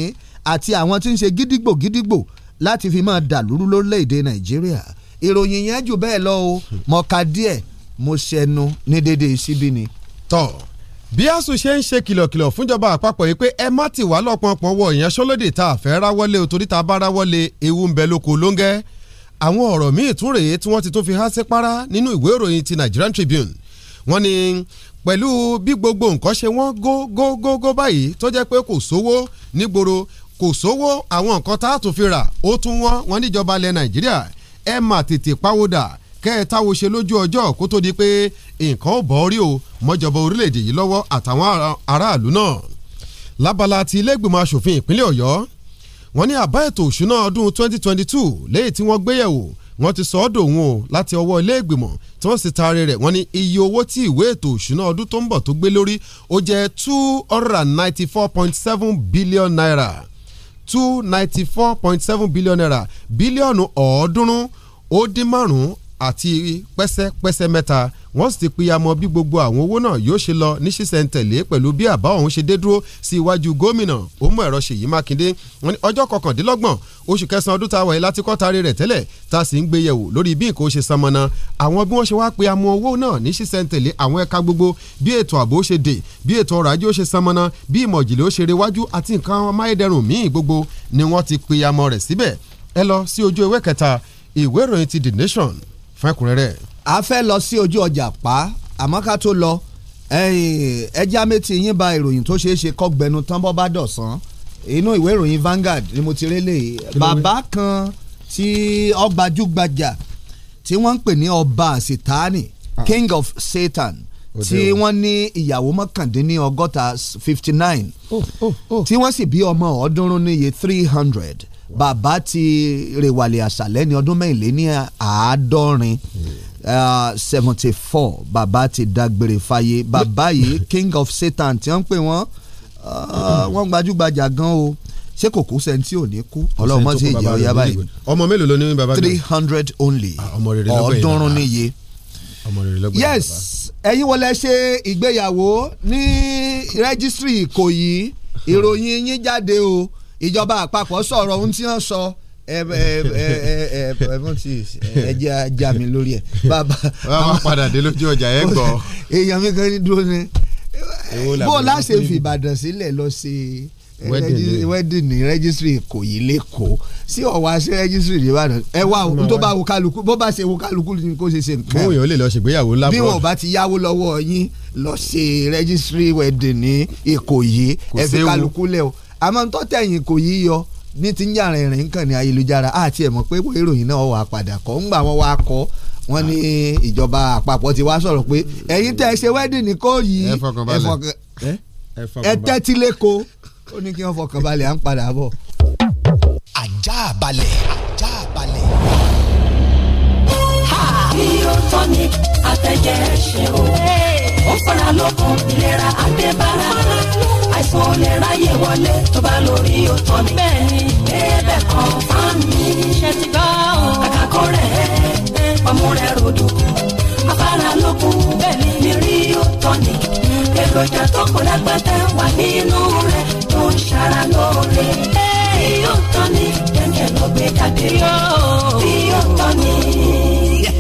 àti àwọn tí ń ṣe gídígbò gídígbò láti fi máa dàlúrú lórílẹ̀‐èdè nàìjíríà ìròyìn yẹn jù bẹ́ẹ̀ lọ o mọ̀ ká díẹ̀ mo ṣẹnu ní déédéé síbí ni. tọ́ bí ASUU ṣe ń ṣe kìlọ̀kìlọ̀ fúnjọba àpapọ̀ yìí pé ẹ má ti wá lọ́pọ̀npọ̀ wọ ìyanṣẹ́lódì tá a fẹ́ ráwọ́lé torí tá bá ráwọ́lé ewu ń bẹ lóko lóńgẹ́ àwọn ọ̀rọ̀ míì tún rèé tí wọ́n ti tún fi há sí para nínú ìwé ìròyìn ti Nigerian Tribune wọ́n ní pẹ̀lú bí gbogbo nǹkan ṣe wọ́n gógógógó báyìí tó jẹ́ pé kò sówó nígboro kò sówó àwọn nǹkan tá a tún fi rà ó tún wọ́n wọ́n níjọba ilẹ̀ nàìjíríà ẹ mà tètè pawódà kẹ́ ẹ táwo ṣe lójú ọjọ́ kó tó di pé nǹkan ò bọ́ orí o mọ́jọba orílẹ̀-èdè yìí lọ́wọ́ àtàwọn aráàlú náà lábala ti ilé ìgbìmọ̀ asòfin ìpínlẹ̀ ọ̀yọ́ wọ́n ní àbá ètò òṣùná ọdún 2022 léyìí tí wọ́n gbéyẹ̀wò wọ́n ti sọ ọ́ dòun o láti ọwọ́ ilé ìgbìmọ̀ tí wọ́n sì taari rẹ̀ wọ́n ní iye owó tí ìwé ètò òṣùná ọdún tó ń bọ̀ tó gbé lórí ó jẹ́ two hundred and ninety four point seven billion naira two ninety four point seven billion naira bílíọ̀nù ọ̀ọ́dúnrún ó dín márùn-ún àti pẹ́sẹ́pẹ́sẹ́ mẹ́ta wọ́n sì ti pìyàmọ́ bí gbogbo àwọn owó náà yóò ṣe lọ ní ṣísẹ̀ntẹ̀lé pẹ̀lú bí àbá ọ̀hún ṣe dé dúró sí iwájú gómìnà òmùẹ̀rọ ṣèyí mákindé ọjọ́ kọkàndínlọ́gbọ̀n oṣù kẹsàn-án ọdún táwa yìí láti kọ́ tari rẹ̀ tẹ́lẹ̀ tá a sì ń gbé yẹ̀wò lórí bí nǹkan ó ṣe san mọ́nà àwọn bí wọ́n ṣe wá pe amọ owó náà ní ṣísẹ̀ntẹ̀lé àwọn ẹ̀ka gbogbo bí ètò ààbò ṣe dé bí ètò ọrọ̀ ajé ó ṣe san mọ́nà bí ìmọ̀jìlẹ̀ ó ṣe rewájú àti nǹkan amáyédẹrùn míì gbogbo ni wọ́n ti pe amọ rẹ̀ síbẹ̀ ẹ lọ sí ojú ewé kẹta ìwé ìròyìn ti The Nation fún a fẹ́ lọ sí ojú ọjà pa àmọ́ ká tó lọ ẹja méjì yín ba ìròyìn tó ṣeé ṣe kọ́gbẹ́nu tán bọ́ bá dọ̀sán inú ìwé ìròyìn Vanguard ni mo ti rélé bàbá kan tí ọgbajúgbajà tí wọ́n ń pè ní ọba sitani ah. king of satan tí wọ́n ní ìyàwó mọ́kàndínní ọgọ́ta fifty nine oh, oh, oh. tí wọ́n sì bí ọmọ ọ̀ọ́dúnrún níye three hundred bàbá ti rèwàlẹ̀ àṣàlẹ́ ní ọdún mẹ́rin ní àádọ́rin hmm. uh, seventy four bàbá ti dágbére fáyé bàbá yìí king of satan tí wọ́n pè wọ́n uh, wọ́n gbajúgbajà gan o ṣé kò kú sẹ́ńtì ò ní kú ọlọ́mọ sì jẹ́ ọ̀yá báyìí. ọmọ mélòó ló ní bàbá náà. three hundred only ah, ọ̀ọ́dúnrún níye. yes ẹ̀yin wọlé ṣe ìgbéyàwó ní rẹ́gísírì Ìkòyí ìròyìn yín jáde o ìjọba àpapọ̀ sọ̀rọ̀ ohun tí wọ́n sọ ẹ ẹ ẹ ẹ ẹ jẹ ajá mi lórí ẹ bàbá. wọ́n á padà dé lójú ọjà ẹ gbọ́. èèyàn mi kan ní dúró ni bó láṣẹ fi Ìbàdàn sílẹ̀ lọ sí eh, wedding ni registry Ìkòyí lẹ́kọ̀ọ́ sí ọ̀wá sí registry ní Ìbàdàn ẹ wá o tó bá wo kálukú bó bá ṣe wo kálukú ni kó ṣe ṣe nǹkan. bóyá o lè lọ ṣègbéyàwó lábọ̀. bí wọn bá ti yáwó lọ́wọ́ yín lọ ṣe registry wedding ní Ìkòyí ẹ fi kálukú lẹ̀ o àmọ́ tó tẹ̀yìn kò yí yọ ní ti ń yàrá ìrìn kan ní ayélujára àti ẹ̀ mọ̀ pé ìròyìn náà wà padà kọ́ ńgbà wọn wá kọ́ wọn ní ìjọba àpapọ̀ ti wá sọ̀rọ̀ pé ẹ̀yin tẹ́ ẹ ṣe wedding ní kò yí ẹ tẹ́tí lẹ́kọ̀ọ́ ó ní kí wọ́n fọkàn balẹ̀ à ń padà bọ̀. ajá balẹ̀ ajá balẹ̀. bí o tọ́ ni àtẹ̀jẹ́ ṣe o ó fara lókun ìlera àgbẹ̀bára àìsàn ò lè ráyè wọlé tó bá lórí òtọ́ mi. bẹ́ẹ̀ni ẹ̀bẹ̀ kan fún mi. ṣe ti gbọ́ o. kàkà kó rẹ̀ ọmú rẹ̀ rodo afárá lókun bẹ́ẹ̀ni mi rí òtọ́ ni. èròjà tó kọ lágbàtà wà nínú rẹ̀ tó ń ṣara lóore. rí òtọ́ ni kẹ̀kẹ́ ló gbé jáde. rí òtọ́ ni.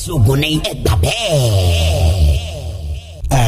ìṣògùn ni ẹgbà bẹ́ẹ̀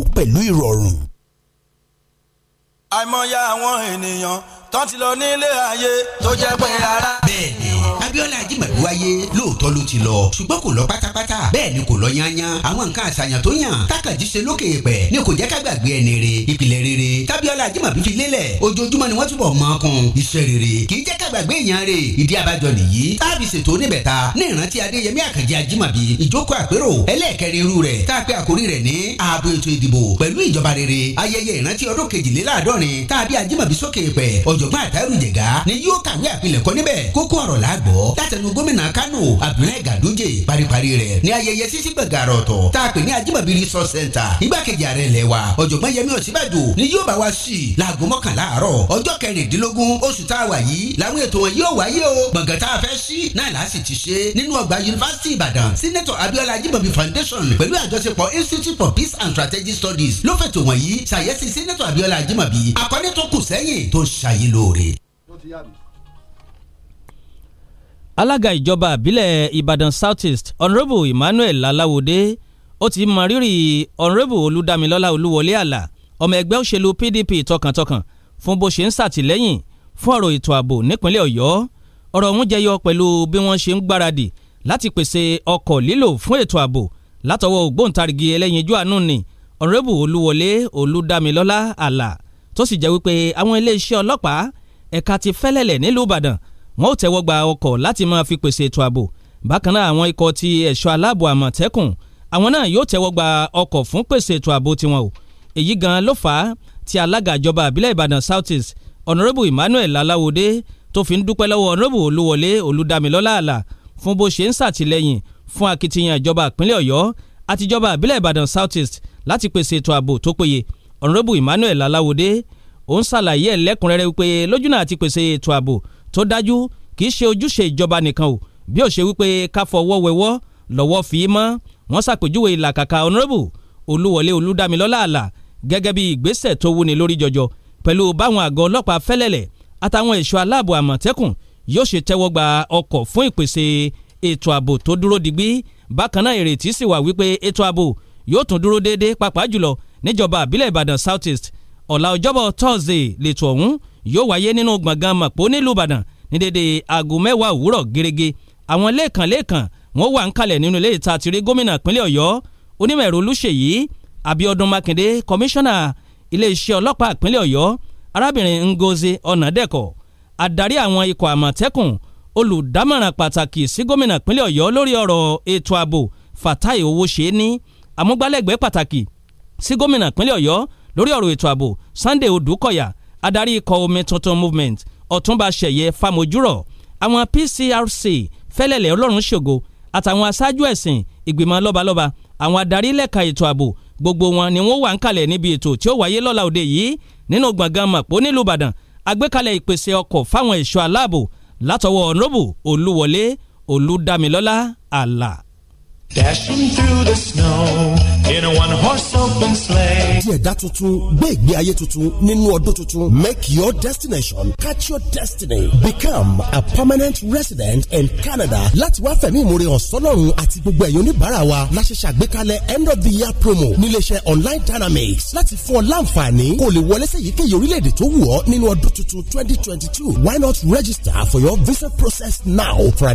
mú pẹ̀lú ìrọ̀rùn àìmọye àwọn ènìyàn tán ti lọ nílé ayé tó jẹ́ pé ara. bẹ́ẹ̀ni Abíọ́lá Ajímọ̀bí wáyé lóòótọ́ ló ti lọ ṣùgbọ́n kò lọ pátápátá bẹ́ẹ̀ ni kò lọ yányán àwọn nǹkan àṣàyàn tó yàn tákàjí ṣe lókè pẹ̀ ni kò jẹ́ ká gbàgbé ẹni re ìpìlẹ̀ rere tábíọ́lá Ajímọ̀bí fi lélẹ̀ ojoojúmọ́ ni wọ́n túbọ̀ mọ́ kun iṣẹ́ rere kì í jẹ́ ká gbàgbé èèyàn re ìdí abájọ nìyí táàbì ṣètò oníbẹ̀ta ní ìrántí Adéyẹmí Àkànjí Ajímọ̀bí ìjókòó kọrin tàbí ajímọ̀bí sókè pẹ̀ ọ̀jọ̀gbọ́n àtàrù jẹ̀gá ni yóò kàwé àpilẹ̀kọ níbẹ̀ kókó ọ̀rọ̀ làgbọ́ látẹnu gómìnà kánò Abdullahi Ganduje paripari rẹ̀ ní ayẹyẹ sísí gbẹ̀gàrọ̀ ọ̀tọ̀ tá a pè ní ajímọ̀bí resource center igbákejì ààrẹ ilẹ̀ wa ọ̀jọ̀gbọ́n Yẹmí Ọ̀sínbàjò ni yóò bá wa sí i láago mọ́kànlá àárọ̀ ọjọ́ kẹrìndínlógún oṣù tá a wà yìí làwọn ètò wọn yóò wáyé o gbọ̀ngàn tá a fẹ́ sí náà láà sì ti ṣe nínú ọgbà yunifásitì Ìbàdàn sínẹ́tọ̀ Abíọ́lá Ajímọ̀bí foundation pẹ̀lú àjọṣepọ̀ Institute for Peace and Strategic Studies ló fẹ̀tò wọ̀nyí ṣàyẹ́sí sínẹ́tọ̀ Abíọ́lá Ajímọ̀bí yìí àkọ́lé tó kù sẹ́yìn tó ń ṣayé lóore. alága ìjọba àbílẹ̀ Ìbàdàn South honourable Emmanuel Aláwọ̀dé ó ti mọ rírì honourable Olúdámilọ́lá Olúwọlé Àlà ọmọ ẹgbẹ́ òṣèlú PDP tọkàntọkàn fún bó ṣe ń ṣàtìlẹ́yìn fún ọ̀rọ̀ ètò ààbò nípínlẹ̀ Ọ̀yọ́ ọ̀rọ̀ ọ̀hún jẹyọ pẹ̀lú bí wọ́n ṣe ń gbáradì láti pèsè ọkọ̀ lílò fún ètò ààbò látọwọ́ ògbóǹtarìgì ẹlẹ́yinjú àánú ni ọ̀rẹ́bù Olúwọlé Olúdámilọ́lá Àlà tó sì jẹ́ wípé àwọn iléeṣẹ́ ọlọ́pàá ẹ̀ka ti fẹ́lẹ́lẹ̀ nílùú Ìbàdàn wọn ò tẹ́wọ́ gba ọkọ̀ láti máa fi pèsè ètò ààbò bákan náà àwọn ikọ̀ ti ẹ̀ṣọ́ aláàbò àmọ̀tẹ́kùn àwọn náà yóò tẹ́wọ́ gba ọkọ̀ fún pèsè ètò ààbò tiwọn o èyí gan ló fà á tí alága ìjọba àbílẹ̀ Ìbàdàn South Honourable Emmanuel Aláwọ̀dé tó fi ń dúpẹ́ lọ́wọ́ Honourable Olúwọlé Olúdámilọ́lá Àlà fún bó ṣe ń ṣàtìlẹ́yìn fún akitiyan ìjọba ìpínlẹ̀ Ọ̀yọ́ àtijọba àbílẹ̀ Ìbàdàn South East láti pèsè ètò ààbò tó péye ọ̀nrẹ́bù Emmanuel Aláwọ̀dé ó ń ṣàlàyé ẹ̀ lẹ́kùnrẹ́rẹ́ wípé lójúnà àti pèsè ètò ààbò tó dájú kì í ṣe ojúṣe ìjọba nìkan o bí ó ṣe wípé ká fọwọ́ wẹwọ́ lọ́wọ́ fi í mọ́ wọ́n ṣàpèjúwe ìlàkàkà ọ̀nrẹ́bù Olúwọlé Olúdámilọ́lá Àlà gẹ́gẹ́ bí ìgbésẹ̀ tó wúni lórí jọjọ pẹ̀lú báwọn àgọ́ ọlọ́pàá fẹ́lẹ́lẹ̀ àtàwọn ẹ̀ṣọ́ aláàbò àmọ̀tẹ́kùn yóò ṣe tẹ́wọ́ gba ọkọ̀ fún ìpèsè ètò ààbò tó dúró digbí bákan náà ìrètí sì wà wípé ètò ààbò yóò tún dúró déédéé pàápàá jùlọ níjọba àbílẹ̀ ìbàdàn south east ọ̀la ọjọ́bọ̀ thursday lẹ́tọ̀ ọ̀hún yóò wáyé nínú gbọ̀ngàn màpó nílùú ìbàdàn ní dédé aago mẹ́wàá òwúrọ̀ gẹ́gẹ́ àwọn lẹ́ẹ̀kan lẹ́ẹ̀kan wọ́n wà ń kalẹ̀ nínú ilé ìta àtìrí gómìnà ìpínlẹ̀ ọ̀yọ́ onímọ̀ ẹ̀rọ olúṣèyí abíọ́dún makinde kọmíṣánná iléeṣẹ́ ọlọ́pàá ìpínlẹ̀ ọ̀yọ́ arábìnrin ngozi ọ̀nàdẹ́kọ̀ adarí àwọn ikọ̀ àmọ̀tẹ́kùn olùdámọ̀ràn pàtàkì sí gómìnà ìpínlẹ̀ ọ̀yọ́ lórí ọ̀rọ̀ ètò ààbò fatai owóṣe ní amúgbálẹ́gbẹ̀ẹ́ pàtàkì sí gómìnà ìpínlẹ̀ ọ̀yọ́ lórí ọ̀rọ̀ ètò ààbò sunday odùkọ̀yà adarí ikọ̀ omi tuntun movement ọ̀túnba ṣẹ̀yẹ famojúrọ̀ àwọn pcrc fẹ́lẹ̀lẹ̀ ọlọ́run ṣògo àtàwọn aṣáájú ẹ̀sìn ìgbìmọ̀ lọ́balọ́ba àwọn adarí lẹ́ka ètò ààbò gbogbo wọn ni wọ́n wà ń kalẹ̀ níbi ètò tí ó wáyé lọ́la òde yìí nínú gbọ̀ngàn màpó nílùú ìbàdàn àgbékalẹ̀ ìpèsè ọkọ̀ fáwọn ẹ̀ṣọ́ aláàbò látọwọ́ ọ̀nọ́bù olúwọlé olùdámilọ́lá àlà. Dashing through the snow in a one horse open sleigh. ẹ̀dá tuntun gbé ìgbé ayé tuntun nínú ọdún tuntun. Make your destination catch your destiny. Become a permanent resident in Canada. Láti wá fẹ̀mí ìmúre ọ̀sọ́lọ́run àti gbogbo ẹ̀yọ́ oníbàárà wa la ṣe ṣàgbékalẹ̀ end of the year promo níléeṣẹ́ online dynamics láti fún ọ láǹfààní kó lè wọlé sí èyíkéyìí orílẹ̀-èdè tó wù ọ́ nínú ọdún tuntun twenty twenty two. Why not register for your visa process now for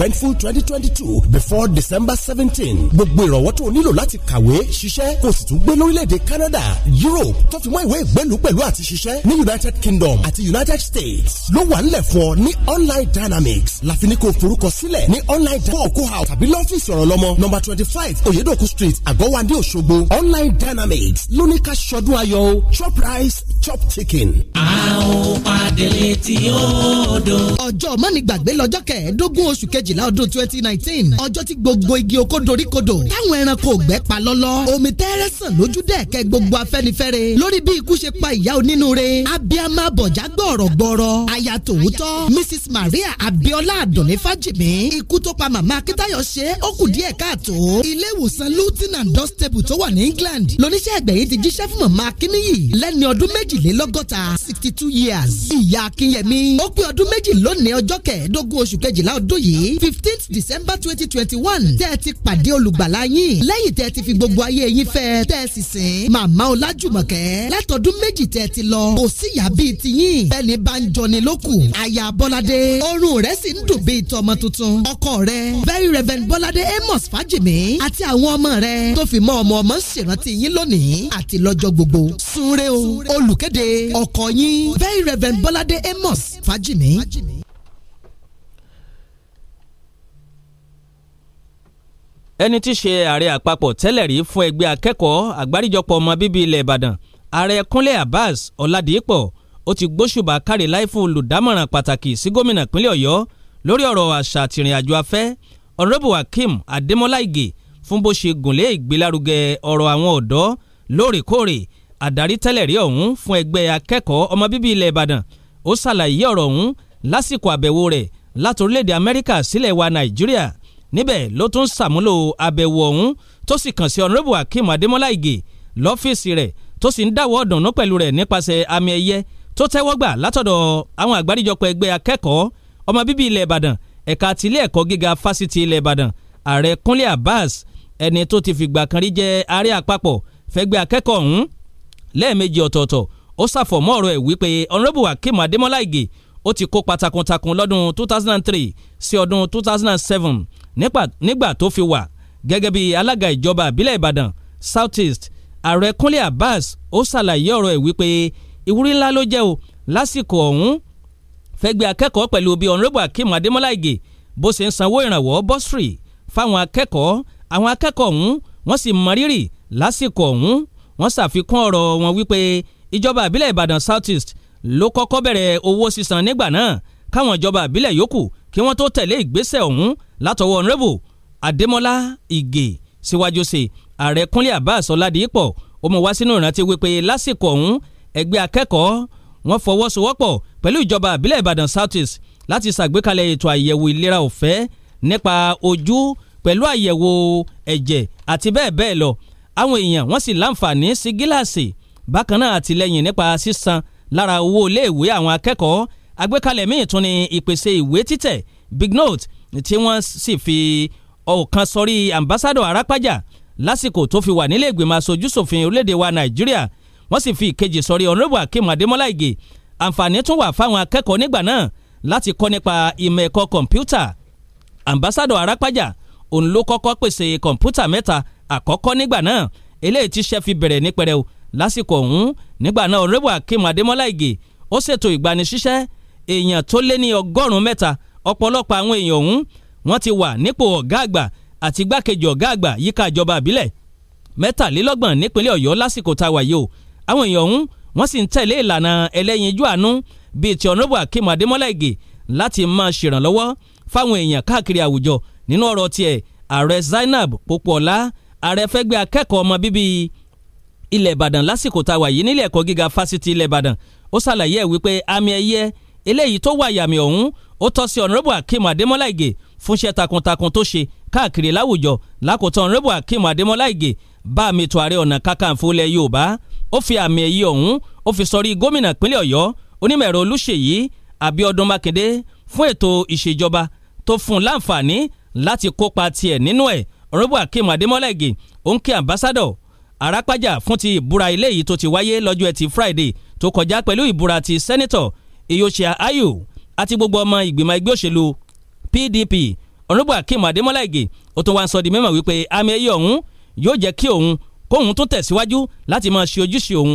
eventful twenty twenty two before december seventeen gbogbo ìrànwọ́ tó o nílò láti kàwé ṣiṣẹ́ kó o sì tún gbé lórílẹ̀‐èdè canada europe tó fi mọ́ ìwé ìgbélú pẹ̀lú àti ṣiṣẹ́ ní united kingdom àti united states ló wà nílẹ̀ fún ọ ní online dynamics láfiní kò forúkọ sílẹ̀ ní online kọ́ ọ̀kọ́ house tàbí lọ́fíìsì ọ̀rọ̀ lọ́mọ number twenty five oyedoku street àgọ́wandé òṣogbo online dynamics ló ní ká ṣọdún ayọ̀ chop rice chop chicken. a ó padà létí odò. ọjọ́ mọ́ni gbàgbé lọ́jọ́ kẹẹ̀ẹ́dógún oṣù kejì kejìlá ọdún twenty nineteen ọjọ́ tí gbogbo igi oko doríkodò táwọn ẹranko ògbẹ́ pa lọ́lọ́ omi tẹ́rẹ́ sàn lójú dẹ̀ kẹ́ gbogbo afẹ́nifẹ́re lórí bí ikú ṣe pa ìyá onínúure abiyama bọ̀já gbọ̀rọ̀ gbọ̀rọ̀ aya tòótọ́ mrs maria abiola adùnní fájìmí ikú tó pa mama akíntayọ̀ ṣe ó kù díẹ̀ káàtó ilé ìwòsàn luton and dunstable tó wà ní england lóníṣẹ́ ẹgbẹ́ yìí ti jíṣẹ́ fún màmá akíníyì lẹ́ni ọdún méjìlélọ́gọ́ta sixty two years ìyá akínyẹmí ó pé ọdún méjì lónìí ọjọ́ kẹẹ̀ẹ́dógún oṣù kejìlá ọdún yìí fifteenth december twenty twenty one tẹ́ ẹ ti pàdé olùgbàlà yín lẹ́yìn tẹ́ ẹ ti fi gbogbo ayé yín fẹ́ tẹ́ ẹ sì sìn màmá ọlájùmọ̀kẹ́ látọdún méjì tẹ́ ẹ ti lọ kò síyà bíi tiyín bẹ́ẹ̀ni bá ń jọni lókù aya bọ́ládé oorun rẹ̀ sì ń dùn bíi tọmọ tuntun ọkọ rẹ̀ very reverend bọ́ládé amos fájìmí àti àwọn ọmọ rẹ̀ tó fi mọ́ ọmọ ọmọ ń ṣèrántí yín lónìí àti lọ́jọ́ gbogbo súnre o olùkéde ọkọ yín very reverend bọ́ládé amos fajimi. ẹni tí í ṣe ààrẹ àpapọ̀ tẹ́lẹ̀ rí fún ẹgbẹ́ akẹ́kọ̀ọ́ àgbáríjọpọ̀ ọmọ bíbí ilẹ̀ ìbàdàn ààrẹ kúnlé abbas ọ̀làdìpọ̀ ó ti gbóṣùbà kárí láì fún olùdámọ̀ràn pàtàkì sí gómìnà ìpínlẹ̀ ọ̀yọ́ lórí ọ̀rọ̀ àṣà àtìrìn àjò afẹ́ ọ̀rẹ́bù hakeem adémọ́lá ìgè fún bó ṣe gùnlé ìgbélárugẹ ọ̀rọ̀ àwọn ọ̀dọ́ lóòrèkóòrè àdarí tẹ́lẹ̀ rí ọ̀hún fún ẹgbẹ́ akẹ́kọ̀ọ́ ọmọ bíbí ilẹ̀ ìbàdàn ó ṣàlàyé ọ̀rọ̀ ọ̀hún lásìkò àbẹ̀wò rẹ̀ látorílẹ̀-èdè amẹ́ríkà sílẹ̀ wa nàìjíríà níbẹ̀ ló tún ṣàmúlò àbẹ̀wò ọ̀hún tó sì kàn sí ọ̀nrẹ́bù akeem adémọ́lá ìgè lọ́fíìsì rẹ̀ tó sì ń dáwọ́ ọ̀dùnnú pẹ̀lú rẹ̀ nípasẹ̀ àmì ẹ̀yẹ tó tẹ́wọ́ gbà látọ̀dọ̀ àwọn àgbáríjọpọ̀ ẹgbẹ́ akẹ́kọ̀ọ́ ọmọ bíbí ilẹ̀ ìbàdàn ẹ̀ka ti ilé ẹ̀kọ́ gíga fásitì ilẹ̀ ìbàdàn ààrẹ kúnlé abbas ẹni tó ti fìgbà kan rí jẹ́ ààrẹ àpapọ̀ fẹ́gbẹ́ akẹ́kọ̀ọ́ ọ̀hún lẹ́ẹ̀mejì ọ̀tọ̀ọ̀tọ̀ ó ṣàfọ̀mọ́ ọ̀rọ̀ ẹ̀ wípé honourable akeem adémọ́lá ìgè ó ti kópa takuntakun lọ́dún 2003 sí ọdún 2007 nígbà tó fi wà gẹ́gẹ́ bí alága ìjọba ìbílẹ̀ Ìbàdàn South East ààrẹ Kúnlé Abbas ó ṣàlàyé ọ̀rọ̀ ẹ̀ wípé ìwúrí ńlá ló jẹ́ o lásìkò ọ̀hún fẹ́gbẹ́ akẹ́kọ̀ọ́ pẹ̀lú bí Honorable Akeem Adémọ́lá Ìgè bó ṣe ń sanwó ìrànwọ́ bọ́sìrì fáwọn akẹ́kọ̀ọ́ àwọn akẹ́kọ̀ọ́ ọ̀hún wọ́n sì mọrírì lásìkò ọ̀hún wọ́n ṣàfikún ọ̀rọ̀ wọn wípé ìjọba ìbílẹ̀ Ìbàdàn South East ló kọ́kọ́ bẹ̀rẹ̀ owó sísan nígbà náà káwọn ìjọba ìbílẹ̀ yòókù kí wọ́n tó tẹ̀lé ìgbésẹ̀ ọ̀hún látọwọ́ ọ̀nrẹ́bù adémọ́lá ìgè síwájú sí ààrẹ kúnlé abbas ọ̀làdìpọ̀ ó mọ̀ wá sínú ìrántí wípé lásìkò ọ̀hún ẹgbẹ́ akẹ́kọ̀ọ́ wọn fọwọ́sowọ́pọ̀ pẹ̀lú ìjọba àbílẹ̀ ìbàdàn south east láti ṣàgbékalẹ̀ ètò àyẹ̀wò ìlera ọ̀fẹ́ nípa ojú pẹ̀lú àyẹ̀wò ẹ̀jẹ̀ àti bẹ́ẹ̀ bẹ́ẹ̀ lọ àwọn èèyàn wọ́n sì láǹfààní sí gíláàsì bákan náà àtìlẹ́yìn nípa sísan lára owó iléèwé àwọn akẹ́kọ̀ọ́ àgbékalẹ̀ míì tún ni ìpèsè ìwé títẹ̀ big note tí wọ́n sì fi ọ̀kan sọrí ambassadọ̀ arápájà lásìkò tó fi wà nílé ìgbìmọ̀ aṣojúṣòfin orílẹ̀-èdè wa nàìjíríà wọ́n sì fi ìkejì sọrí ọ̀nàbù akim adémọ́lá ìgè àǹfààní tún wà fáwọn akẹ́kọ̀ọ́ nígbà náà láti kọ́ nípa ìmọ̀ ẹ̀kọ́ kọ̀ǹpútà ambassadọ̀ arápájà òun ló kọ́kọ́ pèsè kọ̀ǹpútà mẹ́ta àkọ́kọ́ nígbà náà eléyìí tíṣẹ́ fi bẹ̀rẹ̀ ní pẹrẹu lásìkò ọ̀hún nígbà náà ọ̀nàbù akim adémọ́lá ìgè ó ṣètò ìgbanisíṣẹ́ èèyàn tó lé ní ọgọ́rùn-ún mẹ́ta ọ̀pọ̀lọpọ̀ àwọn èèyàn ọ̀hún wọ́n ti wà nípò ọ̀gá àgbà àti igbákejì ọ̀gá àgbà yíká ìjọba àbílẹ̀ mẹ́tàlélọ́gbọ̀n nípínlẹ̀ ọ̀yọ́ lásìkò tá a wà yìí o àwọn èèyàn ọ̀hún wọ́n sì ń tẹ̀lé ìlànà ẹlẹ́yinjú àánú bíi ti ọ̀nàbù akim adémọ́lá ìgè láti máa ṣèrànlọ́wọ́ fáwọn èèyàn káàkiri àwùjọ nínú ọ̀rọ̀ tiẹ̀ ààrẹ zainab popoola ààrẹ fẹ́gbẹ́ akẹ́kọ̀ọ́ ọmọ bíbí ilẹ̀ ìbàdàn lásìkò tá a wà yìí nílẹ̀ ẹ̀kọ́ gíga fásitì ilẹ̀ ìbàdàn ó ṣàlàyé wípé àmì ẹ̀yẹ eléyìí tó wà yàmì ọ̀hún ó tọ́ sí ọ̀nrẹ́bù akeem adémọ́lá ìgè fúnṣẹ́ takuntakun tó ṣe káàkiri láwùjọ lákòótán ọ̀nrẹ́bù akeem adémọ́lá ìgè bá àmì ètò ààrẹ ọ̀nà kakanfò ilẹ̀ yorùbá ó fi àmì ẹ̀yẹ ọ̀hún ó fi sọrí gómìnà pínlẹ̀ ọ̀yọ́ onímọ̀ẹ̀rọ olúṣèyí abíọ́dún mákindé fún ètò ìṣèjọba tó fún un láǹfààní láti kópa tiẹ̀ nínú ẹ̀ ọ̀rọ̀bù ti ìbúra ilé tó ti wáyé lọ́jọ́ ẹtì friday tó kọjá pẹ̀lú ìbúra ti sẹ́nitọ̀ Iyorchia Ayu àti gbogbo ọmọ ìgbìmọ̀ ẹgbẹ́ òṣèlú PDP ọ̀nùbọ̀ Akeem Adémọ́lá Ige ó tún wá ń sọ di mímọ̀ wípé àmì ẹ̀yẹ ọ̀hún yóò jẹ́ kí òun kóun tún tẹ̀síwájú láti máa ṣe ojúṣe òun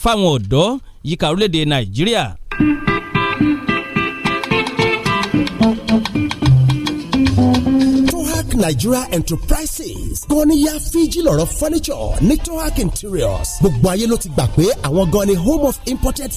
fáwọn ọ̀dọ́ yíká orílẹ̀-èdè Nàìjíríà. Nigeria Enterprises gọ́níyà Fiji lọ́rọ̀ furniture ní tohac interiors gbogbo ayé ló ti gbà pé àwọn gan ni home of imported